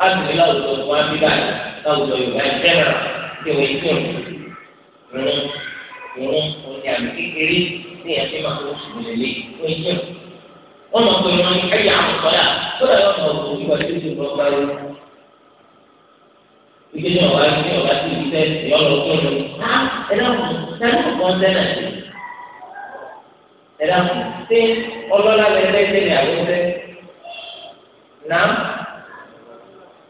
láti ní láwùjọ tó wọn bí báyìí láwùjọ yorùbá ẹ jẹrà tí wọn ètò ìrún ìrún òní àmì kékeré ní ẹsẹ máa tó sùn lélẹ wọn ètò wọn mọ pé wọn ẹyà àwọn kọlá tó lọ yọ ọmọ òkú ìwà tó ti lọ bá wọn. ìgbé náà wà ní ọ̀gá tó ti fẹ́ ẹ̀ ọ̀rọ̀ tó lọ ẹ dákun dáná kan sẹ́nà ẹ dákun ṣé ọlọ́lá lẹ́lẹ́gbẹ̀rẹ̀ àwọn fẹ́ náà.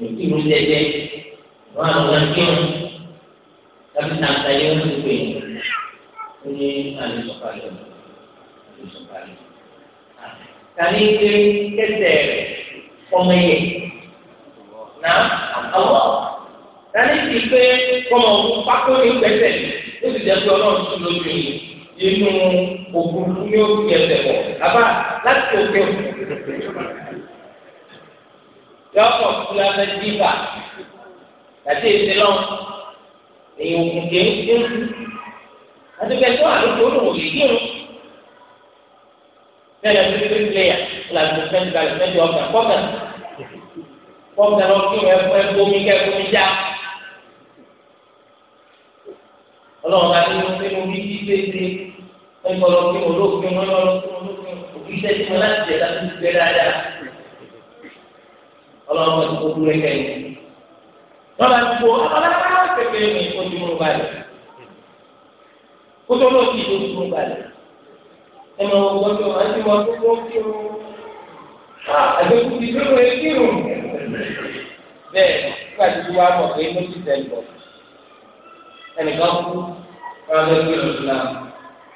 ìlú lẹ́jẹ́ wọn àwọn akíwọn tàbí tàǹtà yẹn wọn ti pè é ní àlùsọ̀kalẹ̀ àlùsọ̀kalẹ̀. Tàbí ṣe kẹsẹ̀ kọ́mẹyẹ náà àwọ̀ tàbí ti pé kọ́mọ pákó ní pẹ̀sẹ̀ ó sì jẹ́ pé ọlọ́run tún lójú yìí inú òkú ní òkú ẹsẹ̀ bọ̀ àbá láti òkè òkú yọ pọ̀ sí abẹ́ dìbà àti ìsìlọ́ èyí òkùn kì í dé àti bẹ́ẹ̀ tó àdókò òdòwò lè dé o bẹ́ẹ̀ lọ́sí pé pléyà làbí fẹ́ẹ́ gbà lẹ́sẹ̀ ọ̀gá kọ́kà kọ́kà lọ kí wọ́n ẹ̀fọ́ ẹ̀fọ́ omi kẹ́ ẹ̀fọ́ omi já ọlọ́run máa ní sínú bí kí pèsè ẹ̀fọ́ lọ kí wọ́n lóògùn wọn lọ́ọ́ lọ́ọ́ òbí tẹ́tí wọn láti tẹ̀ láti gbé dáadáa ọlọ́run ti kó dúró ẹgbẹ́ yìí lọ́la ti kó ọlọ́lá pépé ní ojúmọ́ balẹ̀ kótó ló ti ojúmọ́ balẹ̀ ẹ máa wọ gbọ́dọ̀ máa ti wọ gbogbo kírun àdókù ti dúró ẹ kírun bẹ́ẹ̀ nígbà tí wàá mọ̀ pé inú ti tẹ̀ lọ ẹnìkan kú ọlọ́dọ̀ kírun ìlà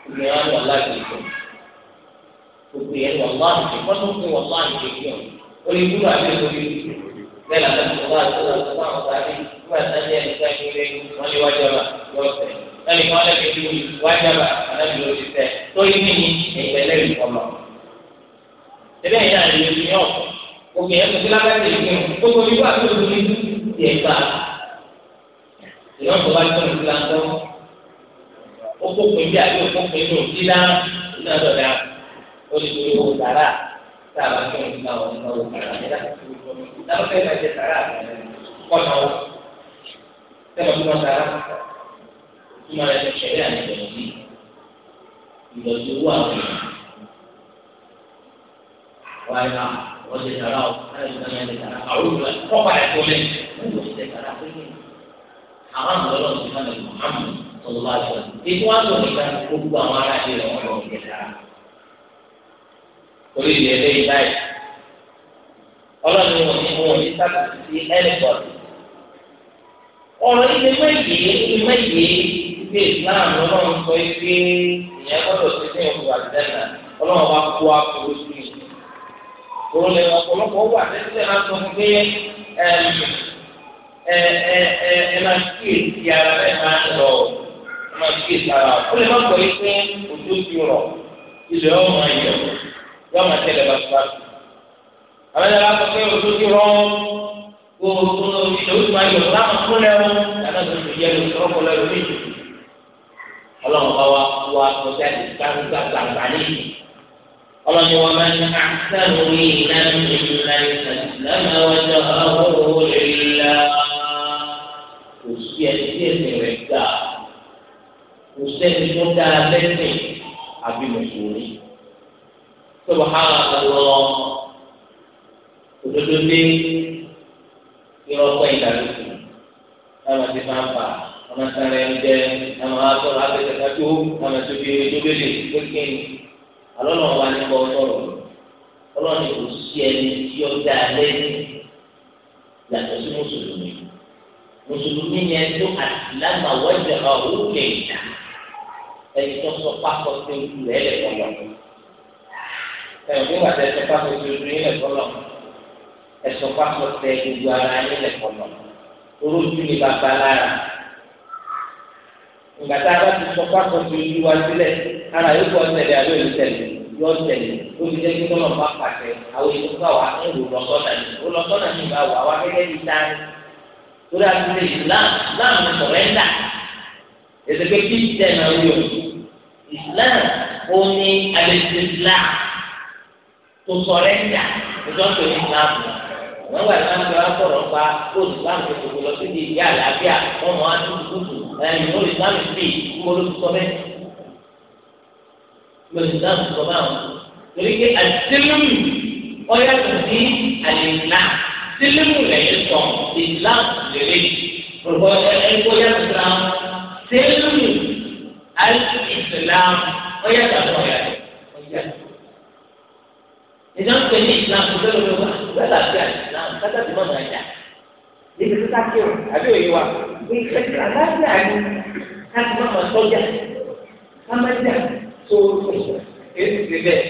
ìgbìyànjú àwọn aláàbò ìgbìyànjú gbogbo yẹn wọ̀ láàyè kọ́tún pé wọ̀ láàyè kírun orí ìlú àti orí bẹ́ẹ̀ làtà tó wà tó wà tó àwọn sáré nígbà tí wọ́n ti ẹni ká ìwé wọn lé wájú ọba lọ́sẹ̀ lẹ́nu kan lẹ́nu ìlú wájú ọba aláàbí ló ti tẹ̀ torí nínú ẹ̀yẹ lẹ́yìn ọmọ. ẹgbẹ́ yìí náà lè fi yàn òkè ẹ̀ tó ti lágbàdì ìgbìmọ̀ gbogbo ìlú àti orí ìlú ti ẹ̀ gbà. ìyọ́n tó bá tó ní ìlànà ó kó tá a bá fẹ́ òun náà wọn náà wò kàrà nílá náà fẹ́ máa jẹ sàrà kọ́nà ó sẹ́wọ̀n tó wọ́n sàrà tó máa rẹ̀ ṣẹ̀rí àná ìbẹ̀rẹ̀ sí ìlọsí owó àwọn èèyàn wọ́n á yà wọ́n jẹ sàrà ó láti sọ máa jẹ sàrà àwọn olùwà kọ́pà ẹ̀kọ́ lẹ́yìn wọ́n jẹ sàrà pé àwọn àmọ́ ọlọ́run ti máa lọ Muhammad sọlọ́wọ́ àjọ ètò àjọ nìkan gbogbo àwọn aráàlú rẹ̀ wọ́n lọ orí ilẹ̀ eléyìí báyìí ọlọ́run ni wọ́n ti mú wọn ní sábà sí ẹnìkọ̀ọ̀tì ọ̀rọ̀ ilé mẹ́yìí ilé mẹ́yìí ilé islam ọlọ́run sọ pé ìyẹn gbọ́dọ̀ sí ní ọkọ̀ àdìdẹ́nà ọlọ́run bá kó akóró sí i òun lè ọ̀pọ̀lọpọ̀ wà tẹ́tí náà sọ fún pé ẹ ẹ ẹ ẹ máa kí èsì ara rẹ̀ máa ń lọ ẹ máa kí èsì ara rẹ̀ ó lè má sọ yìí pé òjò ti rọ̀ ilẹ̀ ọmọ ayẹ̀wò yọ máa tẹ̀lé bàbá àwọn ẹ̀rọ akọ̀kọ̀ yóò tó ti rọ gbogbo ìṣòwò tó máa yọ láwọn fúnlẹ̀ wọn yàtọ̀ tó ti yẹ lóṣù rọ́pò lọ́yọ̀ méjì ọlọ́run bá wa wá ọjà ní gbangba gbangba níbi ọlọ́run wa máa ń àṣàrò ìlànà ìlànà ìlànà ọjọ́ àwòrán ìlà kò sí ẹni tí èsì rẹ̀ gbà kò sẹ́ni tó dáa lẹ́sìn àbí mùsùlùmí subhanallah òdodo dé ìrọ̀pẹ́ ìdàlùkù táwọn ti máa ń bà ọmọ sáré ń jẹ àwọn asọ̀rọ̀ abẹ́tẹ̀ká tó àwọn tó bí tó bẹ́lẹ̀ tó kéwìn alọ́nà wa ní kọ́ sọ̀rọ̀ ọlọ́run kò sí ẹni tí ó dá lẹ́yìn yàtọ̀ sí mùsùlùmí mùsùlùmí yẹn tó àtìlámà wọ́jà ọ̀hún kẹ̀yà ẹni tó sọ pápọ̀ sí olú rẹ̀ lẹ́kọ̀ọ́ ẹ̀sùn gbàtẹ́ ẹ̀sùn pàṣẹ tuntun yín lẹ̀kọ́ lọ ẹ̀sùn pàṣẹ tẹ gbogbo ara yín lẹ̀kọ́ lọ olójú ni bàbá lára ìgbàtà bá ti sọ pàṣẹ tuntun wá sílẹ̀ ara yóò kọ́ tẹ̀lé àbí òní tẹ̀lé yọ tẹ̀lé ó ti jẹ́ kí tọ́lọ̀ bá pàṣẹ àwọn èso bá wà ń lò lọ́sọ́nà ní olọ́sọ́nà ní ìgbà wà wá gẹ́gẹ́ bí táyé torí àti ilé Islam Islam ní sọ̀rẹ́ndà ètò pé kí ìtẹ̀ náà yọ Islam ó ní alẹ́ Islam kò sọ̀rẹ́ńdà ìjọ́sọ̀ ní ìlànà wọ́n wà láti wá sọ̀rọ̀ pa kóòtù láti fi gbogbo lọ sí di ìyá àlàáfíà wọ́n mọ̀ á ti dùkú ẹ̀yìn lórí ìsìlámù sí ìmọ̀ló ti sọ bẹ́ẹ̀. lórí ìsìlámù sọ báwọn torí pé àtìlùmù ọ̀yàtọ̀ sí àlìlá tìlùmù lẹ́yìn sọ ìsìlámù lélẹ̀ gbogbo ẹ̀kọ́ yàtọ̀ sí àwọn tìlùmù àti ìsìlámù ọ̀yàtọ̀ sọ̀yàtọ̀ ọ̀yàtọ̀ ìdáhùn pé ní islam kò fẹ́ lọ́wọ́ wa wẹ́lá bí islam kátà bí mọ́mọ́ ẹ̀dá ibi tó ká kí o àbí òye wa ìfẹ́ aláàbíà ni káàkiri mọ́mọ́ sọ́jà kámájà tó o èsì ti bẹ́ẹ̀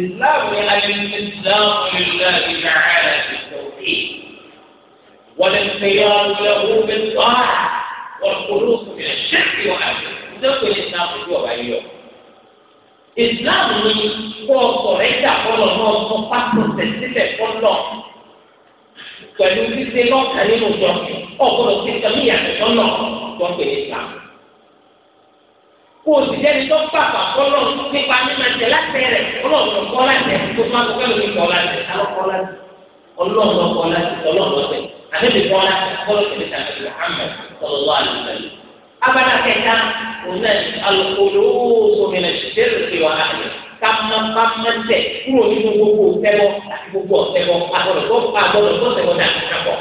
islam yẹn la ní islam nílá ìlà ara ti sọ̀rọ̀ wọ́n lè fẹ́ yọ ọ́ bẹ́ẹ̀ tọ́ a wọ́n kò lóṣù kìlẹ̀ ṣẹ́ẹ̀kì wọn àti ìdáhùn pé ní islam kò tó ọ̀bá ìsìláàmù ni kó ọkọ̀ rẹ̀ jà kọ́lọ̀ náà fún pásítọ̀tẹ̀ sílẹ̀ kọ́lọ̀ pẹ̀lú títí lọ́kàn nínú jọ ọ̀gbọ́dọ̀ ti sọ ní ìyàtọ̀ sọ́nà lọ́pẹ̀ islam. kó o sì jẹ́ni tó pàpà kọ́lọ̀ nípa mímọ ẹ̀jẹ̀ láti rẹ̀ ọlọ́ọ̀dọ̀ kọ́ láti ẹ̀ tó máa kọ́ lórí kọ́ láti alọ́kọ́ láti ọlọ́ọ̀dọ̀ kọ́ láti ọlọ́ọ̀dọ̀ tẹ̀ àdébìkọ́ láti kọ́lọ́ abala kẹta òun náà ní alukoro sọmìnà ṣẹlẹ ti wà áyẹ kàmá kàmá tẹ kúrò nínú gbogbo ọtẹbọ àti gbogbo ọtẹbọ agbọ́dọ̀ tó agbọ́dọ̀ tó tẹbọ náà kàkà bọ.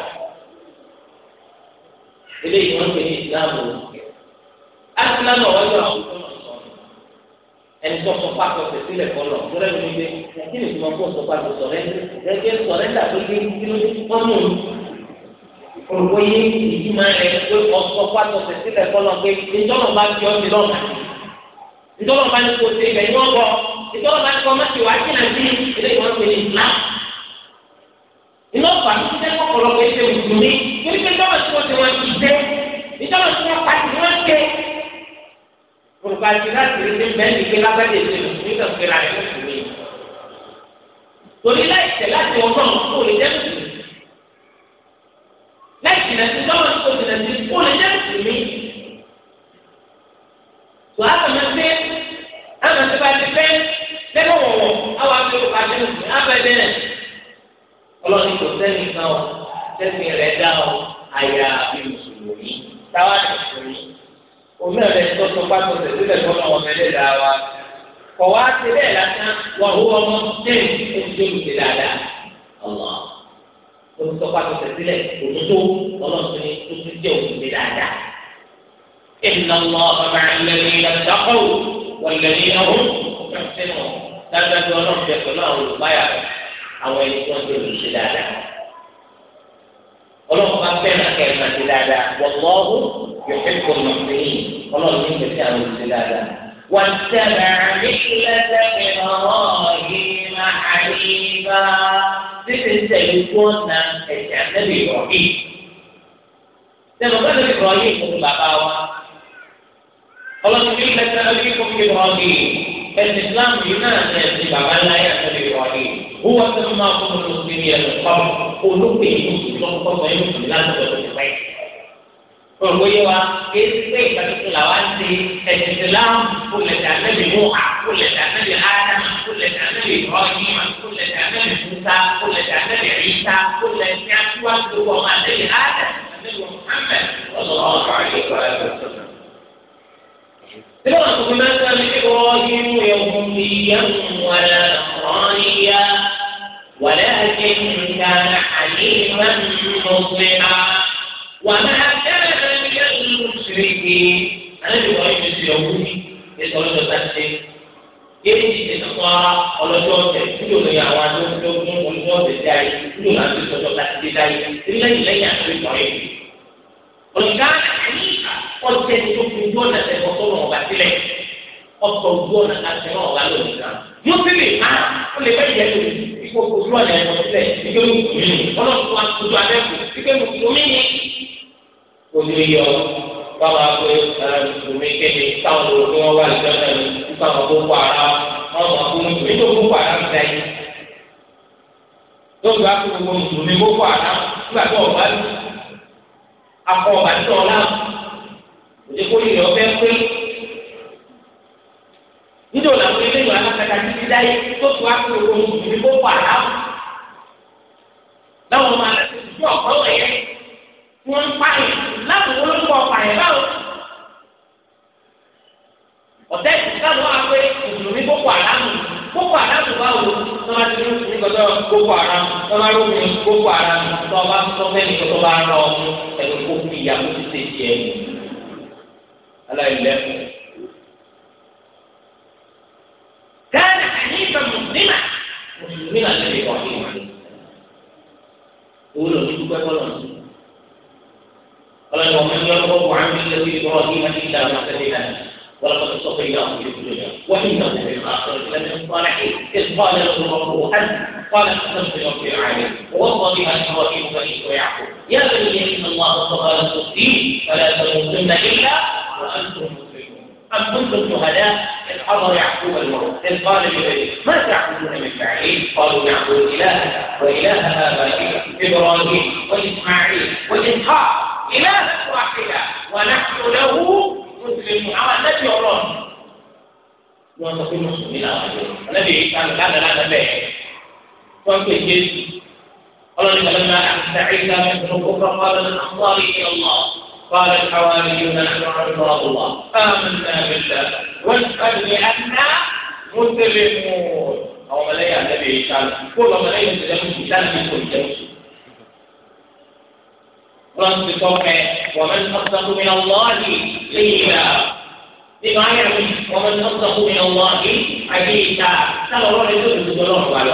eléyìí wọn pè ní ìsìlámù asìlámù ọwọjọ àwọn tó náà sọ ẹni tó sọ pàtó tẹsílẹ kọlọ lórí ẹni wípé kí ni ìgbìmọ̀ kó sọ pàtó sọ rẹ gẹ́gẹ́ sọ rẹ dàbí kí ló dé wọn mú un olùkóyè ìdíjúmọ́ rẹ̀ pé ọ̀sọ́ pàtó sílẹ̀ kọ́lọ́ pé ìjọ́lọ̀ bá ti ọ́ ti lọ́ọ̀mà ìjọ́lọ̀ bá ní kó ṣe ibẹ̀ ní wọ́n bọ̀ ìjọ́lọ̀ bá ní kó má ti wá sí nàìjí ilé ìwọ̀n pè ní ìlà. iná fà mí sílẹ̀ kọ́kọ́lọ́kọ́ ẹsẹ̀ mùsùlùmí torí pé ìjọ́lọ̀ tí wọ́n ti wọ́n ti jẹ́ ìjọ́lọ̀ tí wọ́n pa ti wọ́n ké. olùkọ́ àti láti rí sí bẹ́ẹ̀ni pé lágbàdì ẹsẹ̀ mùsùlùmí kàn fẹ́ra rẹ̀ mùsùlùmí. torí láì tẹ̀ láti ọgbọ́n kò lè jẹ́ mùsùlùmí láì jìnà sí tọ́wọ́ tí kò jìnà sí kó lè jẹ́ mùsùlùmí. tó a kàn máa gbé àwọn tó bá ti fẹ́ lẹ́nu wọ̀wọ̀ àwọn abẹ́rẹ́ òkú abẹ́rẹ́ òkú abẹ́rẹ́ náà. ọlọ́ni kò sẹ́ni kan ọ̀ sẹ́sìn rẹ̀ dá ọ àyà àbí mùsùlùmí táwa ti sùnmí. omi ọ̀rẹ́ tó tó pàtó rẹ̀ sílẹ̀ fọlọ́ ọmọ ẹlẹ́ dá wa. kọ̀wá ti bẹ́ẹ̀ lásán wà hó ọmọ olùsọ́pá tó tẹ̀sílẹ̀ òtútù ọlọ́run ní tuntun jẹ́ òkùnkùn dáadáa. إن الله مع الذين اتقوا والذين هم محسنون dájú ọlọ́run jẹ pẹ̀lú àwọn olùbáyà àwọn ẹni tó ń dé dáadáa. wọ́n lọ́wọ́ yọ̀kẹ́ kọ̀ọ̀nà sí i ọlọ́run ní ìgbésí àwọn olùṣe dáadáa. واتبع ملة إبراهيم حنيفا This is the important exam Nabi Ibrahim Dan Nabi Ibrahim itu bapa wa Allah Subhanahu wa taala Ibrahim الإسلام ينادي بابا لا يأتي إبراهيم هو سماكم المسلمين من قبل قلوبهم مسلمون فصيحوا لا تبقوا فهو في طريق الاوانتي الاسلام كل تعمل موحى كل تعمل ادم كل تعمل ابراهيم كل تعمل ادم محمد صلى إبراهيم يهوديا ولا نصرانيا ولكن كان حليما مظلما وما كان mushriki ẹni wọ́n yóò ti ọ̀hún ní ètò ọlọ́dọ̀ tá a ṣe yéé ti ṣe sọ́kọ́ ọlọ́dọ̀ ọ̀tẹ̀ kúlò ní àwọn adókòókò olùkọ́ ọ̀tẹ̀ dá yìí kúlò láti sọ́kọ́ láti dé dá yìí lẹ́yìn lẹ́yìn àti ìmọ̀ yẹn. ọ̀gá àyíká ọ̀tẹ̀ tó fi ojú ọ̀nà tẹ̀ fọ́tọ́ náà wà sílẹ̀ ọ̀tọ̀ ojú ọ̀nà àti náà wà lónìí kan. yóò fi lè má ó lè fẹ́ jẹ́ lórí ipò ojú ọ̀nà ẹ̀mọ́ sílẹ̀ ìgbé mùsùlùmí ọlọ́run tó wá ojú alẹ́ kù ìgbé mùsùlùmí ni. ó lè yọ báwa pé ẹ̀ẹ́dùnmí kéde táwọn olùkọ́ tí wọ́n wà lẹ́jọ́ náà ní nípa àwọn gbogbo ara wọn mọ̀ fún mi èyí tó gbogbo ara ń da yìí. lóògbé akó gbogbo mùsùlùmí gbogbo ara nígbà tó ọ̀gá lù akọ ọ̀gá tó ọ̀la òde kó yìí ọ̀fẹ́ pé níjọ́ làwọn ilé ìwà alákatá títí dáyé tó tó akó gbogbo mùsùlùmí gbogbo ara láwọn ọmọ alẹ́ tó ti tó ọ̀pọ̀ wọ̀nyẹn wọ́n ń pààyàn láti wọ́n ń rẹ̀ báwo. ọ̀tẹ́ ìsìláàmù wà pé mùsùlùmí boko haram boko haram báwo tọ́ba ti ní ní gbọ́dọ̀ boko haram tọ́ba ló ní boko haram tọ́ba tọ́fẹ́ ní tọ́ba rọ ẹ̀rọ kó fi ìyàwó ti ṣe tiẹ̀ mú. aláìlẹ́kùn. káàdì àyíká mùsùlùmí náà mùsùlùmí náà lè wà ní ìwà ní. owó lòdì dúpẹ́ kọ́lọ́ọ̀nù. قال ومن يرغب عن مله ابراهيم الا ما سلم ولقد اصطفيناه في الدنيا وانه في الاخره لمن صالحين اذ قال له ربه انت قال اسلمت لرب العالمين ووصى بها ابراهيم بني ويعقوب يا بني ان الله اصطفى لكم الدين فلا تموتن الا وانتم مسلمون ام كنتم شهداء اذ حضر يعقوب الموت اذ قال لبنيه ما تعبدون من بعدي قالوا نعبد الهك واله ابائك ابراهيم واسماعيل واسحاق إلهك واحدا ونحن له مسلمون أما النبي الله wọ́n sọ pé mùsùlùmí làwọn àjọ ọlẹbi yìí kan lánàá lánàá bẹ́ẹ̀ wọ́n pè jésù ọlọrin kan lánàá àtàkì kan lọ قال الحواريون نحن عباد الله آمنا بالله واشهد بأننا مسلمون أو ملايين النبي قال كل ملايين تجمع كتاب كل جمع rántí tọ́kẹ́ wọ́n mẹ́ta sọ́kù mi ọlọ́ọ̀dì léyìnbá. nínú ayé mi wọ́n mẹ́ta sọ́kù mi ọlọ́ọ̀dì àyè ìta sábà wọ́n lè tó ìdúró lọ́wọ́ wa lọ.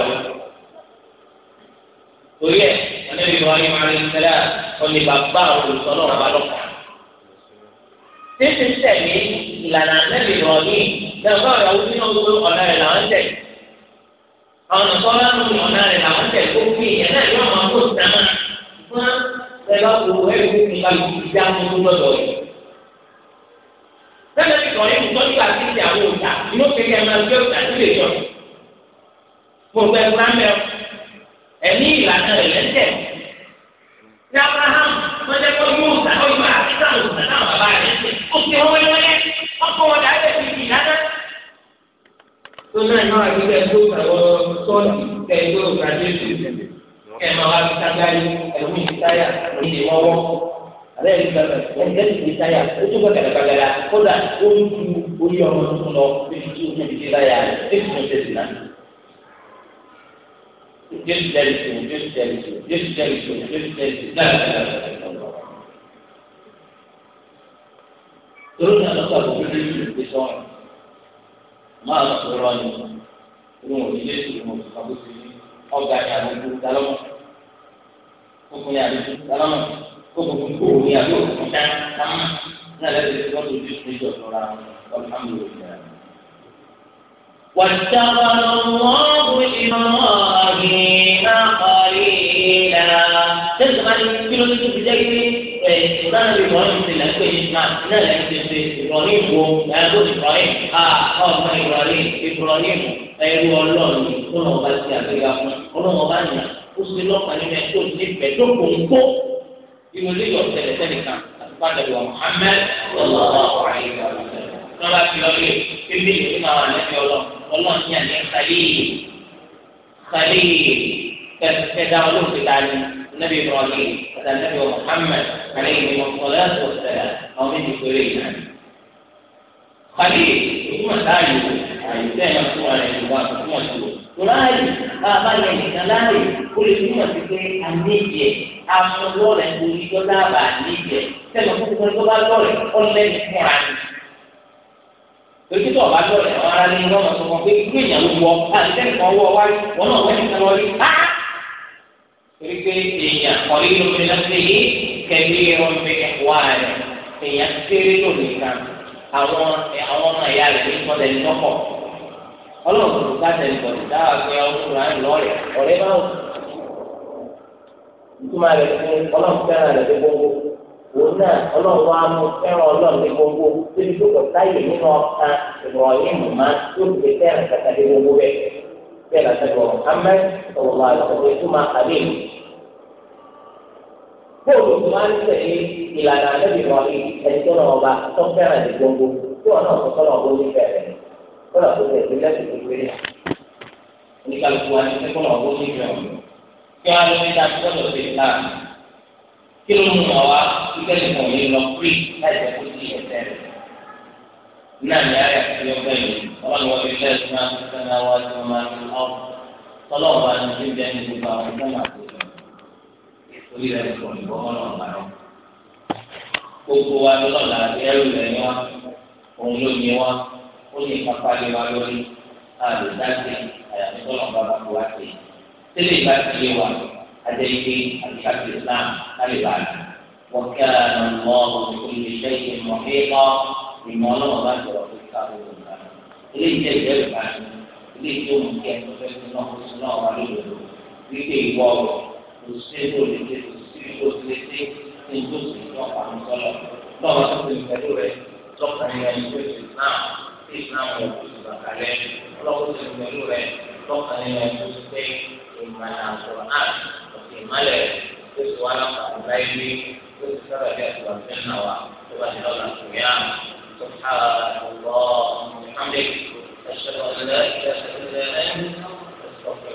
torí ẹ ọ̀nẹ́bí wọn ayé máa ń sẹ́lá ọ̀nì bàbá olùsọ náà wà lọ́kọ̀. títí tẹ̀lé ìlànà ọ̀nẹ́bí wọn ní ìjọba ìyàwó nínú gbogbo ọ̀nà rẹ̀ làwọn tẹ̀. àwọn ọ̀nà ẹ̀rọ òwò ẹ̀rọ ìgbà ìjà ní gbọ́dọ̀ yìí. Sẹ́lẹ̀ ti kàn yín nítorí àti ìjà àwọn òjà inú kékeré ẹ̀ máa gbé òjà sí lè jọ. Gbogbo ẹ̀gbọ́n amẹ́ ẹ̀mí ìlànà rẹ̀ lẹ́sẹ̀. Ní Abraham, wọ́n jẹ́ kó yóò sá ó yọ àtijọ́ àwọn òjà náà bàbá rẹ̀ ṣe. Ó ti wọ́n wẹ́lẹ́wẹ́lẹ́, wọ́n kọ́ wọn dàbẹ̀ fi fi ìdáná. Tó náà náà àti kẹ́ẹ̀mọ́ wa fi sáńgáyé ẹ̀rú mi fi táyà èyí lè wọ́wọ́ àbẹ́ ẹ̀rí gbàgbà ẹ̀jẹ̀ ti fi táyà ojú kọ̀ kẹ̀lẹ́ gbàgbà kódà ó ń ju orí ọmọ tuntun lọ níbi tí ojú ìdílé láyà rẹ̀ níbi tí ó tẹ̀sí náà. Jésù jẹ́rìí sí Jésù jẹ́rìí sí Jésù jẹ́rìí sí o, Jésù jẹ́rìí sí o, náà ní ìlànà torí ní àlọ́kọ̀ àbúrò ní ìlú ìgbé sọ́run máa sọ̀rọ̀ ni ìwọ̀n ilé ìlú mọ̀ àbúrò ní ọgbà ní àbúrò dálọ́mọ̀ kókò ní àdúgbò sálámà kókò ní kókò ní àdúgbò kúta sálámà náà lẹ́sẹ̀ tí wọ́n tó ju ìjọ lọ́ra alhamdulilayi. واتخذ الله إبراهيم خليلا تسمع كيلو تشوف جاي ti lẹ̀ pé ti ṣe ìrọ̀lẹ́ ìwò ẹ̀rọ ìrọ̀lẹ́ à ọ̀gbọ́n ìrọ̀lẹ́ ìrọ̀lẹ́ ìwò ẹ̀rọ ọlọ́ọ̀ni tó lọ́wọ́ ó sì lọ́kàn nínú ẹ̀ tó ní ìfẹ́ tó kò ń kó inú ilé yọ̀ tẹ̀lẹ̀ tẹ̀lẹ̀ kan àtúpadà wà Muhammad ọlọ́wọ́ àyè wà lọ́la fi lọ lé ebi ìlú náà wà lẹ́bi ọlọ́ ọlọ́run ní àná kàlíì kàlíì kẹ̀kẹ́dá olóògbé dání nàbí Ibrahim àti nàbí Muhammad kàlíì ní mọ̀kànlá ọ̀sẹ̀ àwọn méjì péré yìí àyè tẹ̀ ẹ̀ ráàyè bàbá yẹn nìkan láàyè ó lè túmọ̀ sí pé àníjẹ amúlọ́rẹ̀ oníjọ́ dábàá àníjẹ sẹ́nu fún fún tó bá lọ́rẹ̀ ọlẹ́ni fúnra ni. Dókítà ọ̀bá lọ́rẹ̀ àwọn ará ní wọ́n sọ wọn pé ìlú ìyàwó wọ àtẹ́lẹ̀ kan wọ wáyé wọn náà wọ́n nìkan lọ rí á. Torí pé èèyàn kọ̀rí lómi lọ́sẹ̀ yìí kẹ́lí ọmọ ẹ̀wá rẹ̀ èèyàn kéré lónìí kan àwọn ọmọ ẹ̀yà rẹ̀ ní ọlọ́run tó ká tẹ̀lé bọ̀dé dáhà pé ọlọ́run àá lọ́ọ̀rẹ́ ọ̀rẹ́ báwò ìtumọ̀ rẹ̀ pé ọlọ́run fẹ́ràn rẹ̀ dé gbogbo òun náà ọlọ́run wa mú fẹ́ràn ọlọ́run dé gbogbo débi tó kọ̀ táyè nínú ọ̀kan ìrọ̀lẹ́ mọ̀má tó fi fẹ́ràn kàkà dé gbogbo rẹ̀ bẹ́ẹ̀ la sẹ́gbọ̀ Muhammad sọ̀rọ̀ àlọ́ ìtumọ̀ àlẹ́ bóòlù tó máa ń tẹ̀lé ìlànà àlẹ́ ìrọ̀lẹ́ ẹni tó náà ọba tó fẹ́ràn dé gbogbo tó ọ̀nà ọ̀sán náà ó ní fẹ́ràn kọ́nà tó tẹ̀ pé lẹ́sìn tó péré oníkàlùkù wa ní sẹ́kọ̀nà ọ̀gbọ́n ní ìgbà kí wọ́n á lọ sí ìdájọ́ sọ́dọ̀ sí ìlà kí ló mú wọn wá kíkẹ́ nìkan yìí lọ pírí láì jẹ́ kó sí ẹ̀sẹ̀ rẹ̀ náà ní ayé àti ọgbẹ́ yìí ọlọ́run wọ́n fi fẹ́ ẹ̀sìn náà sọ́dọ̀ náà wá sí ọmọ àti ọ̀rọ̀ tọ́lọ́run bá ní bíbí ẹni tó bá wọn sọ́nà àti orí rẹ̀ nìkan ó lè má pálí wa lórí àlùdáṣe àyàfi tó lọ́nà bàbá tó wá sí i. tẹ́lẹ̀ ìgbà tí yé wa ajẹ́ ike àti káfí islam lálẹ́ bá a wọ́n kí a nà mọ́ òṣèlú iṣẹ́ ìṣe mọ̀ kéèkọ́ ìmọ̀ ọlọ́wọ́ bá sọ̀rọ̀ fún káfíń ìgbà. ilé iṣẹ́ ìjẹ́ ìgbà ilé iṣẹ́ òmùkẹ́ ọ̀fẹ́ náà kó náà wà lóde lò wípé ìwọ ọ̀rọ̀ kò sí tó lè dé kò sí tó lè dé ní ìjọsìn náà pàmò sọ́lọ̀ lọ́wọ́ tó ti ń pẹ̀lú tí ìsìlámù òkú ìgbàkalẹ̀ ọlọ́wọ́ sì ń pẹ̀lú rẹ̀ lọ́kàn nínú ẹ̀kọ́ sí pé ìmọ̀nà àkùrọ̀ náà ọ̀sẹ̀ ìmọ̀lẹ̀ tó ti wá láǹfààní láyé bí tó ti sábà bí àtúwà sí ń náwà tó bá ti lọ́la tó yá tó ká ọ̀gbọ́ ọ̀hún